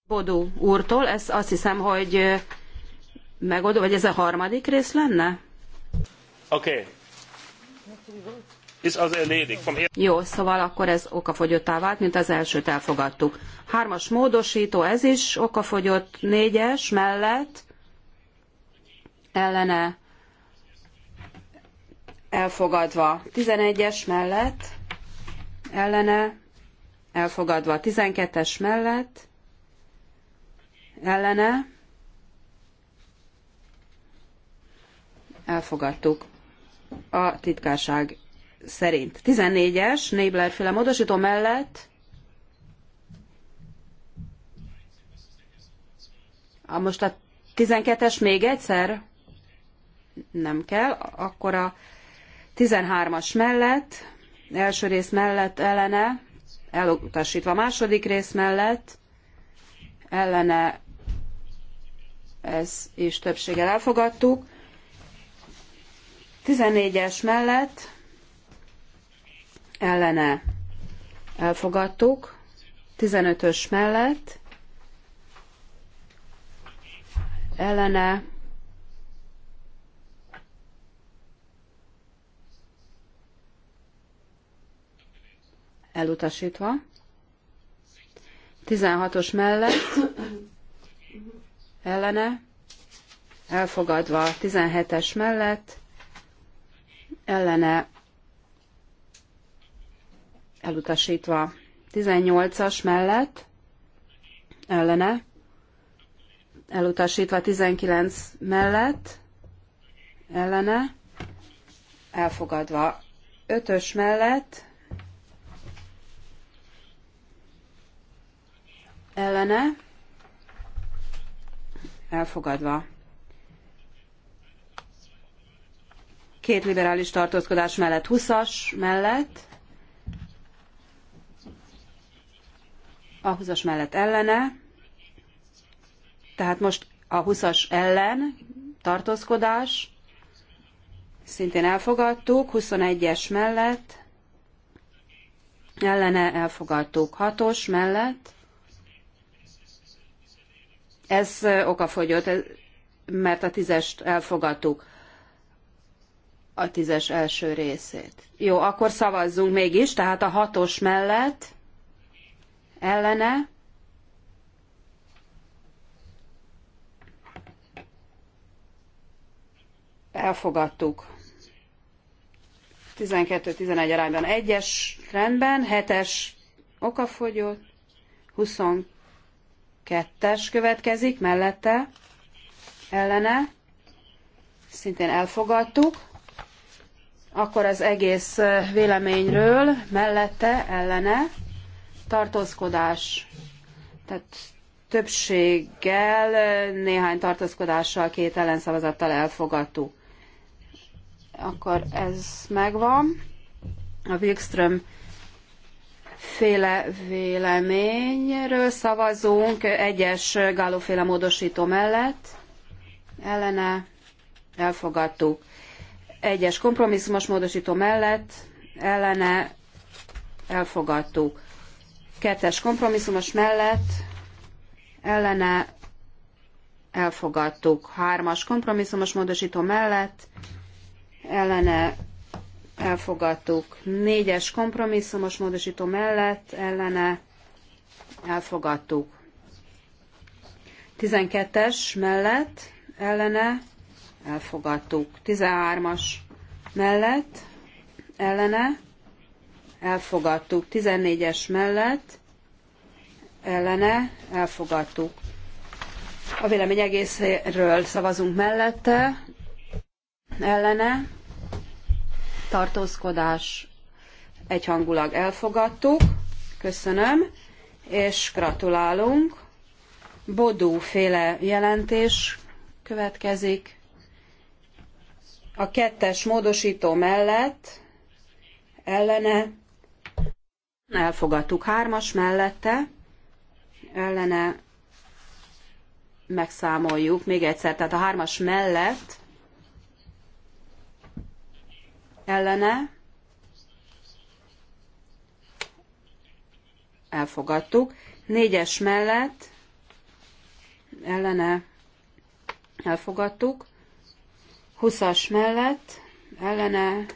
Bodó úrtól, ez azt hiszem, hogy megoldó, vagy ez a harmadik rész lenne? Oké. Okay. Jó, szóval akkor ez okafogyottá vált, mint az elsőt elfogadtuk. Hármas módosító, ez is okafogyott, négyes mellett ellene elfogadva. Tizenegyes mellett ellene, elfogadva 12-es mellett, ellene, elfogadtuk a titkárság szerint. 14-es Nébler féle módosító mellett a most a 12-es még egyszer nem kell, akkor a 13-as mellett első rész mellett ellene, elutasítva második rész mellett ellene, ez is többséggel elfogadtuk. 14-es mellett ellene elfogadtuk, 15-ös mellett ellene elutasítva. 16-os mellett ellene elfogadva 17-es mellett ellene elutasítva 18-as mellett ellene elutasítva 19 mellett ellene elfogadva 5-ös mellett ellene elfogadva. Két liberális tartózkodás mellett 20-as mellett, a 20-as mellett ellene, tehát most a 20-as ellen tartózkodás, szintén elfogadtuk, 21-es mellett, ellene elfogadtuk, 6-os mellett, ez okafogyott, mert a tízest elfogadtuk. A tízes első részét. Jó, akkor szavazzunk mégis, tehát a hatos mellett ellene. Elfogadtuk. 12-11 arányban egyes rendben, hetes okafogyott, 22 Kettes következik, mellette, ellene, szintén elfogadtuk. Akkor az egész véleményről, mellette, ellene, tartózkodás, tehát többséggel, néhány tartózkodással, két ellenszavazattal elfogadtuk. Akkor ez megvan. A Wilkström féle véleményről szavazunk egyes gálóféle módosító mellett. Ellene elfogadtuk. Egyes kompromisszumos módosító mellett ellene elfogadtuk. Kettes kompromisszumos mellett ellene elfogadtuk. Hármas kompromisszumos módosító mellett ellene elfogadtuk. Négyes kompromisszumos módosító mellett ellene elfogadtuk. Tizenkettes mellett ellene elfogadtuk. Tizenhármas mellett ellene elfogadtuk. Tizennégyes mellett ellene elfogadtuk. A vélemény egészéről szavazunk mellette, ellene tartózkodás egyhangulag elfogadtuk. Köszönöm, és gratulálunk. Bodó féle jelentés következik. A kettes módosító mellett ellene elfogadtuk hármas mellette, ellene megszámoljuk még egyszer, tehát a hármas mellett ellene elfogadtuk. Négyes mellett ellene elfogadtuk. Huszas mellett ellene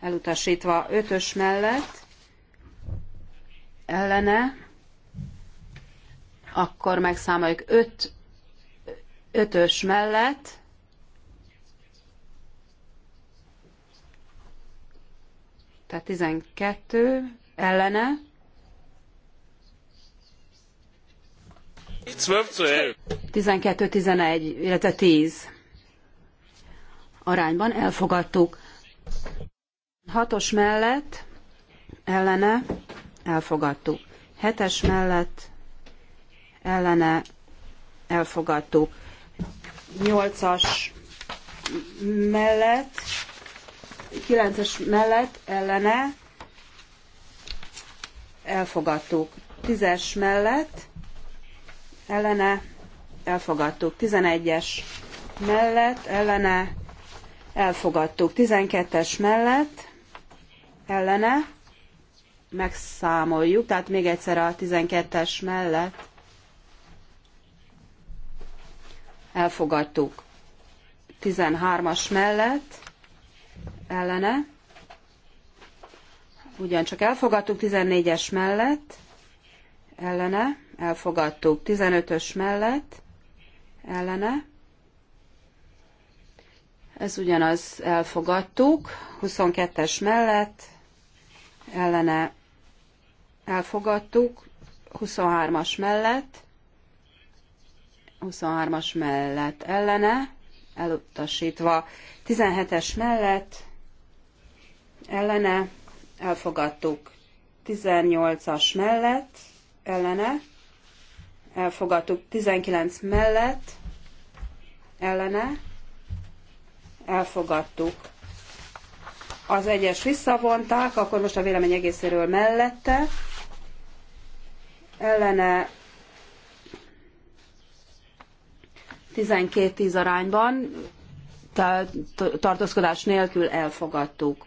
elutasítva ötös mellett ellene akkor megszámoljuk öt, ötös mellett Tehát 12 ellene. 12-11, illetve 10 arányban elfogadtuk. Hatos mellett ellene elfogadtuk. Hetes mellett ellene elfogadtuk. Nyolcas mellett 9-es mellett ellene elfogadtuk. 10-es mellett ellene elfogadtuk. 11-es mellett ellene elfogadtuk. 12-es mellett ellene megszámoljuk, tehát még egyszer a 12-es mellett elfogadtuk. 13-as mellett ellene, ugyancsak elfogadtuk 14-es mellett, ellene, elfogadtuk 15-ös mellett, ellene, ez ugyanaz elfogadtuk, 22-es mellett, ellene elfogadtuk, 23-as mellett, 23-as mellett ellene, elutasítva, 17-es mellett ellene, elfogadtuk 18-as mellett, ellene, elfogadtuk 19 mellett, ellene, elfogadtuk. Az egyes visszavonták, akkor most a vélemény egészéről mellette, ellene 12-10 arányban, tehát tartózkodás nélkül elfogadtuk.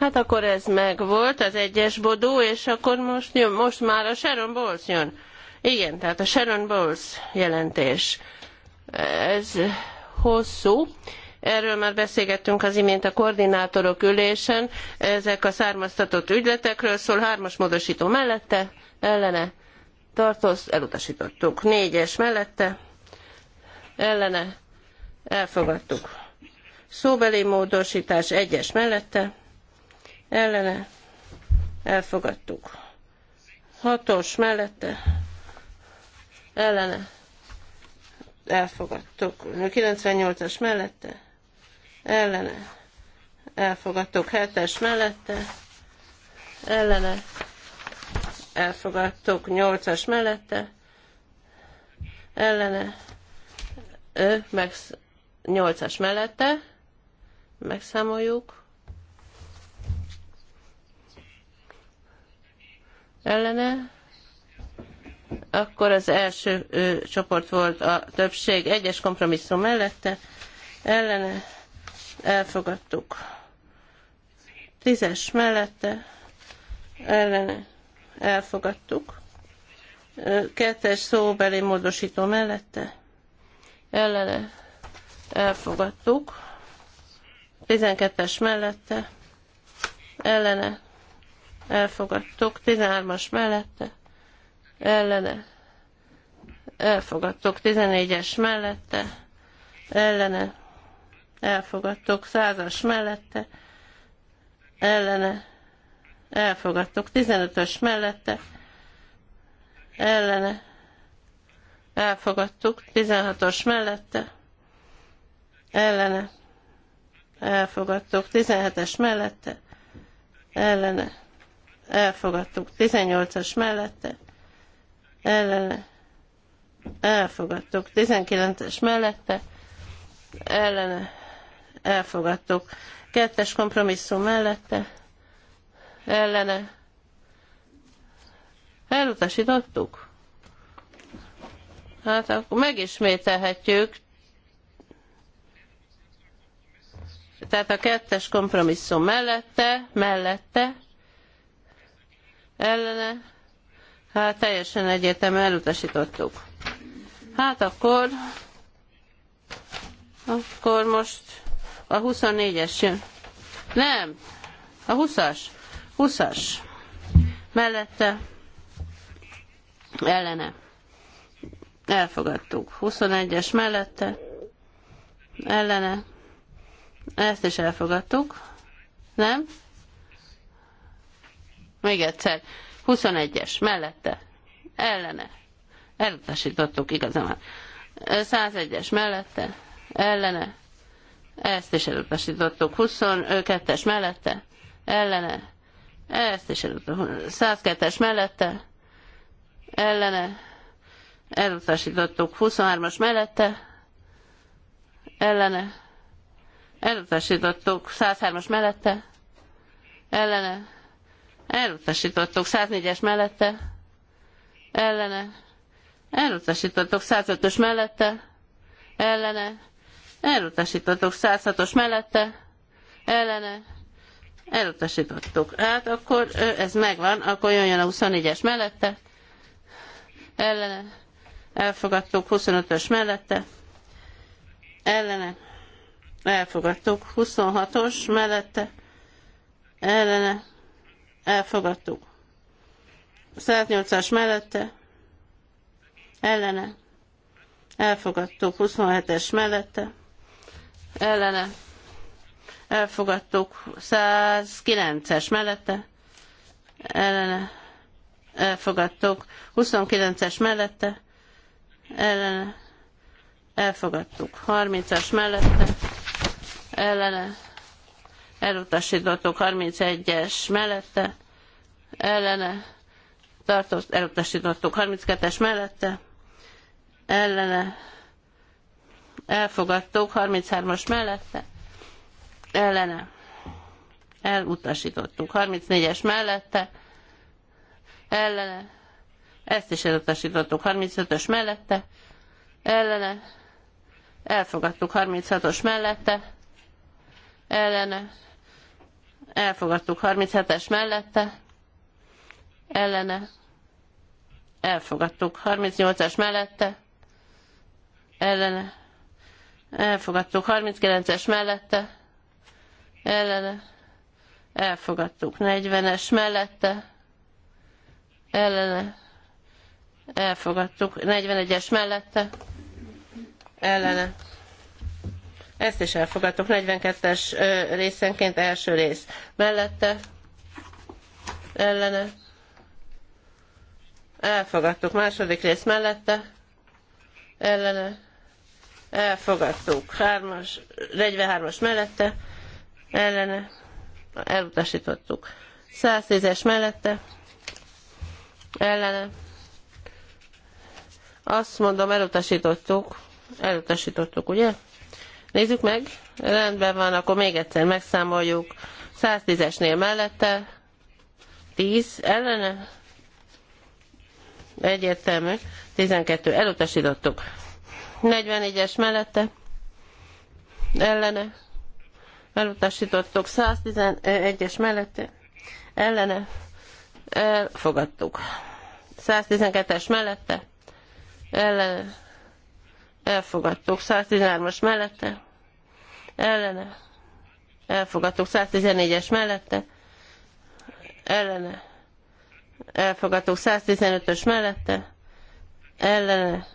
Hát akkor ez megvolt, az egyes bodó, és akkor most, jön, most már a Sharon Bowles jön. Igen, tehát a Sharon Bowles jelentés. Ez hosszú. Erről már beszélgettünk az imént a koordinátorok ülésen. Ezek a származtatott ügyletekről szól, hármas módosító mellette, ellene, tartoz, elutasítottuk. Négyes mellette, ellene, elfogadtuk. Szóbeli módosítás egyes mellette, ellene elfogadtuk. Hatos mellette ellene elfogadtuk. 98-as mellette ellene elfogadtuk. 7-es mellette ellene elfogadtuk. 8-as mellette ellene ő meg 8-as mellette megszámoljuk ellene, akkor az első ő, csoport volt a többség egyes kompromisszum mellette, ellene elfogadtuk. Tízes mellette, ellene elfogadtuk. Kettes szóbeli módosító mellette, ellene elfogadtuk. Tizenkettes mellette, ellene elfogadtok, 13-as mellette, ellene, elfogadtok, 14-es mellette, ellene, elfogadtok, 100-as mellette, ellene, elfogadtok, 15-ös mellette, ellene, elfogadtuk, 16-os mellette, ellene, elfogadtuk, 17-es mellette, ellene, elfogadtuk. 18-as mellette, ellene, elfogadtuk. 19-es mellette, ellene, elfogadtuk. Kettes kompromisszum mellette, ellene, elutasítottuk. Hát akkor megismételhetjük. Tehát a kettes kompromisszum mellette, mellette, ellene, hát teljesen egyértelmű elutasítottuk. Hát akkor, akkor most a 24-es jön. Nem, a 20-as, 20-as, mellette, ellene. Elfogadtuk. 21-es mellette, ellene. Ezt is elfogadtuk. Nem? Még egyszer. 21-es. Mellette. Ellene. Elutasítottuk igazán. 101-es. Mellette. Ellene. Ezt is elutasítottuk. 22-es mellette. Ellene. Ezt is elutasítottuk. 102-es mellette. Ellene. Elutasítottuk. 23-as mellette. Ellene. Elutasítottuk. 103-as mellette. Ellene elutasítottuk 104-es mellette, ellene, elutasítottuk 105-ös mellette, ellene, elutasítottuk 106-os mellette, ellene, elutasítottuk. Hát akkor ez megvan, akkor jöjjön a 24-es mellette, ellene, elfogadtuk 25-ös mellette, ellene, elfogadtuk 26-os mellette, ellene, elfogadtuk. 108-as mellette, ellene, elfogadtuk. 27-es mellette, ellene, elfogadtuk. 109-es mellette, ellene, elfogadtuk. 29-es mellette, ellene, elfogadtuk. 30-as mellette, ellene, elutasítottuk 31-es mellette, ellene tartott elutasítottuk 32-es mellette, ellene elfogadtuk 33-as mellette, ellene elutasítottuk 34-es mellette, ellene ezt is elutasítottuk 35-ös mellette, ellene elfogadtuk 36-os mellette, ellene elfogadtuk 37-es mellette, ellene, elfogadtuk 38-as mellette, ellene, elfogadtuk 39-es mellette, ellene, elfogadtuk 40-es mellette, ellene, elfogadtuk 41-es mellette, ellene ezt is elfogadtuk. 42-es részenként első rész. Mellette, ellene. Elfogadtuk. Második rész mellette, ellene. Elfogadtuk. 3-as, 43-as mellette, ellene. Elutasítottuk. 110-es mellette, ellene. Azt mondom, elutasítottuk. Elutasítottuk, ugye? Nézzük meg, rendben van, akkor még egyszer megszámoljuk. 110-esnél mellette, 10 ellene, egyértelmű, 12 elutasítottuk. 44-es mellette, ellene, elutasítottuk, 111-es mellette, ellene, elfogadtuk. 112-es mellette, ellene, elfogadtuk. 113-as mellette, ellene, elfogadtuk. 114-es mellette, ellene, elfogadtuk. 115-ös mellette, ellene,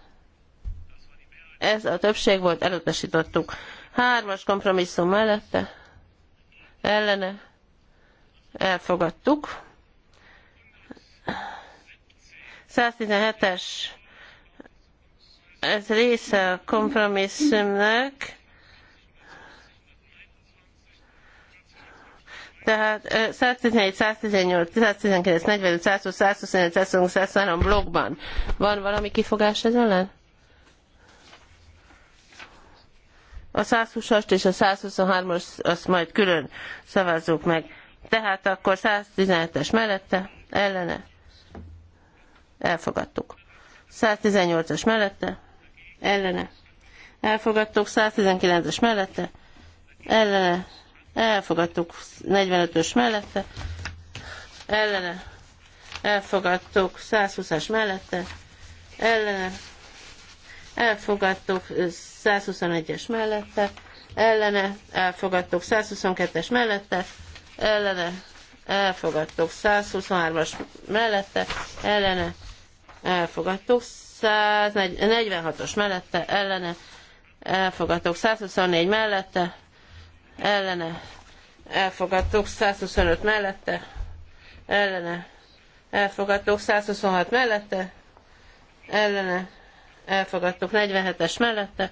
ez a többség volt, elutasítottuk. Hármas kompromisszum mellette, ellene, elfogadtuk. 117-es ez része a kompromisszumnak, tehát 114, 118, 119, 45, 120, 121, 123 blogban. Van valami kifogás ez ellen? A 120-ast és a 123-as azt majd külön szavazzuk meg. Tehát akkor 117-es mellette, ellene. Elfogadtuk. 118-as mellette, ellene elfogadtuk, 119-es mellette ellene elfogadtuk, 45-ös mellette ellene elfogadtuk, 120-as mellette ellene elfogadtuk, 121-es mellette ellene elfogadtuk, 122-es mellette ellene elfogadtuk, 123-as mellette ellene elfogadtuk, 146-os mellette ellene elfogadtuk, 124 mellette ellene elfogadtuk, 125 mellette ellene elfogadtuk, 126 mellette ellene elfogadtuk, 47-es mellette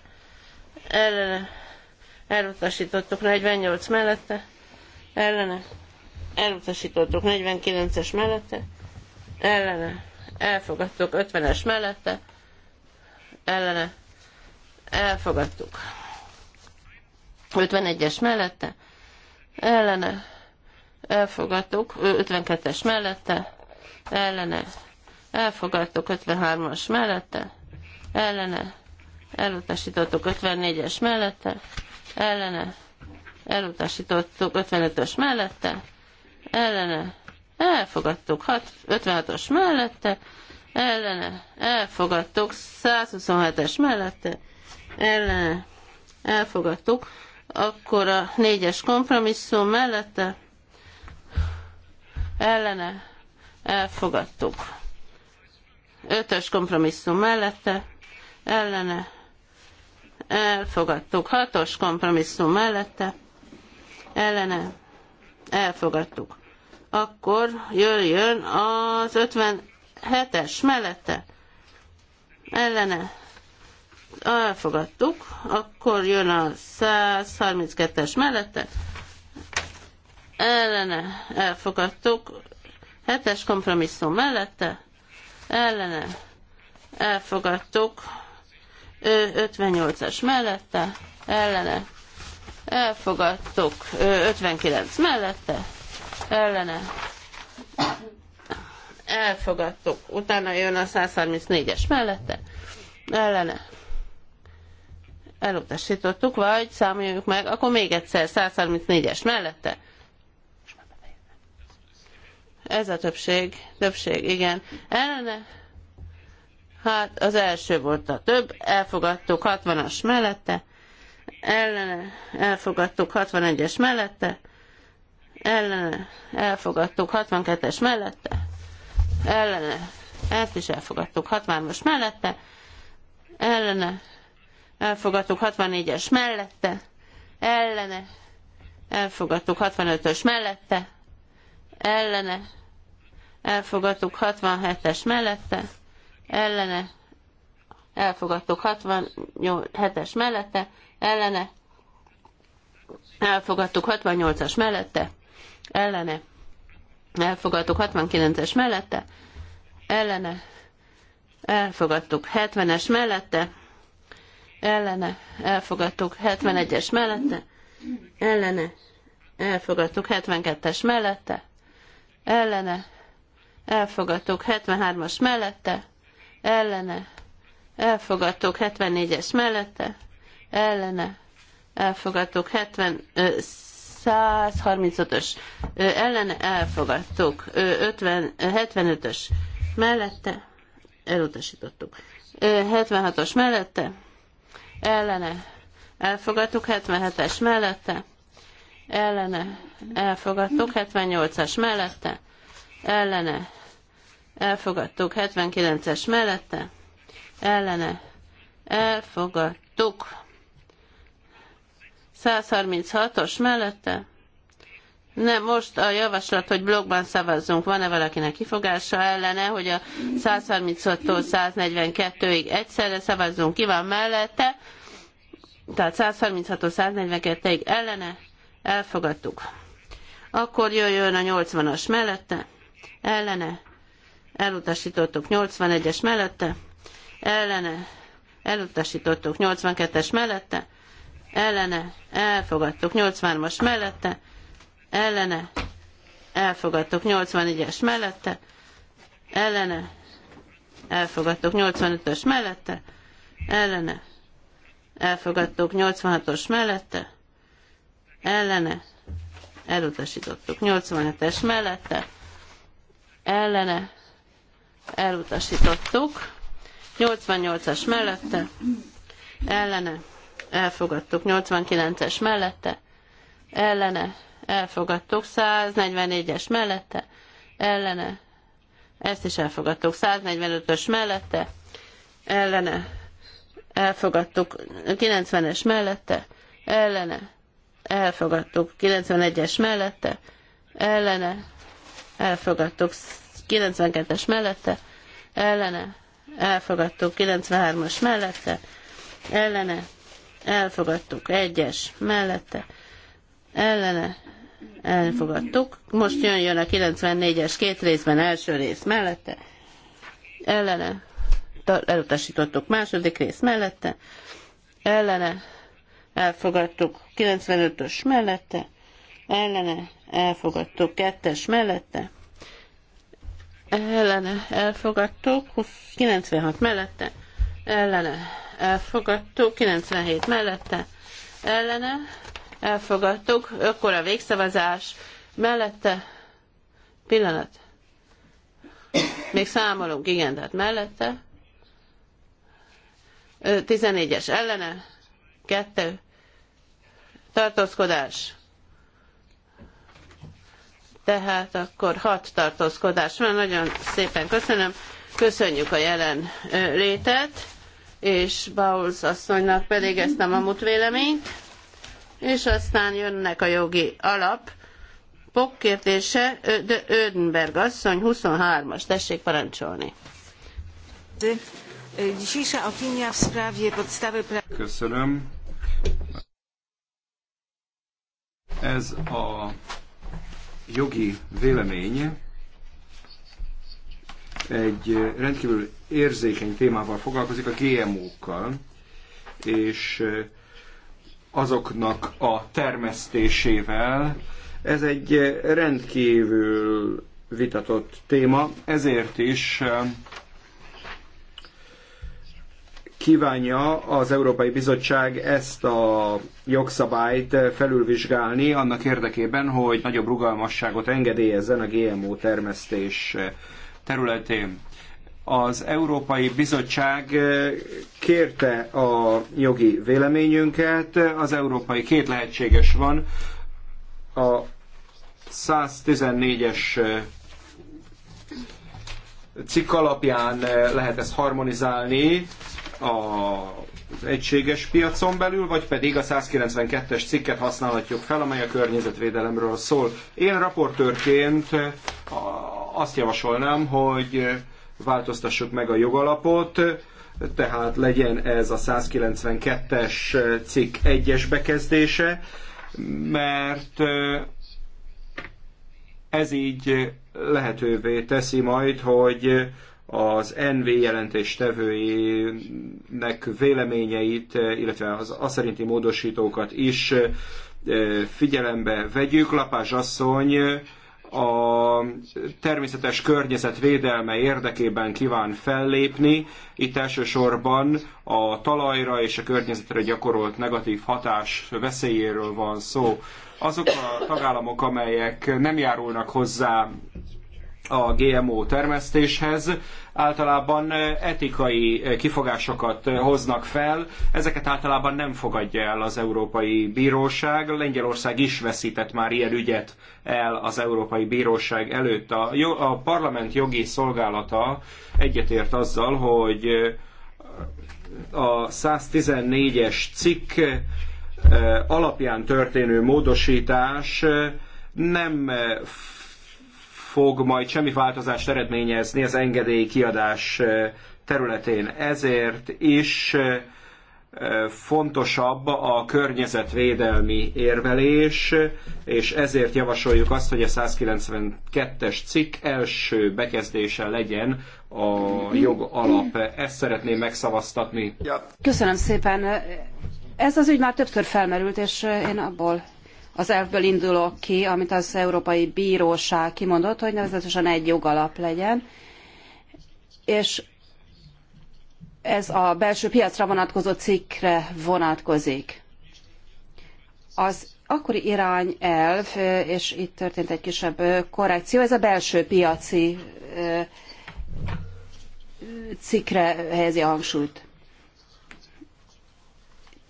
ellene elutasítottuk, 48 mellette ellene elutasítottuk, 49-es mellette ellene elfogadtuk 50-es mellette, ellene, elfogadtuk 51-es mellette, ellene, elfogadtuk 52-es mellette, ellene, elfogadtuk 53-as mellette, ellene, elutasítottuk 54-es mellette, ellene, elutasítottuk 55-ös mellette, ellene, elfogadtuk. 56-os mellette, ellene, elfogadtuk. 127-es mellette, ellene, elfogadtuk. Akkor a négyes kompromisszum mellette, ellene, elfogadtuk. Ötös kompromisszum mellette, ellene, elfogadtuk. Hatos kompromisszum mellette, ellene, elfogadtuk akkor jöjjön az 57-es mellette ellene elfogadtuk, akkor jön a 132-es mellette ellene elfogadtuk, 7-es kompromisszum mellette ellene elfogadtuk, 58 es mellette ellene elfogadtuk, 59 mellette ellene elfogadtuk. Utána jön a 134-es mellette ellene elutasítottuk, vagy számoljuk meg, akkor még egyszer 134-es mellette ez a többség, többség, igen. Ellene, hát az első volt a több, elfogadtuk 60-as mellette, ellene, elfogadtuk 61-es mellette, ellene elfogadtuk 62-es mellette, ellene ezt is elfogadtuk 63-as mellette, ellene elfogadtuk 64-es mellette, ellene elfogadtuk 65-ös mellette, ellene elfogadtuk 67-es mellette, ellene elfogadtuk 67-es mellette, ellene elfogadtuk 68-as mellette, ellene elfogadtuk 69-es mellette, ellene elfogadtuk 70-es mellette, ellene elfogadtuk 71-es mellette, ellene elfogadtuk 72-es mellette, ellene elfogadtuk 73-as mellette, ellene elfogadtuk 74-es mellette, ellene elfogadtuk 70, 135-ös ellene elfogadtuk, 50, 75-ös mellette elutasítottuk, 76-os mellette ellene elfogadtuk, 77-es mellette ellene elfogadtuk, 78-as mellette ellene elfogadtuk, 79-es mellette ellene elfogadtuk. 136-os mellette? Nem, most a javaslat, hogy blogban szavazzunk. Van-e valakinek kifogása ellene, hogy a 136-tól 142-ig egyszerre szavazzunk? Ki van mellette? Tehát 136-tól 142-ig ellene? Elfogadtuk. Akkor jöjjön a 80-as mellette? Ellene? Elutasítottuk 81-es mellette? Ellene? Elutasítottuk 82-es mellette? ellene, elfogadtuk. 83-as mellette, ellene, elfogadtuk. 84-es mellette, ellene, elfogadtuk. 85-ös mellette, ellene, elfogadtuk. 86-os mellette, ellene, elutasítottuk. 87-es mellette, ellene, elutasítottuk. 88-as mellette, ellene, elfogadtuk. 89-es mellette, ellene, elfogadtuk. 144-es mellette, ellene, ezt is elfogadtuk. 145-ös mellette, ellene, elfogadtuk. 90-es mellette, ellene, elfogadtuk. 91-es mellette, ellene, elfogadtuk. 92-es mellette, ellene, elfogadtuk. 93-as mellette, ellene, elfogadtuk, egyes, mellette, ellene, elfogadtuk. Most jön, jön a 94-es két részben, első rész mellette, ellene, elutasítottuk, második rész mellette, ellene, elfogadtuk, 95-ös mellette, ellene, elfogadtuk, kettes mellette, ellene, elfogadtuk, 96 mellette, ellene elfogadtuk, 97 mellette ellene elfogadtuk, akkor a végszavazás mellette pillanat. Még számolunk, igen, tehát mellette. 14-es ellene, 2. Tartózkodás. Tehát akkor 6 tartózkodás van. Nagyon szépen köszönöm. Köszönjük a jelen létet és Bowles asszonynak pedig ezt nem mamut véleményt, és aztán jönnek a jogi alap. Pok kérdése, de Ödenberg asszony 23-as, tessék parancsolni. Köszönöm. Ez a jogi vélemény egy rendkívül érzékeny témával foglalkozik, a GMO-kkal, és azoknak a termesztésével. Ez egy rendkívül vitatott téma, ezért is kívánja az Európai Bizottság ezt a jogszabályt felülvizsgálni annak érdekében, hogy nagyobb rugalmasságot engedélyezzen a GMO termesztés területén az Európai Bizottság eh, kérte a jogi véleményünket, az európai két lehetséges van, a 114-es eh, cikk alapján eh, lehet ezt harmonizálni az egységes piacon belül, vagy pedig a 192-es cikket használhatjuk fel, amely a környezetvédelemről szól. Én raportőrként azt javasolnám, hogy változtassuk meg a jogalapot, tehát legyen ez a 192-es cikk egyes bekezdése, mert ez így lehetővé teszi majd, hogy az NV jelentéstevőinek véleményeit, illetve az aszerinti szerinti módosítókat is figyelembe vegyük. Lapás asszony a természetes környezet védelme érdekében kíván fellépni. Itt elsősorban a talajra és a környezetre gyakorolt negatív hatás veszélyéről van szó. Azok a tagállamok, amelyek nem járulnak hozzá a GMO termesztéshez, általában etikai kifogásokat hoznak fel, ezeket általában nem fogadja el az Európai Bíróság. Lengyelország is veszített már ilyen ügyet el az Európai Bíróság előtt. A, a parlament jogi szolgálata egyetért azzal, hogy a 114-es cikk alapján történő módosítás nem fog majd semmi változást eredményezni az engedélykiadás területén. Ezért is fontosabb a környezetvédelmi érvelés, és ezért javasoljuk azt, hogy a 192-es cikk első bekezdése legyen a jog alap. Ezt szeretném megszavaztatni. Köszönöm szépen. Ez az ügy már többször felmerült, és én abból az elvből indulok ki, amit az Európai Bíróság kimondott, hogy nevezetesen egy jogalap legyen, és ez a belső piacra vonatkozó cikkre vonatkozik. Az akkori irányelv, és itt történt egy kisebb korrekció, ez a belső piaci cikkre helyezi a hangsúlyt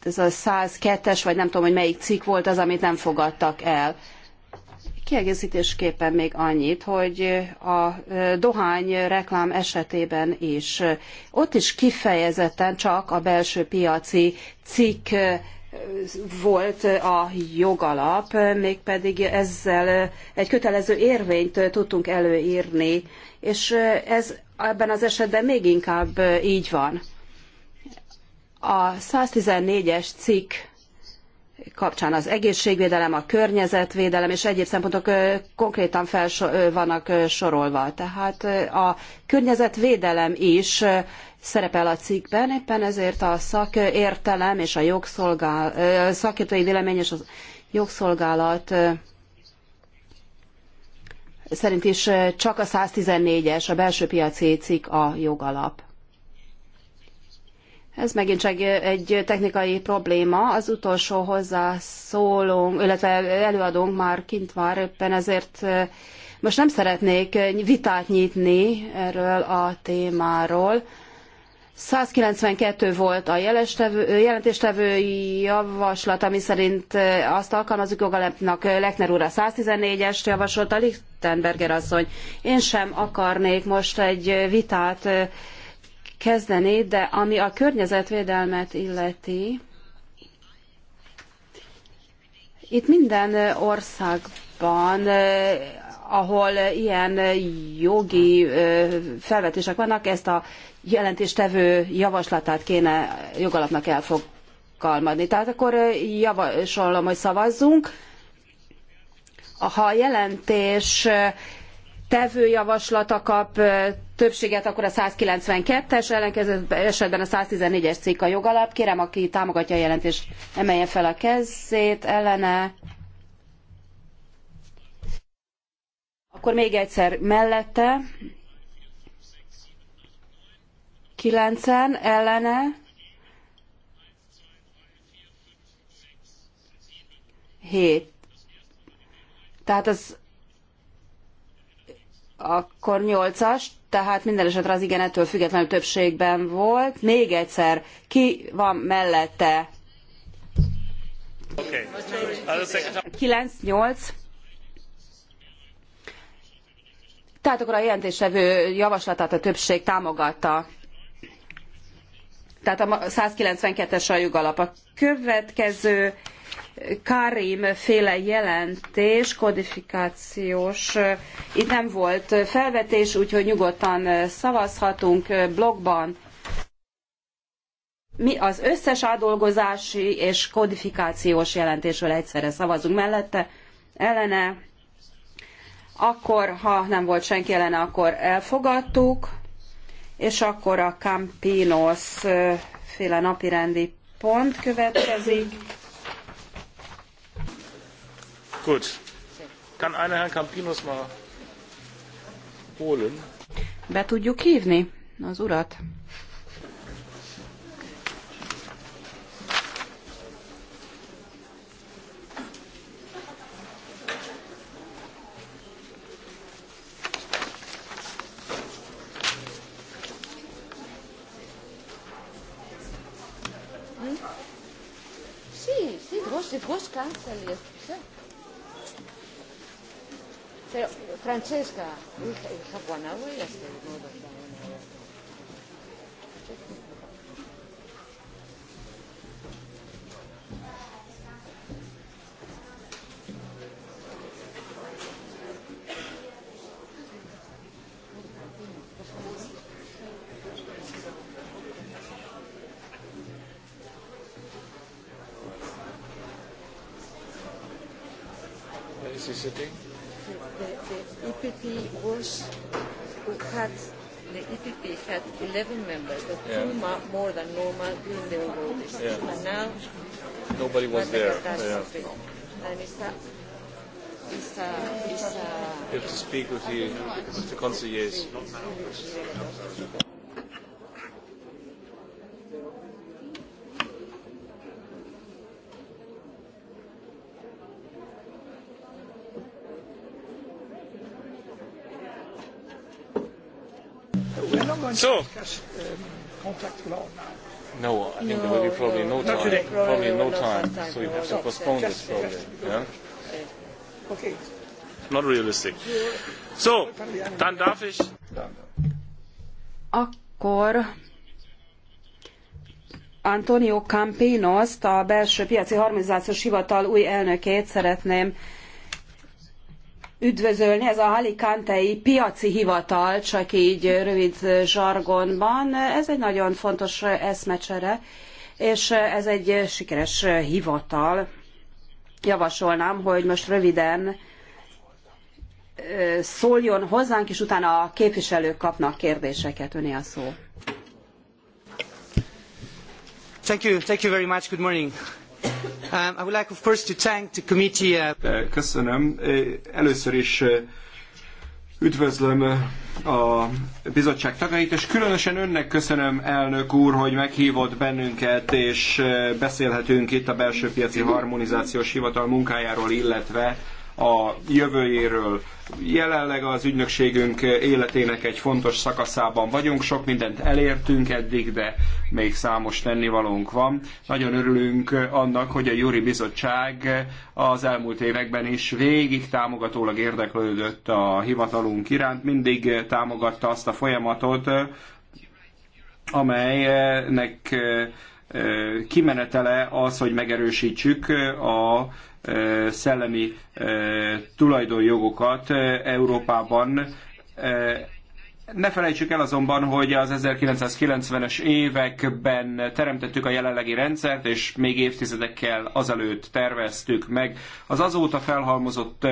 ez a 102-es, vagy nem tudom, hogy melyik cikk volt az, amit nem fogadtak el. Kiegészítésképpen még annyit, hogy a dohány reklám esetében is, ott is kifejezetten csak a belső piaci cikk volt a jogalap, mégpedig ezzel egy kötelező érvényt tudtunk előírni, és ez ebben az esetben még inkább így van. A 114-es cikk kapcsán az egészségvédelem, a környezetvédelem és egyéb szempontok konkrétan fel vannak sorolva. Tehát a környezetvédelem is szerepel a cikkben, éppen ezért a szakértelem és a szakértői vélemény és a jogszolgálat szerint is csak a 114-es, a belső piaci cikk a jogalap. Ez megint csak egy technikai probléma. Az utolsó hozzászólónk, illetve előadónk már kint van, éppen ezért most nem szeretnék vitát nyitni erről a témáról. 192 volt a jelentéstevői javaslat, ami szerint azt alkalmazzuk jogalapnak Lechner úr a 114-est javasolta, Lichtenberger asszony. Én sem akarnék most egy vitát kezdeni, de ami a környezetvédelmet illeti, itt minden országban, eh, ahol ilyen jogi eh, felvetések vannak, ezt a jelentéstevő javaslatát kéne jogalapnak elfogalmadni. Tehát akkor eh, javasolom, hogy szavazzunk. Ha a jelentés tevő javaslata kap többséget, akkor a 192-es, ellenkező esetben a 114-es cikk a jogalap. Kérem, aki támogatja a jelentést, emelje fel a kezét ellene. Akkor még egyszer mellette. 9 ellene. 7. Tehát az akkor 8 tehát minden esetre az igen ettől függetlenül többségben volt. Még egyszer, ki van mellette? 9-8. Tehát akkor a jelentéstevő javaslatát a többség támogatta. Tehát a 192-es a jogalap. A következő Karim féle jelentés, kodifikációs. Itt nem volt felvetés, úgyhogy nyugodtan szavazhatunk blogban. Mi az összes átdolgozási és kodifikációs jelentésről egyszerre szavazunk mellette, ellene. Akkor, ha nem volt senki ellene, akkor elfogadtuk, és akkor a Campinos féle napirendi pont következik Gut. Kann einer Herrn Campinos mal holen? Be tudjuk hívni az urat? Hm? Sí, sí, große, große Kanzel ist. Pero, Francesca, we have one Is he sitting? the, the EPP e was had the EPP had 11 members, but yeah. two ma- more than normal during the overall decision. Yeah. And now nobody was there. Yeah. And it's a, it's a, it's a, you have to speak with the, with the conseillers. So. No, I think no, there will be probably no, no time. Today. Probably no, no time. time. So you have to postpone this probably. Yeah? Okay. Not realistic. So, dann darf ich. Akkor Antonio Campinos, a belső piaci harmonizációs hivatal új elnökét szeretném üdvözölni, ez a Halicantei piaci hivatal, csak így rövid zsargonban. Ez egy nagyon fontos eszmecsere, és ez egy sikeres hivatal. Javasolnám, hogy most röviden szóljon hozzánk, és utána a képviselők kapnak kérdéseket. Öné a szó. Thank you, thank you very much. Good morning. Köszönöm. Először is eh, üdvözlöm eh, a bizottság tagjait, és különösen önnek köszönöm, elnök úr, hogy meghívott bennünket, és eh, beszélhetünk itt a belső piaci harmonizációs hivatal munkájáról, illetve a jövőjéről. Jelenleg az ügynökségünk életének egy fontos szakaszában vagyunk, sok mindent elértünk eddig, de még számos tennivalónk van. Nagyon örülünk annak, hogy a Júri Bizottság az elmúlt években is végig támogatólag érdeklődött a hivatalunk iránt, mindig támogatta azt a folyamatot, amelynek kimenetele az, hogy megerősítsük a szellemi tulajdonjogokat Európában. Ne felejtsük el azonban, hogy az 1990-es években teremtettük a jelenlegi rendszert, és még évtizedekkel azelőtt terveztük meg. Az azóta felhalmozott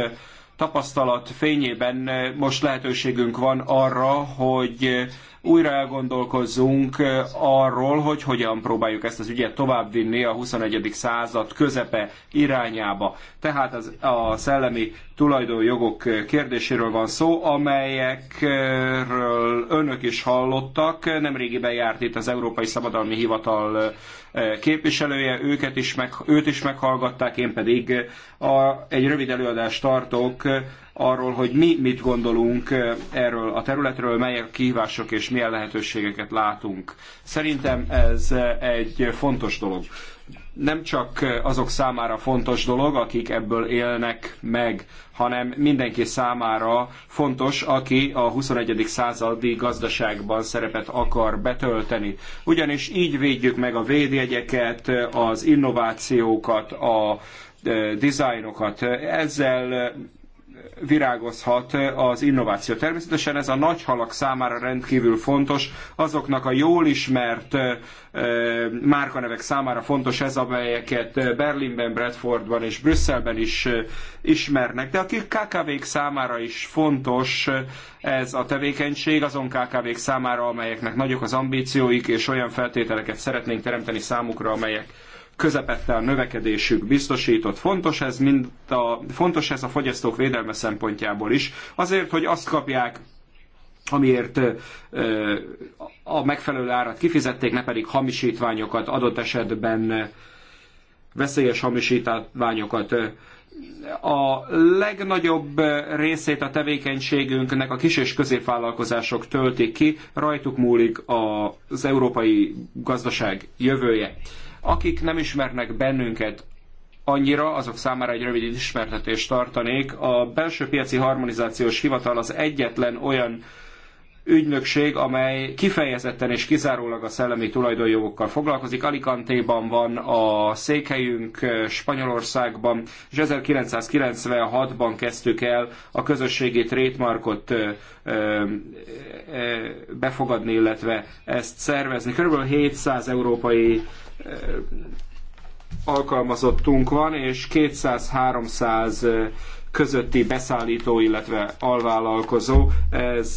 tapasztalat fényében most lehetőségünk van arra, hogy újra elgondolkozzunk arról, hogy hogyan próbáljuk ezt az ügyet továbbvinni a 21. század közepe irányába. Tehát az, a szellemi tulajdonjogok kérdéséről van szó, amelyekről önök is hallottak. Nemrégiben járt itt az Európai Szabadalmi Hivatal eh, képviselője, őket is meg, őt is meghallgatták, én pedig a, egy rövid előadást tartok eh, arról, hogy mi mit gondolunk eh, erről a területről, melyek a kihívások és milyen lehetőségeket látunk. Szerintem ez egy fontos dolog nem csak azok számára fontos dolog, akik ebből élnek meg, hanem mindenki számára fontos, aki a 21. századi gazdaságban szerepet akar betölteni. Ugyanis így védjük meg a védjegyeket, az innovációkat, a eh, dizájnokat. Ezzel virágozhat eh, az innováció. Természetesen ez a nagy halak számára rendkívül fontos, azoknak a jól ismert eh, eh, márkanevek számára fontos ez, amelyeket Berlinben, Bradfordban és Brüsszelben is ismernek, de a KKV-k számára is fontos ez a tevékenység, azon KKV-k számára, amelyeknek nagyok az ambícióik, és olyan feltételeket szeretnénk teremteni számukra, amelyek közepette a növekedésük biztosított. Fontos ez, mind a, fontos ez a fogyasztók védelme szempontjából is, azért, hogy azt kapják, amiért a megfelelő árat kifizették, ne pedig hamisítványokat, adott esetben veszélyes hamisítványokat a legnagyobb részét a tevékenységünknek a kis és középvállalkozások töltik ki, rajtuk múlik az európai gazdaság jövője. Akik nem ismernek bennünket annyira, azok számára egy rövid ismertetést tartanék. A belső piaci harmonizációs hivatal az egyetlen olyan ügynökség, amely kifejezetten és kizárólag a szellemi tulajdonjogokkal foglalkozik. Alicantéban van a székhelyünk Spanyolországban, és 1996-ban kezdtük el a közösségi trademarkot befogadni, illetve ezt szervezni. Körülbelül 700 európai alkalmazottunk van, és 200-300 közötti beszállító, illetve alvállalkozó, ez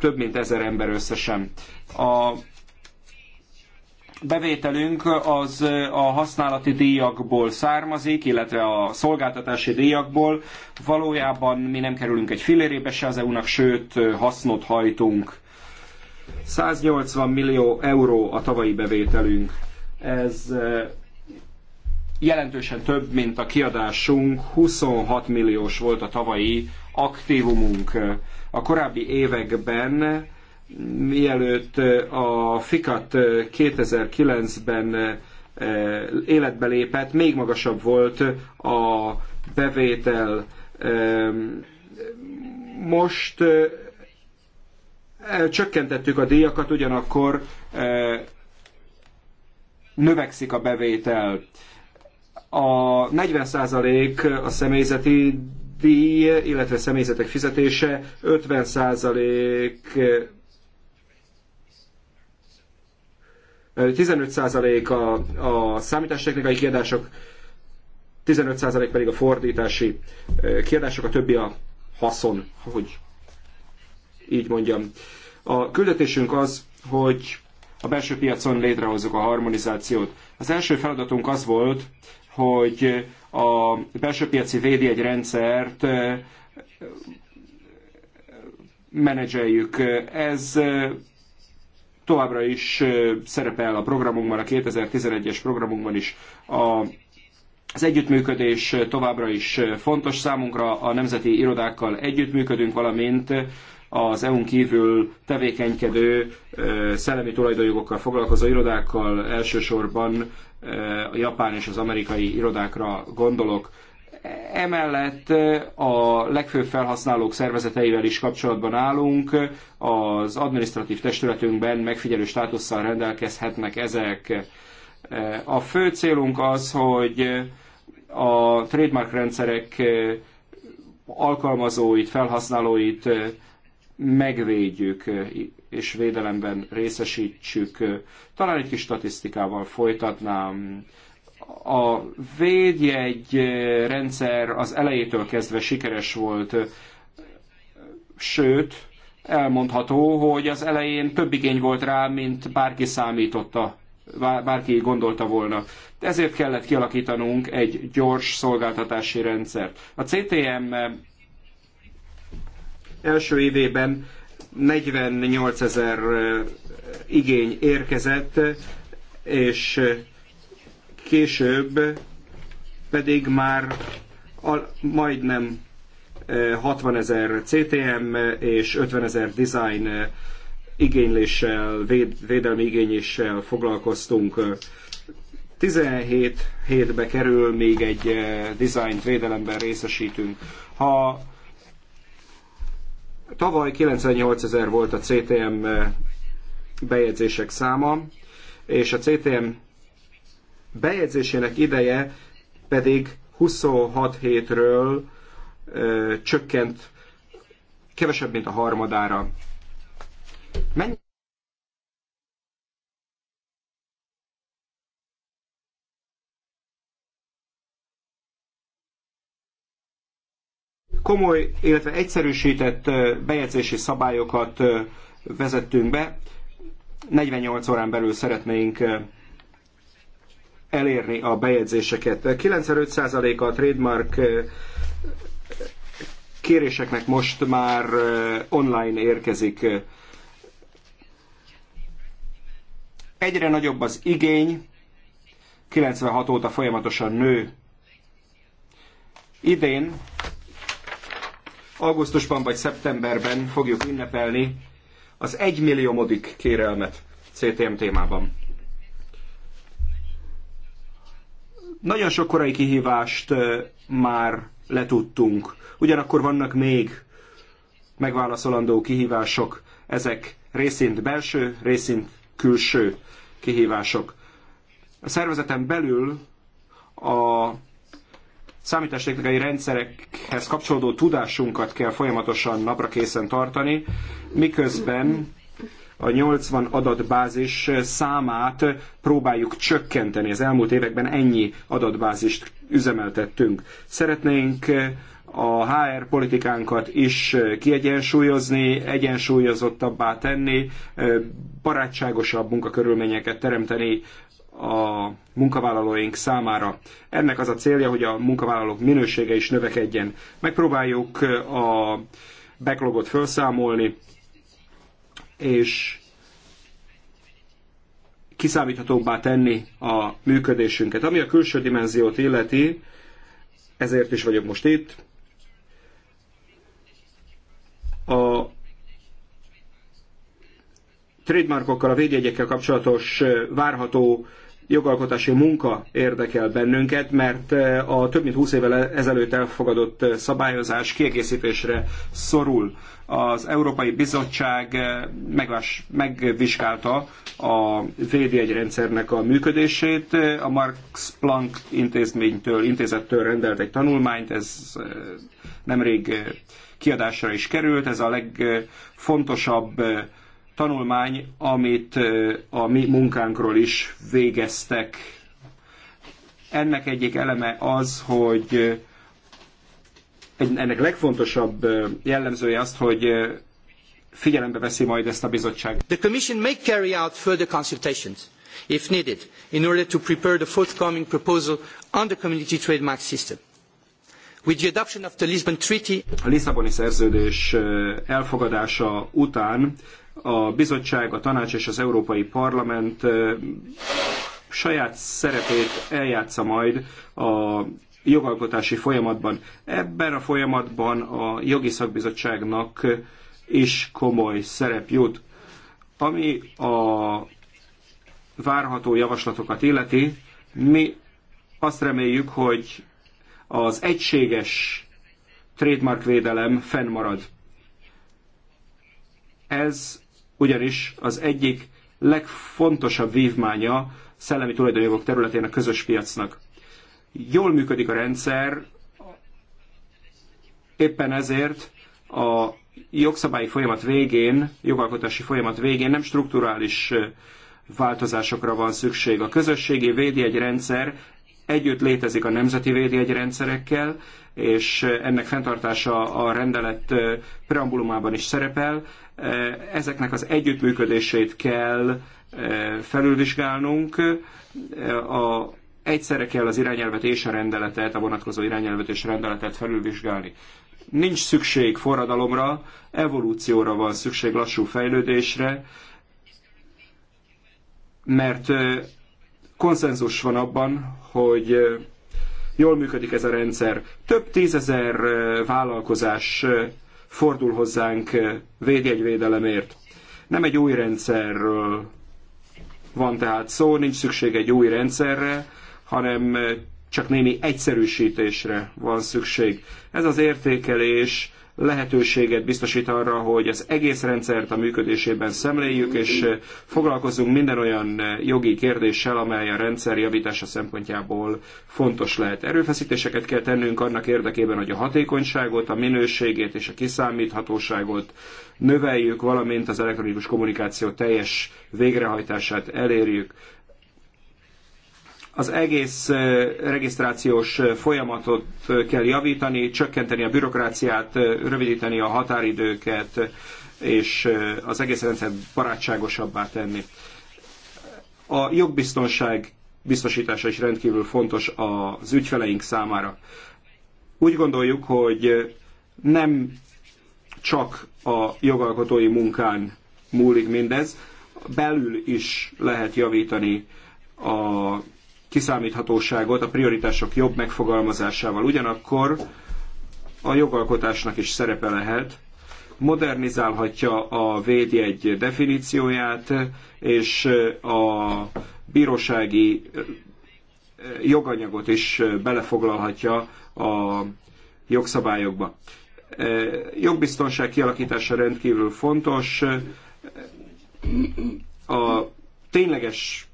több mint ezer ember összesen. A bevételünk az a használati díjakból származik, illetve a szolgáltatási díjakból. Valójában mi nem kerülünk egy filérébe se az EU-nak, sőt hasznot hajtunk. 180 millió euró a tavalyi bevételünk. Ez jelentősen több, mint a kiadásunk, 26 milliós volt a tavalyi aktívumunk. A korábbi években, mielőtt a FIKAT 2009-ben életbe lépett, még magasabb volt a bevétel. Most csökkentettük a díjakat, ugyanakkor növekszik a bevétel. A 40% a személyzeti díj, illetve személyzetek fizetése, 50% 15% a, a számítástechnikai kiadások, 15% pedig a fordítási kiadások, a többi a haszon, hogy így mondjam. A küldetésünk az, hogy a belső piacon létrehozzuk a harmonizációt. Az első feladatunk az volt, hogy a belső piaci egy rendszert menedzseljük. Ez továbbra is szerepel a programunkban, a 2011-es programunkban is. A, az együttműködés továbbra is fontos számunkra, a nemzeti irodákkal együttműködünk, valamint az EU-n kívül tevékenykedő szellemi tulajdonjogokkal foglalkozó irodákkal, elsősorban a japán és az amerikai irodákra gondolok. Emellett a legfőbb felhasználók szervezeteivel is kapcsolatban állunk, az administratív testületünkben megfigyelő státusszal rendelkezhetnek ezek. A fő célunk az, hogy a trademark rendszerek alkalmazóit, felhasználóit megvédjük és védelemben részesítsük. Talán egy kis statisztikával folytatnám. A védjegy rendszer az elejétől kezdve sikeres volt, sőt, elmondható, hogy az elején több igény volt rá, mint bárki számította, bárki gondolta volna. Ezért kellett kialakítanunk egy gyors szolgáltatási rendszert. A CTM első évében 48 ezer igény érkezett, és később pedig már majdnem 60 ezer CTM és 50 ezer design igényléssel, véd, védelmi igényléssel foglalkoztunk. 17 hétbe kerül, még egy designt védelemben részesítünk. Ha Tavaly 98 ezer volt a CTM eh, bejegyzések száma, és a CTM bejegyzésének ideje pedig 26 hétről ö, eh, csökkent kevesebb, mint a harmadára. Mennyi? Komoly, illetve egyszerűsített bejegyzési szabályokat vezettünk be. 48 órán belül szeretnénk elérni a bejegyzéseket. 95%-a a trademark kéréseknek most már online érkezik. Egyre nagyobb az igény, 96 óta folyamatosan nő. Idén augusztusban vagy szeptemberben fogjuk ünnepelni az egymilliómodik kérelmet CTM témában. Nagyon sok korai kihívást már letudtunk, ugyanakkor vannak még megválaszolandó kihívások, ezek részint belső, részint külső kihívások. A szervezeten belül a számítástechnikai rendszerekhez kapcsolódó tudásunkat kell folyamatosan napra készen tartani, miközben a 80 adatbázis számát próbáljuk csökkenteni. Az elmúlt években ennyi adatbázist üzemeltettünk. Szeretnénk a HR politikánkat is kiegyensúlyozni, egyensúlyozottabbá tenni, barátságosabb munkakörülményeket teremteni a munkavállalóink számára. Ennek az a célja, hogy a munkavállalók minősége is növekedjen. Megpróbáljuk a backlogot felszámolni, és kiszámíthatóbbá tenni a működésünket. Ami a külső dimenziót illeti, ezért is vagyok most itt. A trademarkokkal, a védjegyekkel kapcsolatos várható jogalkotási munka érdekel bennünket, mert e, a több mint 20 évvel e-, ezelőtt elfogadott e, szabályozás kiegészítésre szorul. Az Európai Bizottság megvás, megvizsgálta a védjegyrendszernek a működését. A Marx Planck intézménytől, intézettől rendelt egy tanulmányt, ez nemrég kiadásra is került. Ez a legfontosabb tanulmány, amit a mi munkánkról is végeztek. Ennek egyik eleme az, hogy ennek legfontosabb jellemzője az, hogy figyelembe veszi majd ezt a bizottság. The Commission may carry out further consultations if needed in order to prepare the forthcoming proposal on the community trademark system. With the adoption of the Lisbon Treaty, a Lisszaboni szerződés elfogadása után a bizottság, a tanács és az Európai Parlament saját szerepét eljátsza majd a jogalkotási folyamatban. Ebben a folyamatban a jogi szakbizottságnak is komoly szerep jut. Ami a várható javaslatokat illeti, mi azt reméljük, hogy az egységes trademark védelem fennmarad. Ez ugyanis az egyik legfontosabb vívmánya szellemi tulajdonjogok területén a közös piacnak. Jól működik a rendszer, éppen ezért a jogszabályi folyamat végén, jogalkotási folyamat végén nem strukturális változásokra van szükség. A közösségi egy rendszer együtt létezik a nemzeti védjegyrendszerekkel, és ennek fenntartása a rendelet preambulumában is szerepel. Ezeknek az együttműködését kell felülvizsgálnunk. A, egyszerre kell az irányelvet és a rendeletet, a vonatkozó irányelvet és rendeletet felülvizsgálni. Nincs szükség forradalomra, evolúcióra van szükség lassú fejlődésre, mert konszenzus van abban, hogy jól működik ez a rendszer. Több tízezer vállalkozás fordul hozzánk védjegyvédelemért. Nem egy új rendszerről van tehát szó, nincs szükség egy új rendszerre, hanem csak némi egyszerűsítésre van szükség. Ez az értékelés lehetőséget biztosít arra, hogy az egész rendszert a működésében szemléljük, és eh, foglalkozunk minden olyan eh, jogi kérdéssel, amely a rendszer javítása szempontjából fontos lehet. Erőfeszítéseket kell tennünk annak érdekében, hogy a hatékonyságot, a minőségét és a kiszámíthatóságot növeljük, valamint az elektronikus kommunikáció teljes végrehajtását elérjük. Az egész regisztrációs folyamatot kell javítani, csökkenteni a bürokráciát, rövidíteni a határidőket, és az egész rendszer barátságosabbá tenni. A jogbiztonság biztosítása is rendkívül fontos az ügyfeleink számára. Úgy gondoljuk, hogy nem csak a jogalkotói munkán múlik mindez, belül is lehet javítani a kiszámíthatóságot a prioritások jobb megfogalmazásával. Ugyanakkor a jogalkotásnak is szerepe lehet, modernizálhatja a védjegy definícióját, és a bírósági eh, joganyagot is belefoglalhatja a jogszabályokba. Eh, jogbiztonság kialakítása rendkívül fontos. Eh, a tényleges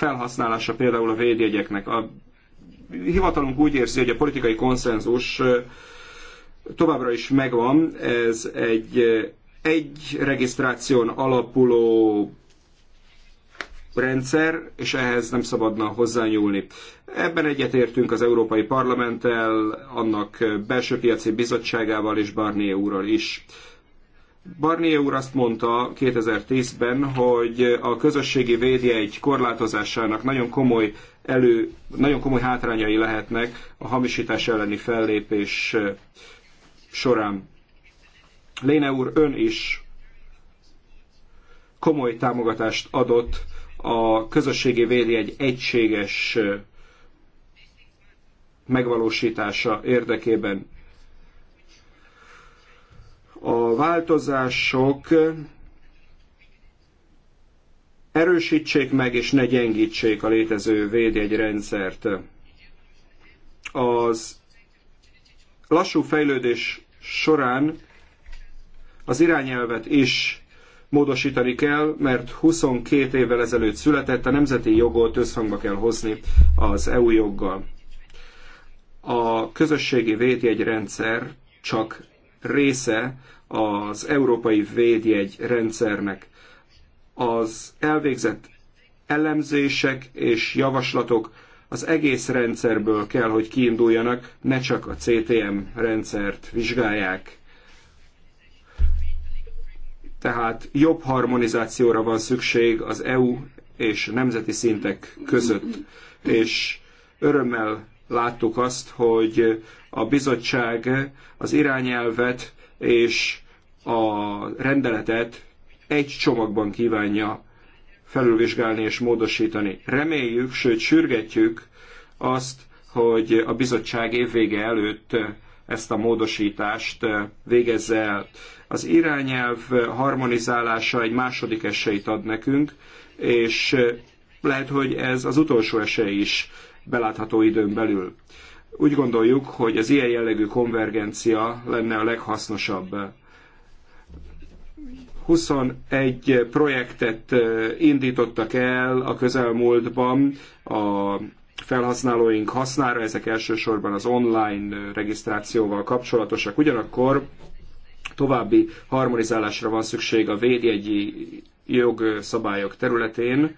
felhasználása például a védjegyeknek. A hivatalunk úgy érzi, hogy a politikai konszenzus továbbra is megvan. Ez egy egy regisztráción alapuló rendszer, és ehhez nem szabadna hozzányúlni. Ebben egyetértünk az Európai Parlamenttel, annak belső piaci bizottságával és Barnier úrral is. Barnier úr azt mondta 2010-ben, hogy a közösségi védjegy korlátozásának nagyon komoly elő, nagyon komoly hátrányai lehetnek a hamisítás elleni fellépés során. Léne úr ön is komoly támogatást adott a közösségi védjegy egységes megvalósítása érdekében a változások erősítsék meg és ne gyengítsék a létező védjegyrendszert. Az lassú fejlődés során az irányelvet is módosítani kell, mert 22 évvel ezelőtt született, a nemzeti jogot összhangba kell hozni az EU joggal. A közösségi védjegyrendszer csak része az európai védjegy rendszernek. Az elvégzett elemzések és javaslatok az egész rendszerből kell, hogy kiinduljanak, ne csak a CTM rendszert vizsgálják. Tehát jobb harmonizációra van szükség az EU és nemzeti szintek között, és örömmel láttuk azt, hogy a bizottság az irányelvet és a rendeletet egy csomagban kívánja felülvizsgálni és módosítani. Reméljük, sőt sürgetjük azt, hogy a bizottság évvége előtt ezt a módosítást végezze el. Az irányelv harmonizálása egy második esélyt ad nekünk, és lehet, hogy ez az utolsó esély is belátható időn belül. Úgy gondoljuk, hogy az ilyen jellegű konvergencia lenne a leghasznosabb. 21 projektet indítottak el a közelmúltban a felhasználóink hasznára, ezek elsősorban az online regisztrációval kapcsolatosak. Ugyanakkor további harmonizálásra van szükség a védjegyi jogszabályok területén,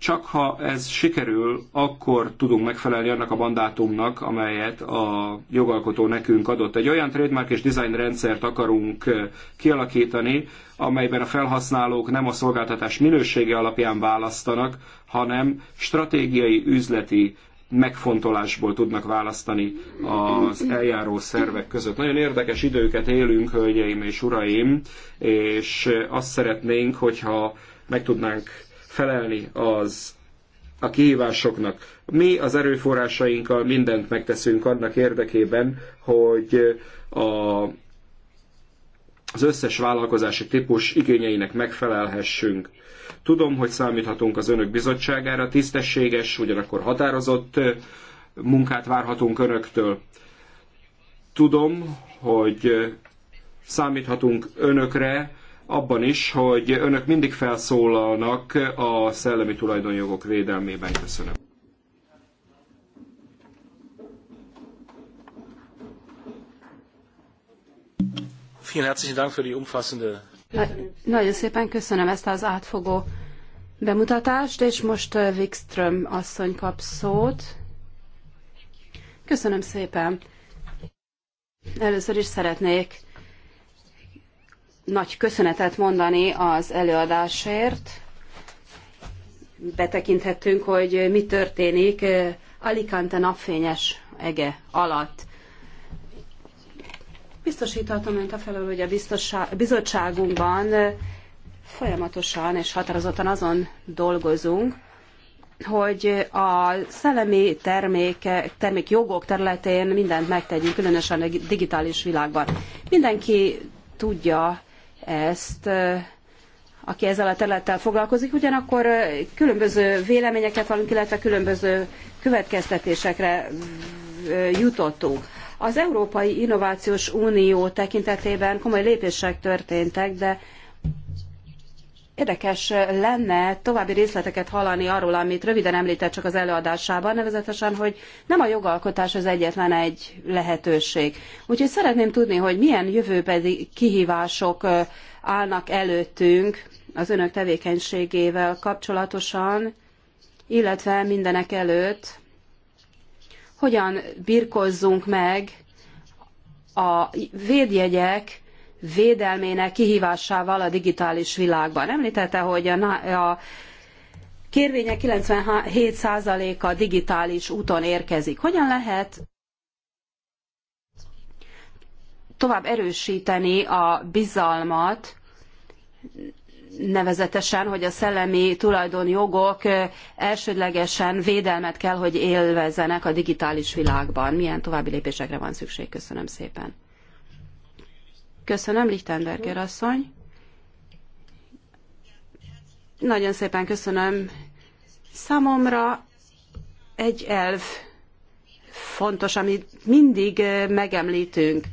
Csak ha ez sikerül, akkor tudunk megfelelni annak a mandátumnak, amelyet a jogalkotó nekünk adott. Egy olyan trademark és design rendszert akarunk eh, kialakítani, amelyben a felhasználók nem a szolgáltatás minősége alapján választanak, hanem stratégiai, üzleti megfontolásból tudnak választani az eljáró szervek között. Nagyon érdekes időket élünk, hölgyeim és uraim, és eh, azt szeretnénk, hogyha meg tudnánk felelni az a kihívásoknak. Mi az erőforrásainkkal mindent megteszünk annak érdekében, hogy a, az összes vállalkozási típus igényeinek megfelelhessünk. Tudom, hogy számíthatunk az önök bizottságára, tisztességes, ugyanakkor határozott munkát várhatunk önöktől. Tudom, hogy számíthatunk önökre, abban is, hogy önök mindig felszólalnak a szellemi tulajdonjogok védelmében. Köszönöm. Nagyon szépen köszönöm ezt az átfogó bemutatást, és most eh, Wikström asszony kap szót. Köszönöm szépen. Először is szeretnék nagy köszönetet mondani az előadásért. Betekinthettünk, hogy mi történik eh, Alicante napfényes ege alatt. Biztosíthatom önt a felől, hogy a bizottságunkban eh, folyamatosan és határozottan azon dolgozunk, hogy a szellemi termékek, termék jogok területén mindent megtegyünk, különösen a digitális világban. Mindenki tudja, ezt, aki ezzel a területtel foglalkozik, ugyanakkor különböző véleményeket hallunk, illetve különböző következtetésekre jutottunk. Az Európai Innovációs Unió tekintetében komoly lépések történtek, de Érdekes lenne további részleteket hallani arról, amit röviden említett csak az előadásában, nevezetesen, hogy nem a jogalkotás az egyetlen egy lehetőség. Úgyhogy szeretném tudni, hogy milyen jövőbeli kihívások állnak előttünk az önök tevékenységével kapcsolatosan, illetve mindenek előtt, hogyan birkozzunk meg a védjegyek védelmének kihívásával a digitális világban. Említette, hogy a, a kérvények 97%-a digitális úton érkezik. Hogyan lehet tovább erősíteni a bizalmat, nevezetesen, hogy a szellemi tulajdonjogok elsődlegesen védelmet kell, hogy élvezzenek a digitális világban. Milyen további lépésekre van szükség? Köszönöm szépen. Köszönöm, Lichtenberger asszony. Nagyon szépen köszönöm. Számomra egy elv fontos, amit mindig eh, megemlítünk.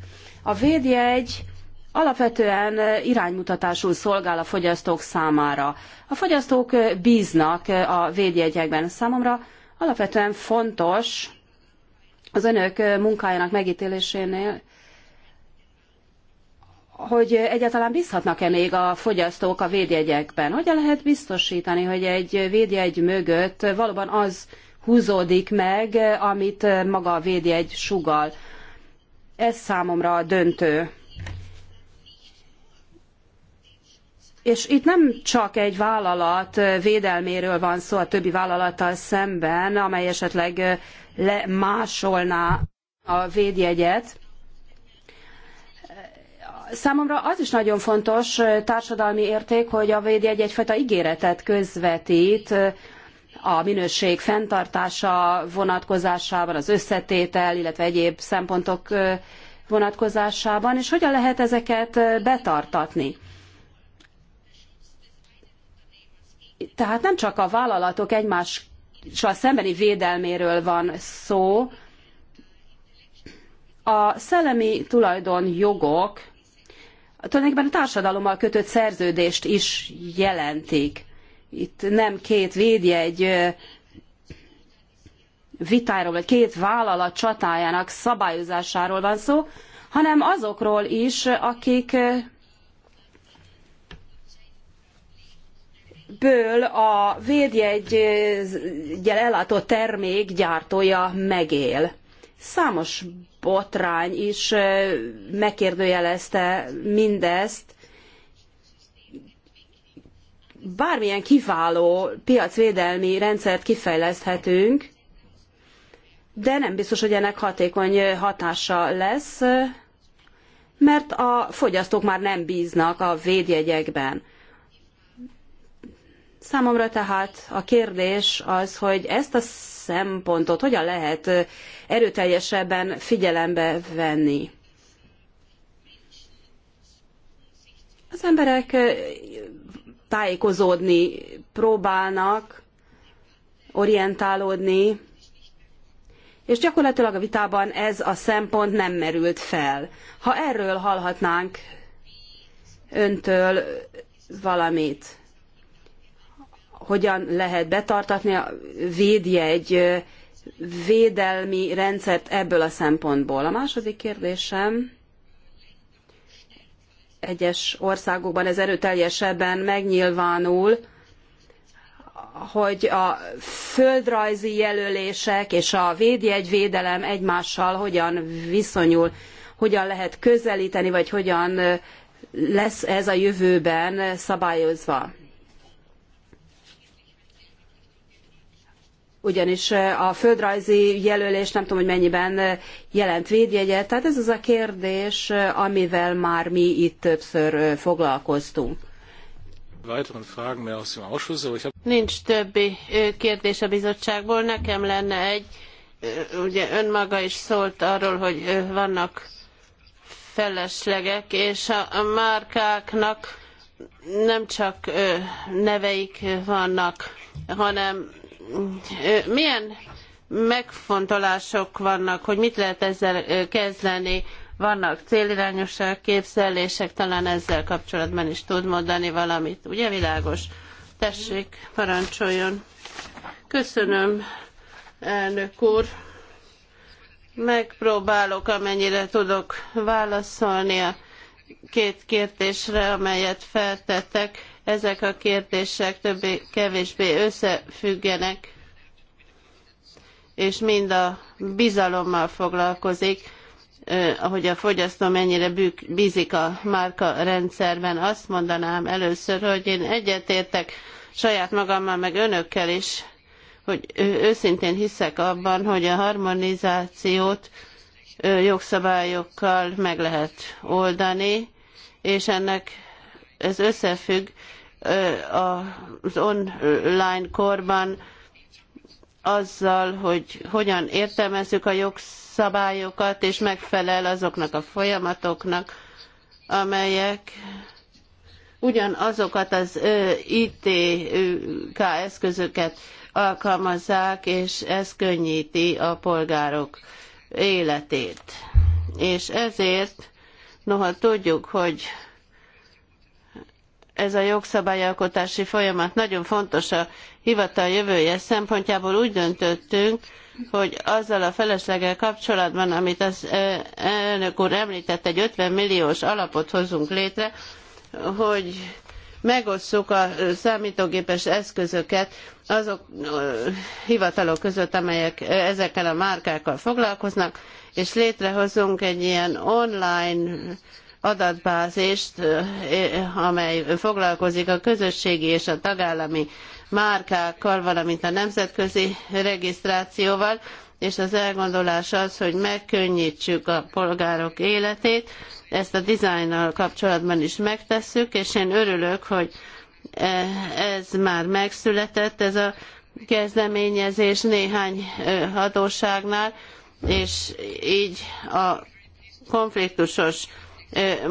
A védjegy alapvetően eh, iránymutatásul szolgál a fogyasztók számára. A fogyasztók eh, bíznak a védjegyekben. Számomra alapvetően fontos az önök munkájának megítélésénél, hogy egyáltalán bízhatnak-e még a fogyasztók a védjegyekben? Hogyan lehet biztosítani, hogy egy védjegy mögött valóban az húzódik meg, amit maga a védjegy sugal? Ez számomra a döntő. És itt nem csak egy vállalat védelméről van szó a többi vállalattal szemben, amely esetleg lemásolná a védjegyet, Számomra az is nagyon fontos társadalmi érték, hogy a védjegy egyfajta ígéretet közvetít a minőség fenntartása vonatkozásában, az összetétel, illetve egyéb szempontok vonatkozásában, és hogyan lehet ezeket betartatni. Tehát nem csak a vállalatok egymással szembeni védelméről van szó, a szellemi jogok tulajdonképpen a társadalommal kötött szerződést is jelentik. Itt nem két védjegy vitáról, vagy két vállalat csatájának szabályozásáról van szó, hanem azokról is, akik ből a védjegyel ellátott termék gyártója megél. Számos botrány is megkérdőjelezte mindezt. Bármilyen kiváló piacvédelmi rendszert kifejleszthetünk, de nem biztos, hogy ennek hatékony hatása lesz, mert a fogyasztók már nem bíznak a védjegyekben. Számomra tehát a kérdés az, hogy ezt a szempontot hogyan lehet erőteljesebben figyelembe venni. Az emberek tájékozódni próbálnak, orientálódni, és gyakorlatilag a vitában ez a szempont nem merült fel. Ha erről hallhatnánk öntől valamit hogyan lehet betartatni a védjegy védelmi rendszert ebből a szempontból. A második kérdésem egyes országokban ez erőteljesebben megnyilvánul, hogy a földrajzi jelölések és a védjegyvédelem egymással hogyan viszonyul, hogyan lehet közelíteni, vagy hogyan lesz ez a jövőben szabályozva. ugyanis eh, a földrajzi jelölés nem tudom, hogy mennyiben eh, jelent védjegyet. Tehát ez az a kérdés, eh, amivel már mi itt többször foglalkoztunk. Nincs többi kérdés a bizottságból. Nekem lenne egy, ugye ön maga is szólt arról, hogy vannak feleslegek, és a márkáknak nem csak neveik vannak, hanem milyen megfontolások vannak, hogy mit lehet ezzel kezdeni, vannak célirányosak, képzelések, talán ezzel kapcsolatban is tud mondani valamit. Ugye világos? Tessék, parancsoljon. Köszönöm, elnök úr. Megpróbálok, amennyire tudok válaszolni a két kérdésre, amelyet feltettek ezek a kérdések többé-kevésbé összefüggenek, és mind a bizalommal foglalkozik, ahogy a fogyasztó mennyire bűk, bízik a márka rendszerben. Azt mondanám először, hogy én egyetértek saját magammal, meg önökkel is, hogy őszintén hiszek abban, hogy a harmonizációt jogszabályokkal meg lehet oldani, és ennek ez összefügg az online korban azzal, hogy hogyan értelmezzük a jogszabályokat, és megfelel azoknak a folyamatoknak, amelyek ugyanazokat az ITK eszközöket alkalmazzák, és ez könnyíti a polgárok életét. És ezért, noha tudjuk, hogy ez a jogszabályalkotási folyamat nagyon fontos a hivatal jövője szempontjából úgy döntöttünk, hogy azzal a felesleggel kapcsolatban, amit az elnök úr említett, egy 50 milliós alapot hozunk létre, hogy megosszuk a számítógépes eszközöket azok hivatalok között, amelyek ezekkel a márkákkal foglalkoznak, és létrehozunk egy ilyen online adatbázist, amely foglalkozik a közösségi és a tagállami márkákkal, valamint a nemzetközi regisztrációval, és az elgondolás az, hogy megkönnyítsük a polgárok életét. Ezt a dizájnnal kapcsolatban is megtesszük, és én örülök, hogy e, ez már megszületett, ez a kezdeményezés néhány hatóságnál, és így a konfliktusos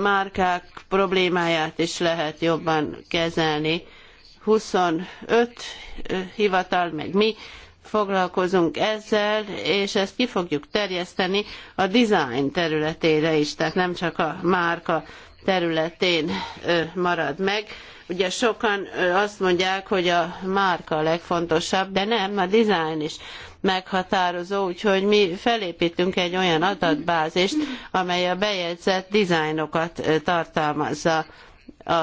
márkák problémáját is lehet jobban kezelni. 25 hivatal, meg mi foglalkozunk ezzel, és ezt ki fogjuk terjeszteni a design területére is, tehát nem csak a márka területén marad meg. Ugye sokan azt mondják, hogy a márka a legfontosabb, de nem, a design is meghatározó, úgyhogy mi felépítünk egy olyan adatbázist, amely a bejegyzett dizájnokat tartalmazza a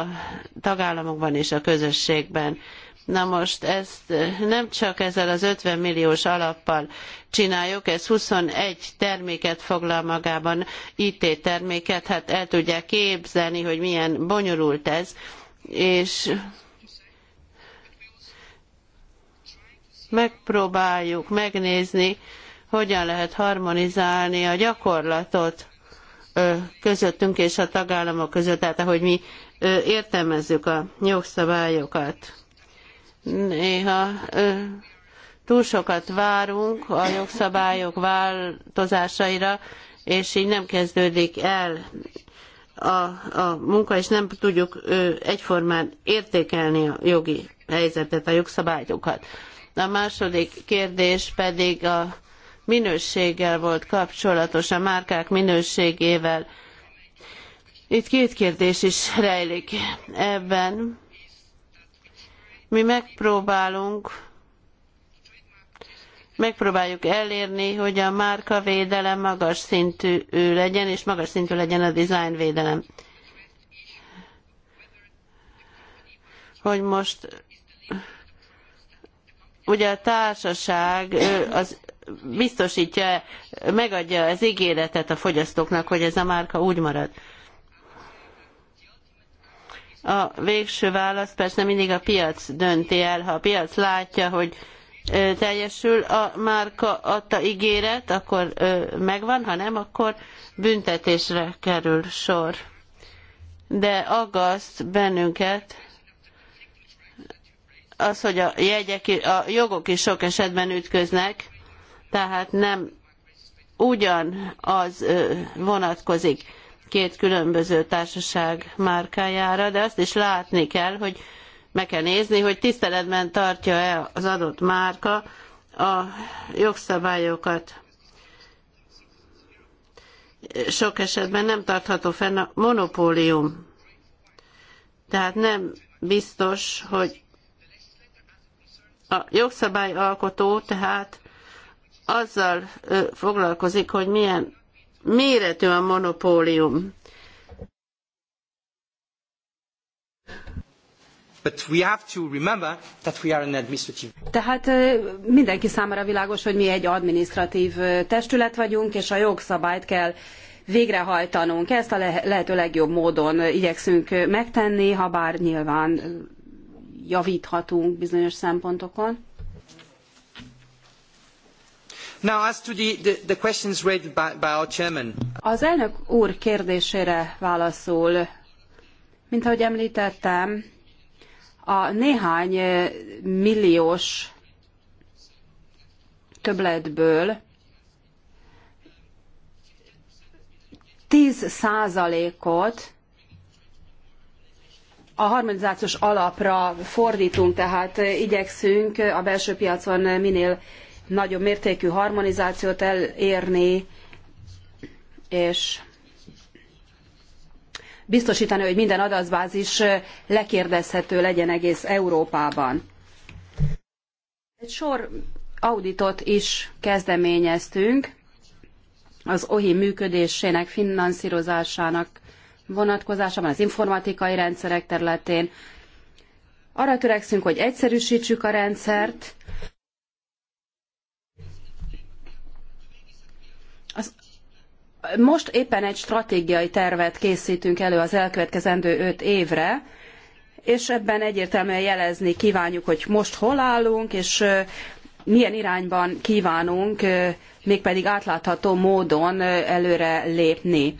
tagállamokban és a közösségben. Na most ezt nem csak ezzel az 50 milliós alappal csináljuk, ez 21 terméket foglal magában, IT terméket, hát el tudják képzelni, hogy milyen bonyolult ez, és megpróbáljuk megnézni, hogyan lehet harmonizálni a gyakorlatot közöttünk és a tagállamok között, tehát ahogy mi értelmezzük a jogszabályokat. Néha túl sokat várunk a jogszabályok változásaira, és így nem kezdődik el a, a munka, és nem tudjuk egyformán értékelni a jogi helyzetet, a jogszabályokat. A második kérdés pedig a minőséggel volt kapcsolatos, a márkák minőségével. Itt két kérdés is rejlik ebben. Mi megpróbálunk megpróbáljuk elérni, hogy a márkavédelem magas szintű legyen, és magas szintű legyen a dizájnvédelem. Hogy most ugye a társaság az biztosítja, megadja az ígéretet a fogyasztóknak, hogy ez a márka úgy marad. A végső válasz persze mindig a piac dönti el, ha a piac látja, hogy teljesül a márka adta ígéret, akkor megvan, ha nem, akkor büntetésre kerül sor. De aggaszt bennünket, az, hogy a jegyek, a jogok is sok esetben ütköznek, tehát nem ugyanaz vonatkozik két különböző társaság márkájára, de azt is látni kell, hogy meg kell nézni, hogy tiszteletben tartja-e az adott márka a jogszabályokat. Sok esetben nem tartható fenn a monopólium. Tehát nem biztos, hogy a jogszabályalkotó tehát azzal foglalkozik, hogy milyen méretű a monopólium. But we have to remember that we are an administrative. Tehát mindenki számára világos, hogy mi egy administratív testület vagyunk, és a jogszabályt kell végrehajtanunk. Ezt a lehető legjobb módon igyekszünk megtenni, ha bár nyilván javíthatunk bizonyos szempontokon. Now, as to the, the, the questions raised by, by our chairman. Az elnök úr kérdésére válaszol. Mint ahogy említettem, a néhány milliós többletből 10 százalékot a harmonizációs alapra fordítunk, tehát igyekszünk a belső piacon minél nagyobb mértékű harmonizációt elérni, és biztosítani, hogy minden adatbázis lekérdezhető legyen egész Európában. Egy sor auditot is kezdeményeztünk az OHI működésének finanszírozásának vonatkozásában, az informatikai rendszerek területén. Arra törekszünk, hogy egyszerűsítsük a rendszert. Az most éppen egy stratégiai tervet készítünk elő az elkövetkezendő öt évre, és ebben egyértelműen jelezni kívánjuk, hogy most hol állunk, és milyen irányban kívánunk mégpedig átlátható módon előre lépni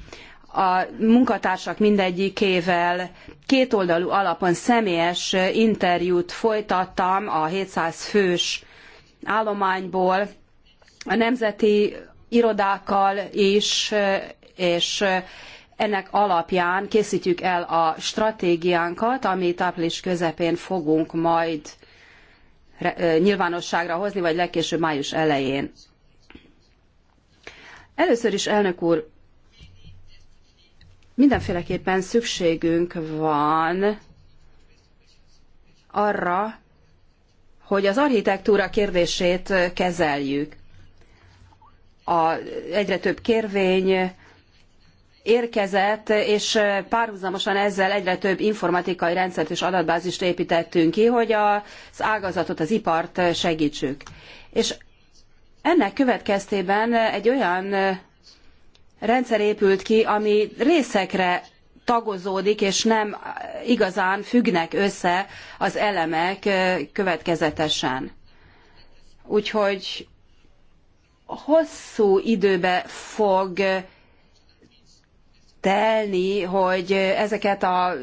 a munkatársak mindegyikével kétoldalú alapon személyes interjút folytattam a 700 fős állományból, a nemzeti irodákkal is, és ennek alapján készítjük el a stratégiánkat, amit április közepén fogunk majd nyilvánosságra hozni, vagy legkésőbb május elején. Először is, elnök úr, mindenféleképpen szükségünk van arra, hogy az architektúra kérdését kezeljük. A egyre több kérvény érkezett, és párhuzamosan ezzel egyre több informatikai rendszert és adatbázist építettünk ki, hogy az ágazatot, az ipart segítsük. És ennek következtében egy olyan rendszer épült ki, ami részekre tagozódik, és nem igazán függnek össze az elemek következetesen. Úgyhogy hosszú időbe fog telni, hogy ezeket a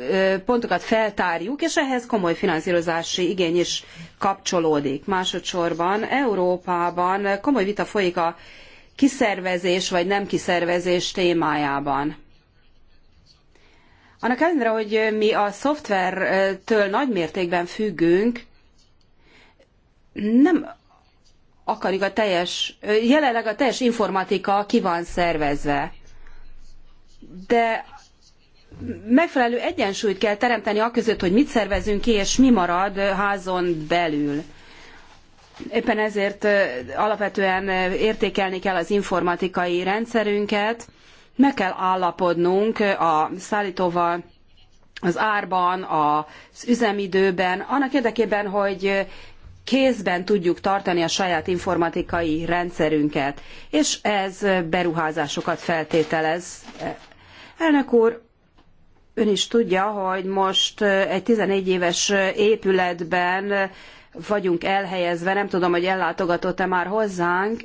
pontokat feltárjuk, és ehhez komoly finanszírozási igény is kapcsolódik. Másodszorban Európában komoly vita folyik a kiszervezés vagy nem kiszervezés témájában. Annak ellenére, hogy mi a szoftvertől nagy mértékben függünk, nem akarjuk a teljes, jelenleg a teljes informatika ki van szervezve. De megfelelő egyensúlyt kell teremteni aközött, hogy mit szervezünk ki, és mi marad házon belül. Éppen ezért alapvetően értékelni kell az informatikai rendszerünket, meg kell állapodnunk a szállítóval, az árban, az üzemidőben, annak érdekében, hogy kézben tudjuk tartani a saját informatikai rendszerünket, és ez beruházásokat feltételez. Elnök úr, ön is tudja, hogy most egy 14 éves épületben vagyunk elhelyezve, nem tudom, hogy ellátogatott-e már hozzánk.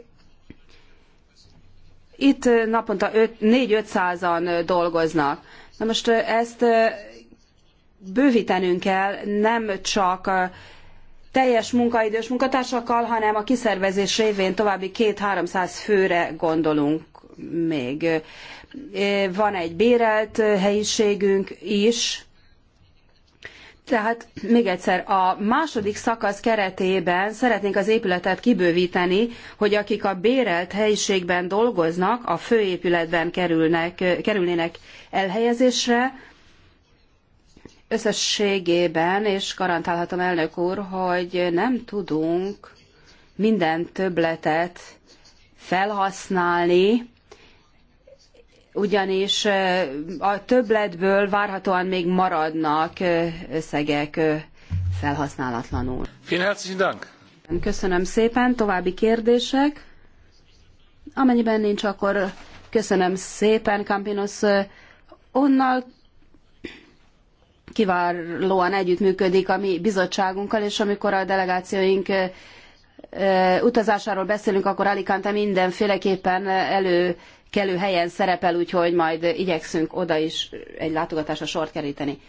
Itt naponta 4-500-an dolgoznak. Na most ezt bővítenünk kell, nem csak teljes munkaidős munkatársakkal, hanem a kiszervezés révén további 2-300 főre gondolunk még. Van egy bérelt helyiségünk is, tehát még egyszer, a második szakasz keretében szeretnénk az épületet kibővíteni, hogy akik a bérelt helyiségben dolgoznak, a főépületben kerülnek, kerülnének elhelyezésre, összességében, és garantálhatom elnök úr, hogy nem tudunk minden többletet felhasználni, ugyanis a többletből várhatóan még maradnak összegek felhasználatlanul. Köszönöm szépen. További kérdések? Amennyiben nincs, akkor köszönöm szépen, Campinos. Onnal kiválóan együttműködik a mi bizottságunkkal, és amikor a delegációink utazásáról beszélünk, akkor Alicante mindenféleképpen elő kellő helyen szerepel, úgyhogy majd igyekszünk oda is egy látogatásra sort keríteni.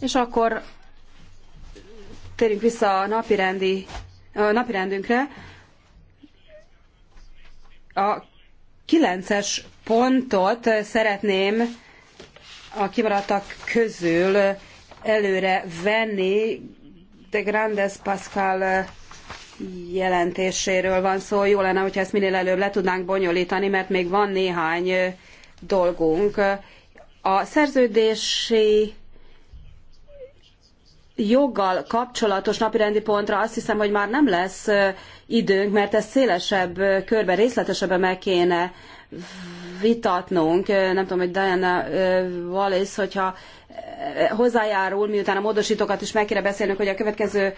És akkor térjünk vissza a napirendi, a napirendünkre. A kilences pontot szeretném a kimaradtak közül előre venni de Grandes Pascal jelentéséről van szó. Jó lenne, hogyha ezt minél előbb le tudnánk bonyolítani, mert még van néhány dolgunk. A szerződési joggal kapcsolatos napirendi pontra azt hiszem, hogy már nem lesz időnk, mert ezt szélesebb körben, részletesebben meg kéne vitatnunk. Nem tudom, hogy Diana Wallace, hogyha hozzájárul, miután a módosítókat is meg kéne beszélnünk, hogy a következő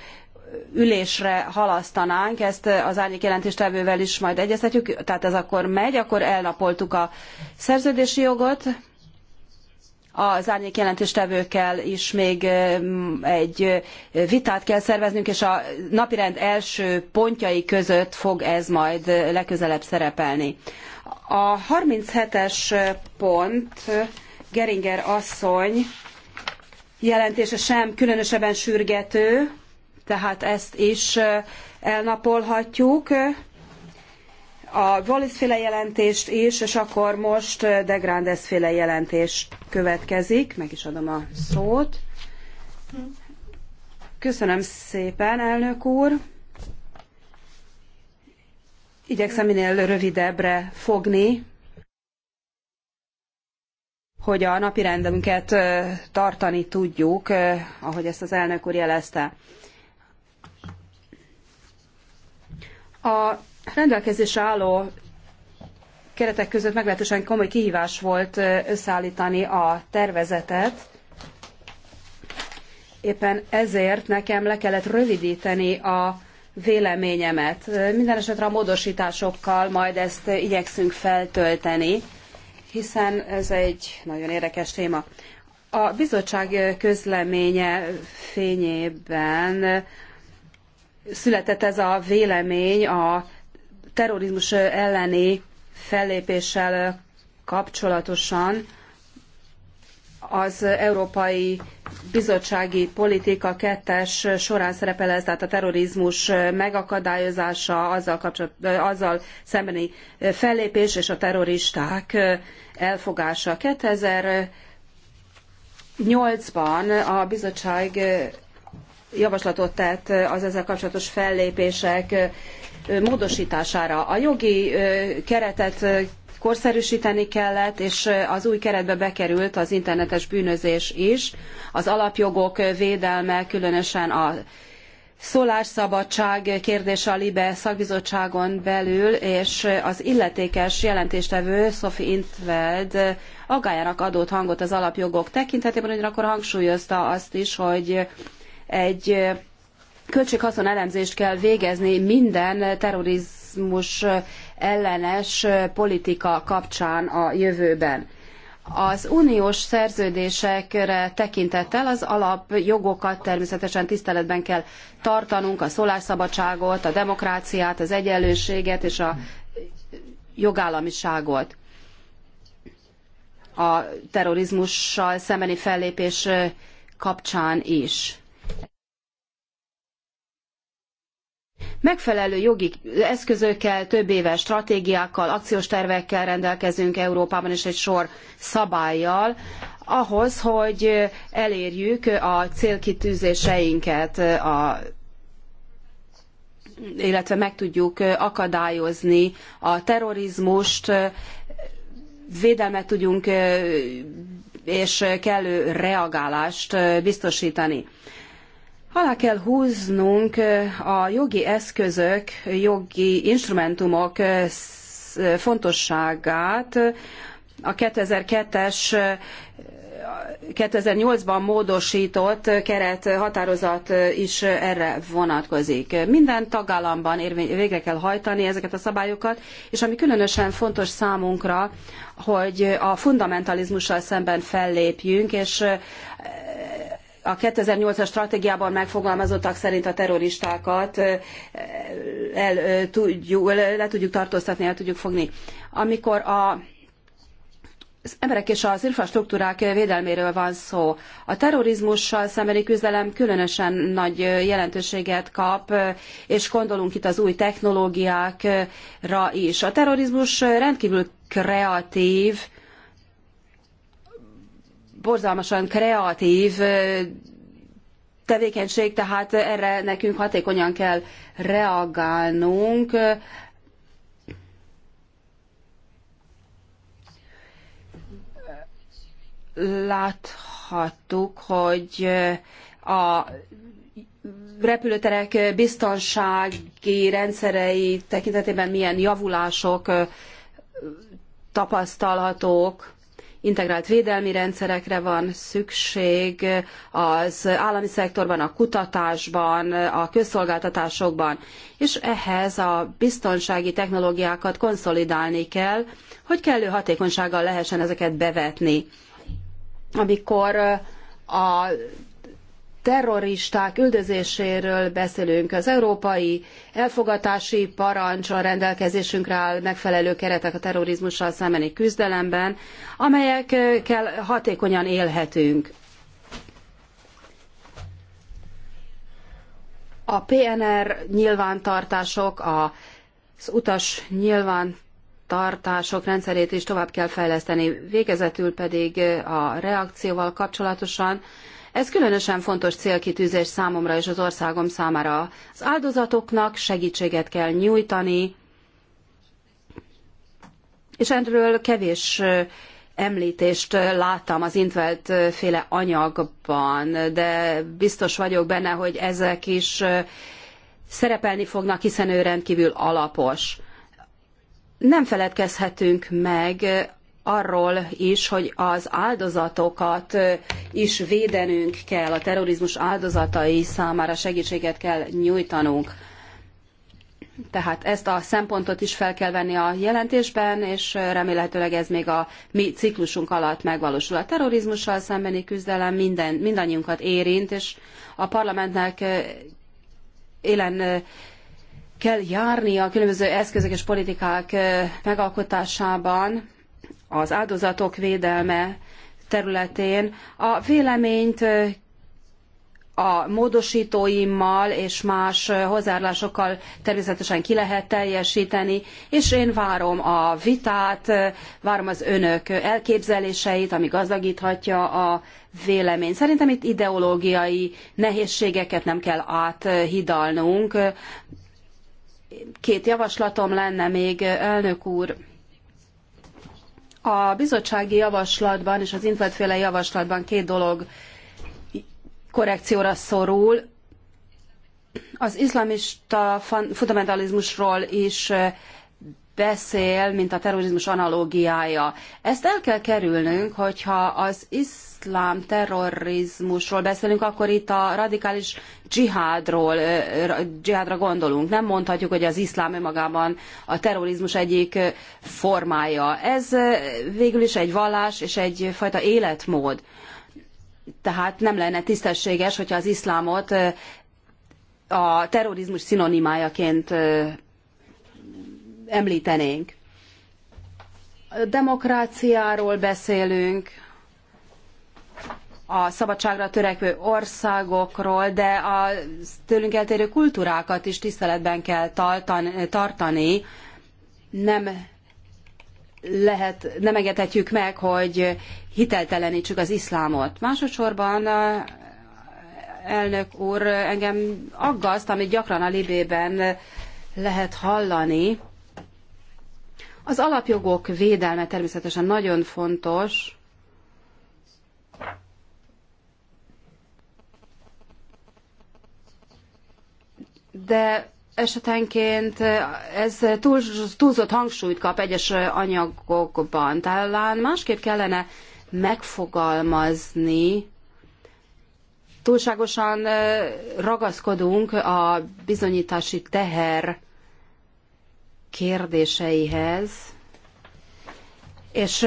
ülésre halasztanánk, ezt az árnyék jelentéstevővel is majd egyeztetjük, tehát ez akkor megy, akkor elnapoltuk a szerződési jogot, az árnyék jelentéstevőkkel is még egy vitát kell szerveznünk, és a napirend első pontjai között fog ez majd legközelebb szerepelni. A 37-es pont Geringer asszony jelentése sem különösebben sürgető, tehát ezt is elnapolhatjuk. A Wallis féle jelentést is, és akkor most De Grandes féle jelentés következik. Meg is adom a szót. Köszönöm szépen, elnök úr. Igyekszem minél rövidebbre fogni, hogy a napirendünket tartani tudjuk, ahogy ezt az elnök úr jelezte. A rendelkezés álló keretek között meglehetősen komoly kihívás volt összeállítani a tervezetet. Éppen ezért nekem le kellett rövidíteni a véleményemet. Minden esetre a módosításokkal majd ezt igyekszünk feltölteni, hiszen ez egy nagyon érdekes téma. A bizottság közleménye fényében született ez a vélemény a terrorizmus elleni fellépéssel kapcsolatosan az Európai Bizottsági Politika 2 során szerepel ez, tehát a terrorizmus megakadályozása, azzal, kapcsolat, azzal szembeni fellépés és a terroristák elfogása. 2008-ban a bizottság javaslatot tett az ezzel kapcsolatos fellépések módosítására. A jogi keretet korszerűsíteni kellett, és az új keretbe bekerült az internetes bűnözés is, az alapjogok védelme, különösen a szólásszabadság kérdése a LIBE szakbizottságon belül, és az illetékes jelentéstevő Sophie Intveld agályának adott hangot az alapjogok tekintetében, ugyanakkor hangsúlyozta azt is, hogy egy költséghaszon elemzést kell végezni minden terrorizmus ellenes politika kapcsán a jövőben. Az uniós szerződésekre tekintettel az alapjogokat természetesen tiszteletben kell tartanunk, a szólásszabadságot, a demokráciát, az egyenlőséget és a jogállamiságot. A terrorizmussal szembeni fellépés kapcsán is. Megfelelő jogi eszközökkel, többéves stratégiákkal, akciós tervekkel rendelkezünk Európában, és egy sor szabályjal, ahhoz, hogy elérjük a célkitűzéseinket, a, illetve meg tudjuk akadályozni a terrorizmust, védelmet tudjunk és kellő reagálást biztosítani. Alá kell húznunk a jogi eszközök, jogi instrumentumok fontosságát. A 2002-es 2008-ban módosított keret határozat is erre vonatkozik. Minden tagállamban érvény, végre kell hajtani ezeket a szabályokat, és ami különösen fontos számunkra, hogy a fundamentalizmussal szemben fellépjünk, és a 2008-as stratégiában megfogalmazottak szerint a terroristákat el tudjuk, le tudjuk tartóztatni, el tudjuk fogni. Amikor a az emberek és az infrastruktúrák védelméről van szó. A terrorizmussal szembeni küzdelem különösen nagy jelentőséget kap, és gondolunk itt az új technológiákra is. A terrorizmus rendkívül kreatív, borzalmasan kreatív tevékenység, tehát erre nekünk hatékonyan kell reagálnunk. Láthattuk, hogy a repülőterek biztonsági rendszerei tekintetében milyen javulások tapasztalhatók integrált védelmi rendszerekre van szükség az állami szektorban, a kutatásban, a közszolgáltatásokban, és ehhez a biztonsági technológiákat konszolidálni kell, hogy kellő hatékonysággal lehessen ezeket bevetni. Amikor a terroristák üldözéséről beszélünk. Az európai elfogatási parancs a rendelkezésünkre áll megfelelő keretek a terrorizmussal szembeni küzdelemben, amelyekkel hatékonyan élhetünk. A PNR nyilvántartások, az utas nyilvántartások rendszerét is tovább kell fejleszteni. Végezetül pedig a reakcióval kapcsolatosan ez különösen fontos célkitűzés számomra és az országom számára. Az áldozatoknak segítséget kell nyújtani, és erről kevés említést láttam az Intvelt féle anyagban, de biztos vagyok benne, hogy ezek is szerepelni fognak, hiszen ő rendkívül alapos. Nem feledkezhetünk meg arról is, hogy az áldozatokat is védenünk kell, a terrorizmus áldozatai számára segítséget kell nyújtanunk. Tehát ezt a szempontot is fel kell venni a jelentésben, és remélhetőleg ez még a mi ciklusunk alatt megvalósul. A terrorizmussal szembeni küzdelem minden, mindannyiunkat érint, és a parlamentnek élen kell járnia a különböző eszközök és politikák megalkotásában, az áldozatok védelme területén. A véleményt a módosítóimmal és más hozzáállásokkal természetesen ki lehet teljesíteni, és én várom a vitát, várom az önök elképzeléseit, ami gazdagíthatja a vélemény. Szerintem itt ideológiai nehézségeket nem kell áthidalnunk. Két javaslatom lenne még, elnök úr. A bizottsági javaslatban és az Intvetféle javaslatban két dolog korrekcióra szorul. Az iszlamista fundamentalizmusról is beszél, mint a terrorizmus analógiája. Ezt el kell kerülnünk, hogyha az iszlamista iszlám terrorizmusról beszélünk, akkor itt a radikális dzsihádról, dzsihádra gondolunk. Nem mondhatjuk, hogy az iszlám önmagában a terrorizmus egyik formája. Ez végül is egy vallás és egyfajta életmód. Tehát nem lenne tisztességes, hogyha az iszlámot a terrorizmus szinonimájaként említenénk. Demokráciáról beszélünk, a szabadságra törekvő országokról, de a tőlünk eltérő kultúrákat is tiszteletben kell tartani. Nem lehet, nem engedhetjük meg, hogy hiteltelenítsük az iszlámot. Másodszorban eh, elnök úr engem aggaszt, amit gyakran a Libében lehet hallani. Az alapjogok védelme természetesen nagyon fontos, de esetenként ez túl, túlzott hangsúlyt kap egyes anyagokban. Talán másképp kellene megfogalmazni, túlságosan ragaszkodunk a bizonyítási teher kérdéseihez, és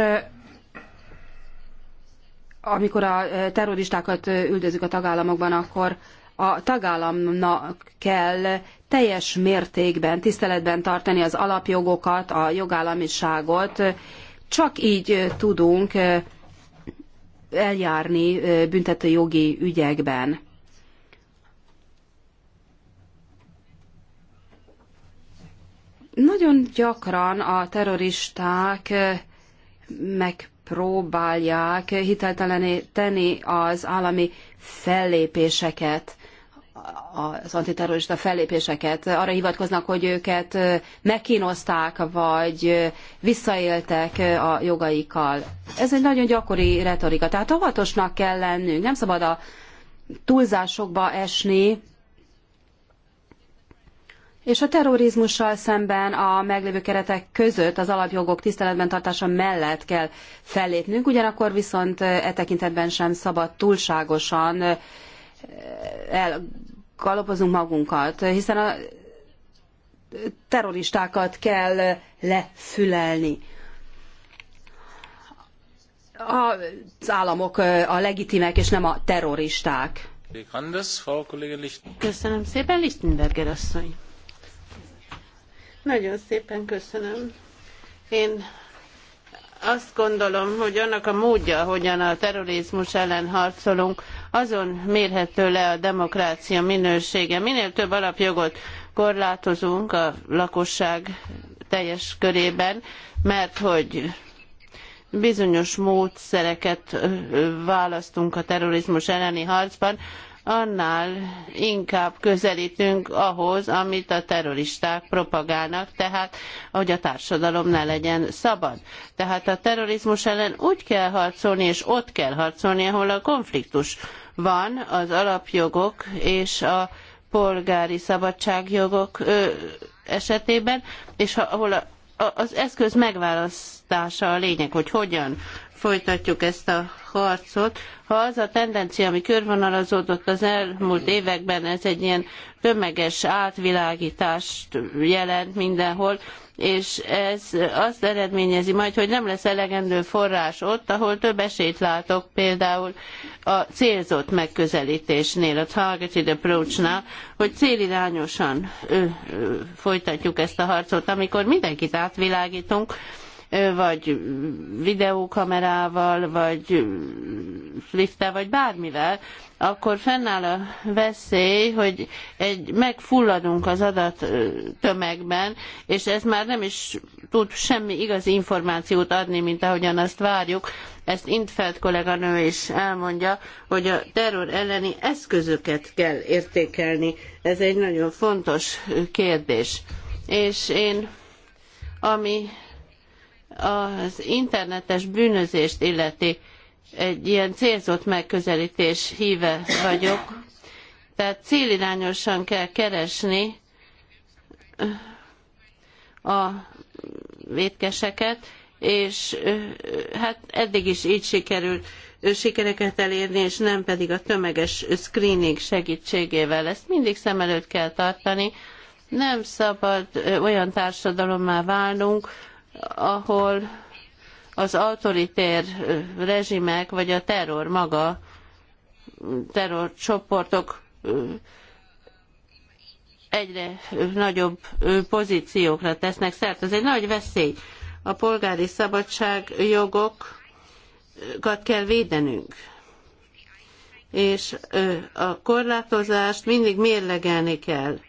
amikor a terroristákat üldözik a tagállamokban, akkor a tagállamnak kell teljes mértékben tiszteletben tartani az alapjogokat, a jogállamiságot. Csak így tudunk eljárni büntetőjogi ügyekben. Nagyon gyakran a terroristák megpróbálják hiteltelené tenni az állami fellépéseket az antiterrorista fellépéseket. Arra hivatkoznak, hogy őket megkínozták, vagy visszaéltek a jogaikkal. Ez egy nagyon gyakori retorika. Tehát óvatosnak kell lennünk. Nem szabad a túlzásokba esni, és a terrorizmussal szemben a meglévő keretek között az alapjogok tiszteletben tartása mellett kell fellépnünk, ugyanakkor viszont e tekintetben sem szabad túlságosan el kalapozunk magunkat, hiszen a terroristákat kell lefülelni. Az államok a legitimek, és nem a terroristák. Köszönöm szépen, Lichtenberger asszony. Nagyon szépen köszönöm. Én azt gondolom, hogy annak a módja, hogyan a terrorizmus ellen harcolunk, azon mérhető le a demokrácia minősége. Minél több alapjogot korlátozunk a lakosság teljes körében, mert hogy bizonyos módszereket választunk a terrorizmus elleni harcban, annál inkább közelítünk ahhoz, amit a terroristák propagálnak, tehát hogy a társadalom ne legyen szabad. Tehát a terrorizmus ellen úgy kell harcolni, és ott kell harcolni, ahol a konfliktus van, az alapjogok és a polgári szabadságjogok esetében, és ahol az eszköz megválasztása a lényeg, hogy hogyan folytatjuk ezt a harcot. Ha az a tendencia, ami körvonalazódott az elmúlt években, ez egy ilyen tömeges átvilágítást jelent mindenhol, és ez azt eredményezi majd, hogy nem lesz elegendő forrás ott, ahol több esélyt látok, például a célzott megközelítésnél, a targeted Approach-nál, hogy célirányosan ö, ö, folytatjuk ezt a harcot, amikor mindenkit átvilágítunk, vagy videókamerával, vagy lifttel, vagy bármivel, akkor fennáll a veszély, hogy egy, megfulladunk az adat tömegben, és ez már nem is tud semmi igazi információt adni, mint ahogyan azt várjuk. Ezt Intfeld kolléganő is elmondja, hogy a terror elleni eszközöket kell értékelni. Ez egy nagyon fontos kérdés. És én, ami az internetes bűnözést illeti egy ilyen célzott megközelítés híve vagyok. Tehát célirányosan kell keresni a vétkeseket, és hát eddig is így sikerült sikereket elérni, és nem pedig a tömeges screening segítségével. Ezt mindig szem előtt kell tartani. Nem szabad olyan társadalommá válnunk, ahol az autoritér rezsimek, vagy a terror maga, terrorcsoportok egyre nagyobb pozíciókra tesznek szert. Ez egy nagy veszély. A polgári szabadságjogokat kell védenünk. És a korlátozást mindig mérlegelni kell,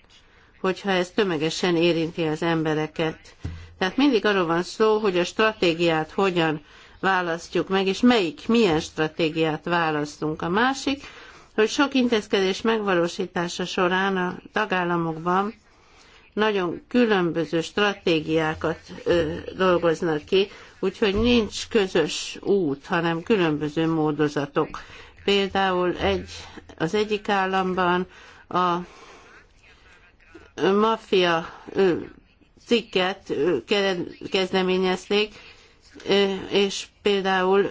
hogyha ez tömegesen érinti az embereket tehát mindig arról van szó, hogy a stratégiát hogyan választjuk meg, és melyik, milyen stratégiát választunk. A másik, hogy sok intézkedés megvalósítása során a tagállamokban nagyon különböző stratégiákat ö, dolgoznak ki, úgyhogy nincs közös út, hanem különböző módozatok. Például egy, az egyik államban a maffia cikket kezdeményezték, és például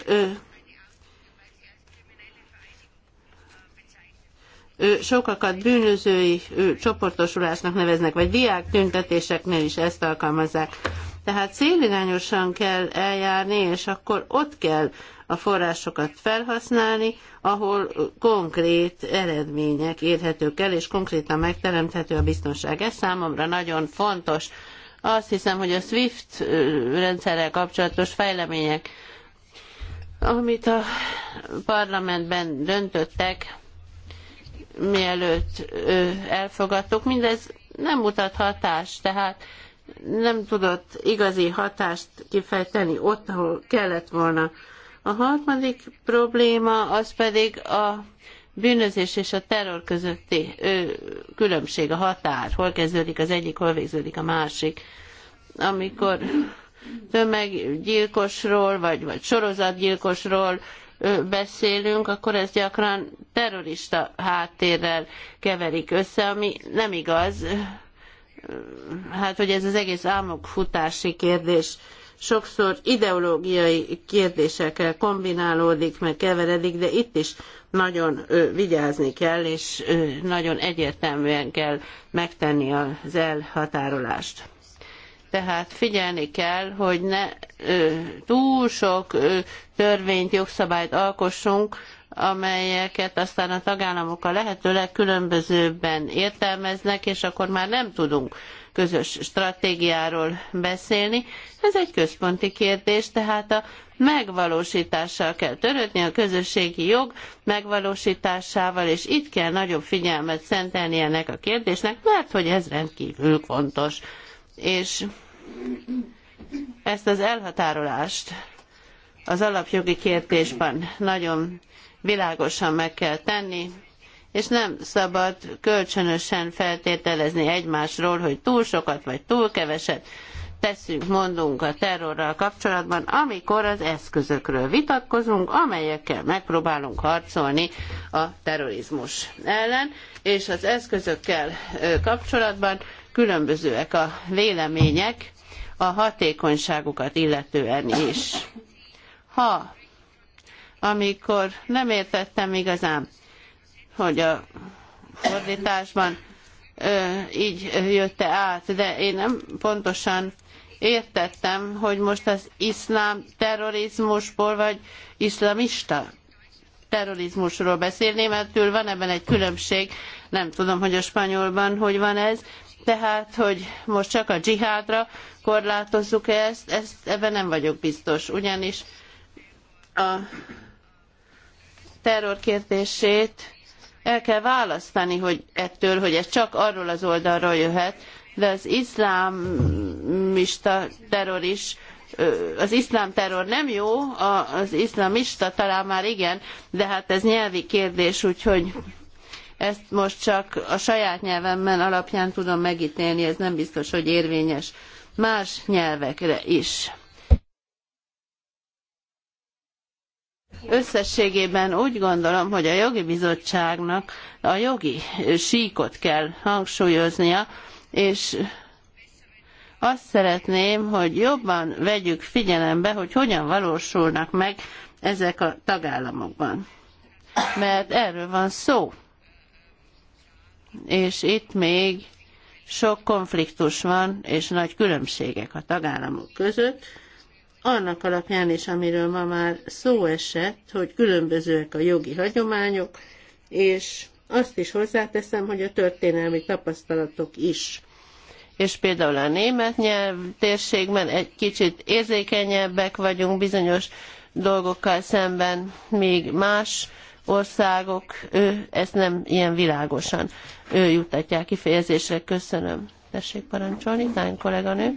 sokakat bűnözői csoportosulásnak neveznek, vagy diák tüntetéseknél is ezt alkalmazzák. Tehát célirányosan kell eljárni, és akkor ott kell a forrásokat felhasználni, ahol konkrét eredmények érhetők el, és konkrétan megteremthető a biztonság. Ez számomra nagyon fontos. Azt hiszem, hogy a SWIFT rendszerrel kapcsolatos fejlemények, amit a parlamentben döntöttek, mielőtt elfogadtuk, mindez nem mutat hatást, tehát nem tudott igazi hatást kifejteni ott, ahol kellett volna. A harmadik probléma az pedig a bűnözés és a terror közötti különbség, a határ, hol kezdődik az egyik, hol végződik a másik. Amikor tömeggyilkosról, vagy, vagy sorozatgyilkosról beszélünk, akkor ez gyakran terrorista háttérrel keverik össze, ami nem igaz. Hát, hogy ez az egész álmok futási kérdés sokszor ideológiai kérdésekkel kombinálódik, meg keveredik, de itt is nagyon vigyázni kell, és nagyon egyértelműen kell megtenni az elhatárolást. Tehát figyelni kell, hogy ne túl sok törvényt, jogszabályt alkossunk, amelyeket aztán a tagállamok a lehetőleg különbözőben értelmeznek, és akkor már nem tudunk közös stratégiáról beszélni. Ez egy központi kérdés, tehát a megvalósítással kell törődni, a közösségi jog megvalósításával, és itt kell nagyobb figyelmet szentelni ennek a kérdésnek, mert hogy ez rendkívül fontos. És ezt az elhatárolást az alapjogi kérdésben nagyon világosan meg kell tenni, és nem szabad kölcsönösen feltételezni egymásról, hogy túl sokat vagy túl keveset teszünk, mondunk a terrorral kapcsolatban, amikor az eszközökről vitatkozunk, amelyekkel megpróbálunk harcolni a terrorizmus ellen, és az eszközökkel kapcsolatban különbözőek a vélemények a hatékonyságukat illetően is. Ha, amikor nem értettem igazán, hogy a fordításban így jötte át, de én nem pontosan értettem, hogy most az iszlám terrorizmusból vagy iszlamista terrorizmusról beszél. Németül van ebben egy különbség, nem tudom, hogy a spanyolban hogy van ez, tehát, hogy most csak a dzsihádra korlátozzuk -e ezt, ezt, ebben nem vagyok biztos, ugyanis a terror kérdését el kell választani hogy ettől, hogy ez csak arról az oldalról jöhet, de az iszlámista terror is az iszlám terror nem jó, az iszlámista talán már igen, de hát ez nyelvi kérdés, úgyhogy ezt most csak a saját nyelvemben alapján tudom megítélni, ez nem biztos, hogy érvényes más nyelvekre is. Összességében úgy gondolom, hogy a jogi bizottságnak a jogi síkot kell hangsúlyoznia, és azt szeretném, hogy jobban vegyük figyelembe, hogy hogyan valósulnak meg ezek a tagállamokban. Mert erről van szó. És itt még sok konfliktus van, és nagy különbségek a tagállamok között annak alapján is, amiről ma már szó esett, hogy különbözőek a jogi hagyományok, és azt is hozzáteszem, hogy a történelmi tapasztalatok is. És például a német nyelv térségben egy kicsit érzékenyebbek vagyunk bizonyos dolgokkal szemben, még más országok ő, ezt nem ilyen világosan ő juttatják kifejezésre. Köszönöm. Tessék parancsolni, tány kolléganő.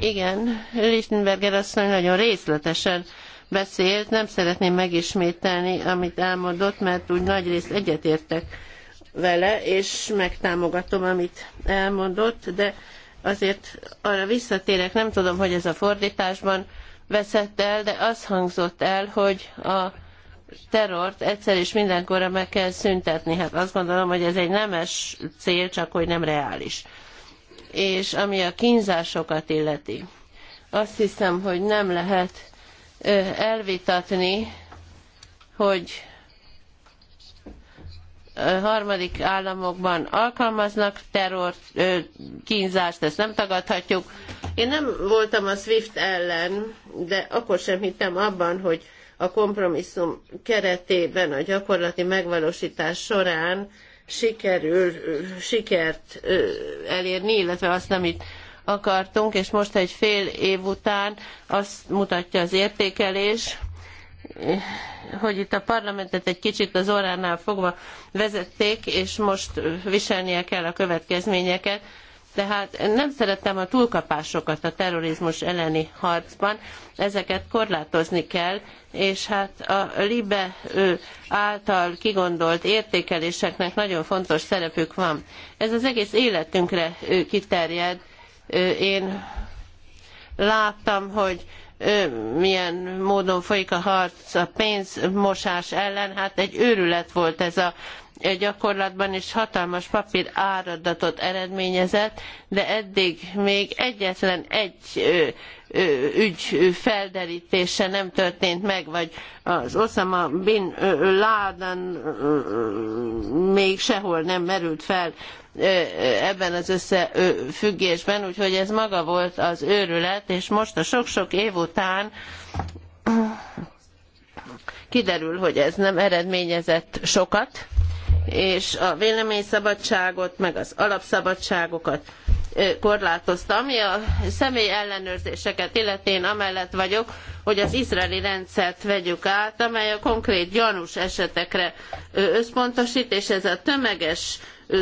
Igen, Lichtenberger asszony nagyon részletesen beszélt, nem szeretném megismételni, amit elmondott, mert úgy nagyrészt egyetértek vele, és megtámogatom, amit elmondott, de azért arra visszatérek, nem tudom, hogy ez a fordításban veszett el, de az hangzott el, hogy a terrort egyszer és mindenkorra meg kell szüntetni. Hát azt gondolom, hogy ez egy nemes cél, csak hogy nem reális és ami a kínzásokat illeti. Azt hiszem, hogy nem lehet elvitatni, hogy harmadik államokban alkalmaznak terror kínzást, ezt nem tagadhatjuk. Én nem voltam a SWIFT ellen, de akkor sem hittem abban, hogy a kompromisszum keretében, a gyakorlati megvalósítás során sikerül sikert elérni, illetve azt amit akartunk, és most egy fél év után azt mutatja az értékelés, hogy itt a parlamentet egy kicsit az orránál fogva vezették, és most viselnie kell a következményeket. Tehát nem szeretem a túlkapásokat a terrorizmus elleni harcban, ezeket korlátozni kell, és hát a LIBE által kigondolt értékeléseknek nagyon fontos szerepük van. Ez az egész életünkre kiterjed. Én láttam, hogy milyen módon folyik a harc a pénzmosás ellen. Hát egy őrület volt ez a gyakorlatban, és hatalmas papír áradatot eredményezett, de eddig még egyetlen egy ügy felderítése nem történt meg, vagy az Osama Bin Laden még sehol nem merült fel ebben az összefüggésben, úgyhogy ez maga volt az őrület, és most a sok-sok év után kiderül, hogy ez nem eredményezett sokat, és a véleményszabadságot, meg az alapszabadságokat korlátozta. Ami a személy ellenőrzéseket illeti, én amellett vagyok, hogy az izraeli rendszert vegyük át, amely a konkrét gyanús esetekre összpontosít, és ez a tömeges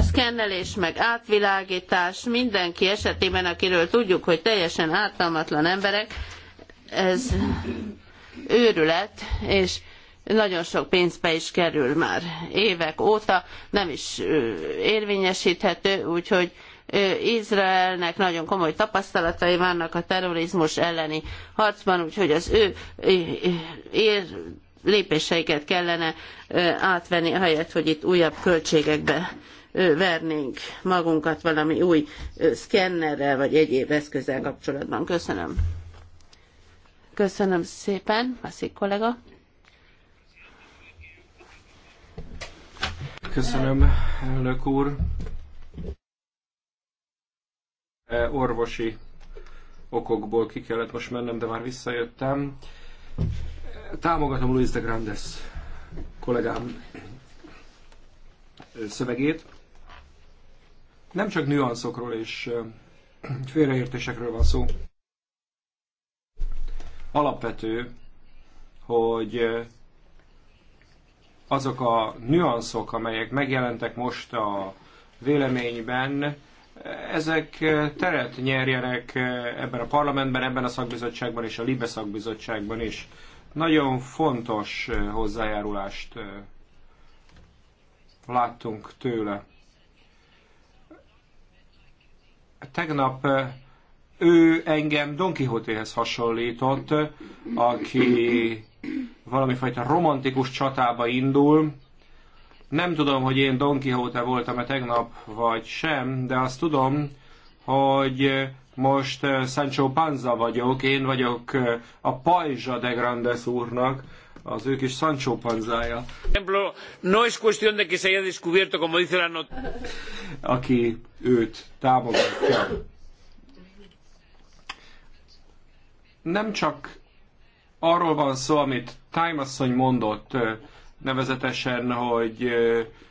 szkennelés, meg átvilágítás mindenki esetében, akiről tudjuk, hogy teljesen ártalmatlan emberek, ez őrület, és nagyon sok pénzbe is kerül már évek óta, nem is érvényesíthető, úgyhogy Izraelnek nagyon komoly tapasztalatai vannak a terrorizmus elleni harcban, úgyhogy az ő lépéseiket kellene átvenni, ahelyett, hogy itt újabb költségekbe vernénk magunkat valami új szkennerrel vagy egyéb eszközzel kapcsolatban. Köszönöm. Köszönöm szépen, Vaszik kollega. Köszönöm, elnök úr. E, orvosi okokból ki kellett most mennem, de már visszajöttem. Támogatom Luis de Grandes kollégám szövegét. Nem csak nüanszokról és e, félreértésekről van szó. Alapvető, hogy e, azok a nüanszok, amelyek megjelentek most a véleményben, ezek teret nyerjenek ebben a parlamentben, ebben a szakbizottságban és a LIBE szakbizottságban is. Nagyon fontos hozzájárulást láttunk tőle. Tegnap ő engem Don Quixote-hez hasonlított, aki valamifajta romantikus csatába indul. Nem tudom, hogy én Don Quixote voltam-e tegnap, vagy sem, de azt tudom, hogy most eh, Sancho Panza vagyok, én vagyok eh, a pajzsa de Grandes úrnak, az ők is Sancho Panzája. No es cuestión de que se haya descubierto, como dice la nota. Aki őt támogatja. Nem csak arról van szó, amit Time asszony mondott, nevezetesen, hogy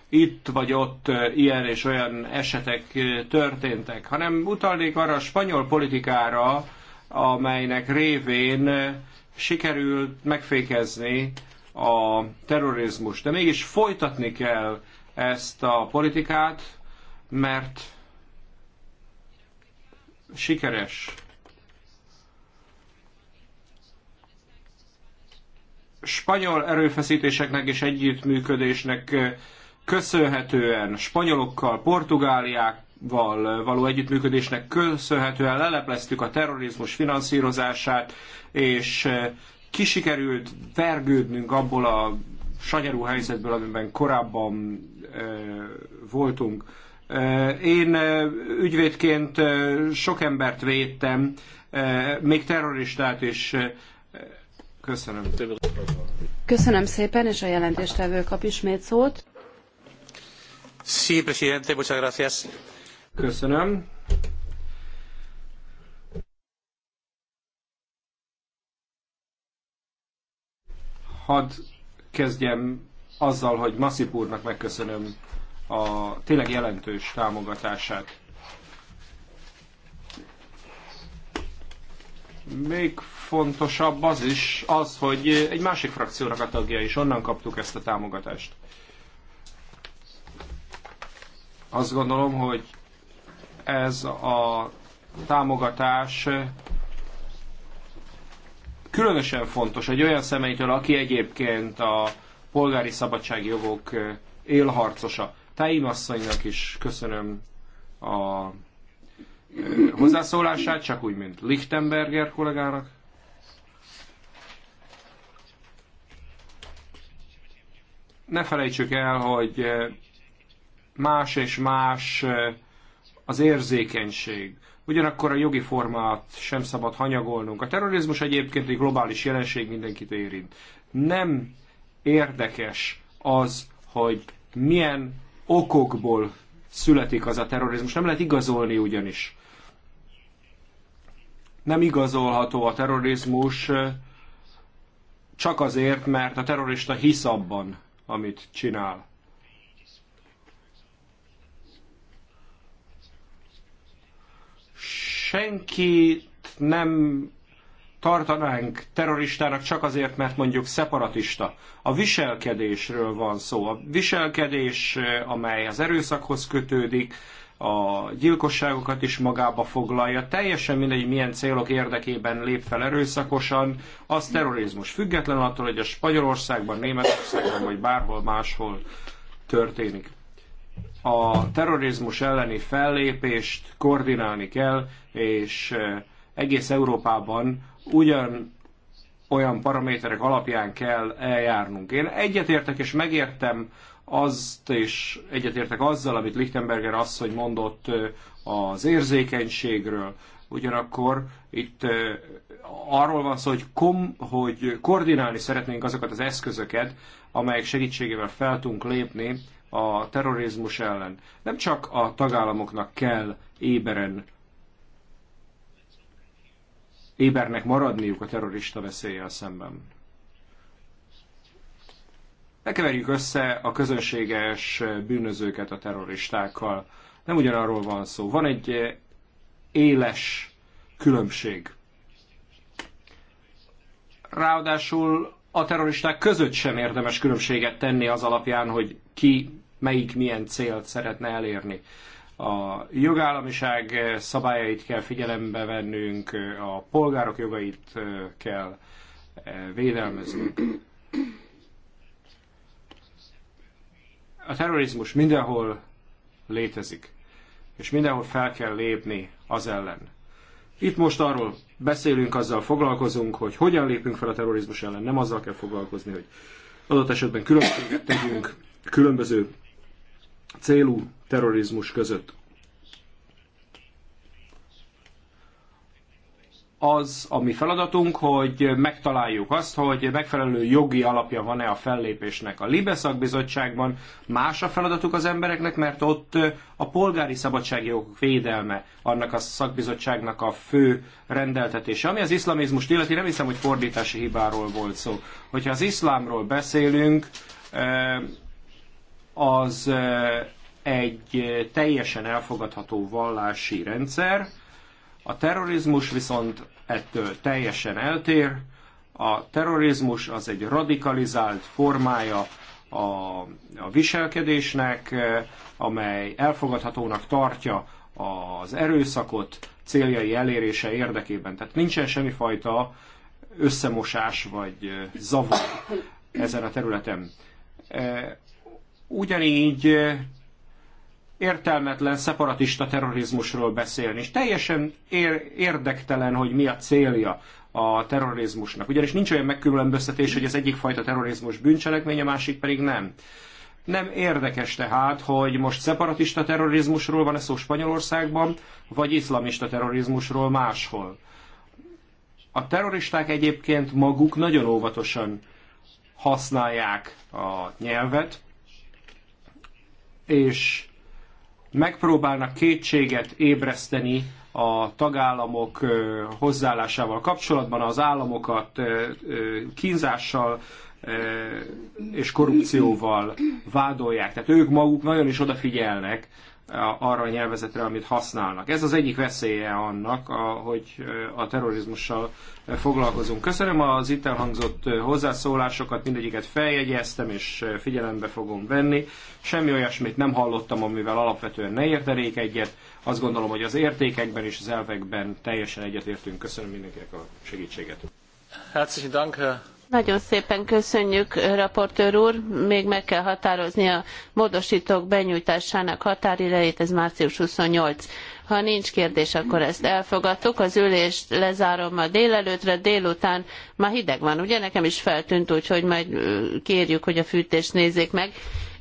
itt vagy ott ilyen és olyan esetek történtek, hanem utalnék arra a spanyol politikára, amelynek révén sikerült megfékezni a terrorizmus. De mégis folytatni kell ezt a politikát, mert sikeres. spanyol erőfeszítéseknek és együttműködésnek köszönhetően spanyolokkal, Portugáliával való együttműködésnek köszönhetően lelepleztük a terrorizmus finanszírozását, és kisikerült vergődnünk abból a sanyarú helyzetből, amiben korábban voltunk. Én ügyvédként sok embert védtem, még terroristát is Köszönöm. Köszönöm szépen, és a jelentéstevő kap ismét szót. Sí, presidente, muchas gracias. Köszönöm. Hadd kezdjem azzal, hogy Masip úrnak megköszönöm a tényleg jelentős támogatását. Még legfontosabb az is az, hogy egy másik frakciónak a tagja is, onnan kaptuk ezt a támogatást. Azt gondolom, hogy ez a támogatás különösen fontos egy olyan személytől, aki egyébként a polgári szabadságjogok élharcosa. Táim asszonynak is köszönöm a hozzászólását, csak úgy, mint Lichtenberger kollégának. ne felejtsük el, hogy eh, más és más eh, az érzékenység. Ugyanakkor a jogi formát sem szabad hanyagolnunk. A terrorizmus egyébként egy globális jelenség, mindenkit érint. Nem érdekes az, hogy milyen okokból születik az a terrorizmus. Nem lehet igazolni ugyanis. Nem igazolható a terrorizmus eh, csak azért, mert a terrorista hisz abban, amit csinál. Senkit nem tartanánk terroristának csak azért, mert mondjuk szeparatista. A viselkedésről van szó. A viselkedés, amely az erőszakhoz kötődik, a gyilkosságokat is magába foglalja. Teljesen mindegy, milyen célok érdekében lép fel erőszakosan, az terrorizmus független attól, hogy a Spanyolországban, Németországban vagy bárhol máshol történik. A terrorizmus elleni fellépést koordinálni kell, és eh, egész Európában ugyan olyan paraméterek alapján kell eljárnunk. Én egyetértek és megértem azt és egyetértek azzal, amit Lichtenberger asszony mondott az érzékenységről, ugyanakkor itt arról van szó, hogy, kom, hogy koordinálni szeretnénk azokat az eszközöket, amelyek segítségével fel tudunk lépni a terrorizmus ellen. Nem csak a tagállamoknak kell éberen ébernek maradniuk a terrorista veszéllyel szemben. Ne keverjük össze a közönséges bűnözőket a terroristákkal. Nem ugyanarról van szó. Van egy éles különbség. Ráadásul a terroristák között sem érdemes különbséget tenni az alapján, hogy ki melyik milyen célt szeretne elérni. A jogállamiság szabályait kell figyelembe vennünk, a polgárok jogait kell védelmeznünk a terrorizmus mindenhol létezik, és mindenhol fel kell lépni az ellen. Itt most arról beszélünk, azzal foglalkozunk, hogy hogyan lépünk fel a terrorizmus ellen, nem azzal kell foglalkozni, hogy adott esetben különbséget tegyünk különböző célú terrorizmus között. az a mi feladatunk, hogy megtaláljuk azt, hogy megfelelő jogi alapja van-e a fellépésnek a Libe szakbizottságban. Más a feladatuk az embereknek, mert ott a polgári szabadságjogok védelme annak a szakbizottságnak a fő rendeltetése. Ami az iszlamizmust illeti, nem hiszem, hogy fordítási hibáról volt szó. Hogyha az iszlámról beszélünk, az egy teljesen elfogadható vallási rendszer, a terrorizmus viszont ettől teljesen eltér. A terrorizmus az egy radikalizált formája a, a viselkedésnek, amely elfogadhatónak tartja az erőszakot céljai elérése érdekében. Tehát nincsen semmifajta összemosás vagy zavar ezen a területen. Ugyanígy értelmetlen szeparatista terrorizmusról beszélni, és teljesen ér- érdektelen, hogy mi a célja a terrorizmusnak. Ugyanis nincs olyan megkülönböztetés, hogy az egyik fajta terrorizmus bűncselekmény, a másik pedig nem. Nem érdekes tehát, hogy most szeparatista terrorizmusról van-e szó Spanyolországban, vagy iszlamista terrorizmusról máshol. A terroristák egyébként maguk nagyon óvatosan használják a nyelvet, és megpróbálnak kétséget ébreszteni a tagállamok hozzáállásával kapcsolatban, az államokat kínzással és korrupcióval vádolják. Tehát ők maguk nagyon is odafigyelnek arra a nyelvezetre, amit használnak. Ez az egyik veszélye annak, a, hogy a terrorizmussal foglalkozunk. Köszönöm az itt elhangzott hozzászólásokat, mindegyiket feljegyeztem és figyelembe fogom venni. Semmi olyasmit nem hallottam, amivel alapvetően ne értenék egyet. Azt gondolom, hogy az értékekben és az elvekben teljesen egyetértünk. Köszönöm mindenkinek a segítséget. Herzlichen Dank, nagyon szépen köszönjük, raportőr úr. Még meg kell határozni a módosítók benyújtásának határidejét, ez március 28. Ha nincs kérdés, akkor ezt elfogadtuk. Az ülést lezárom ma délelőtre, délután már hideg van. Ugye nekem is feltűnt, úgyhogy majd kérjük, hogy a fűtést nézzék meg.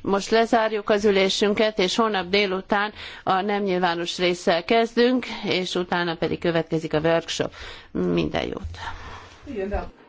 Most lezárjuk az ülésünket, és holnap délután a nem nyilvános résszel kezdünk, és utána pedig következik a workshop. Minden jót! Jövő.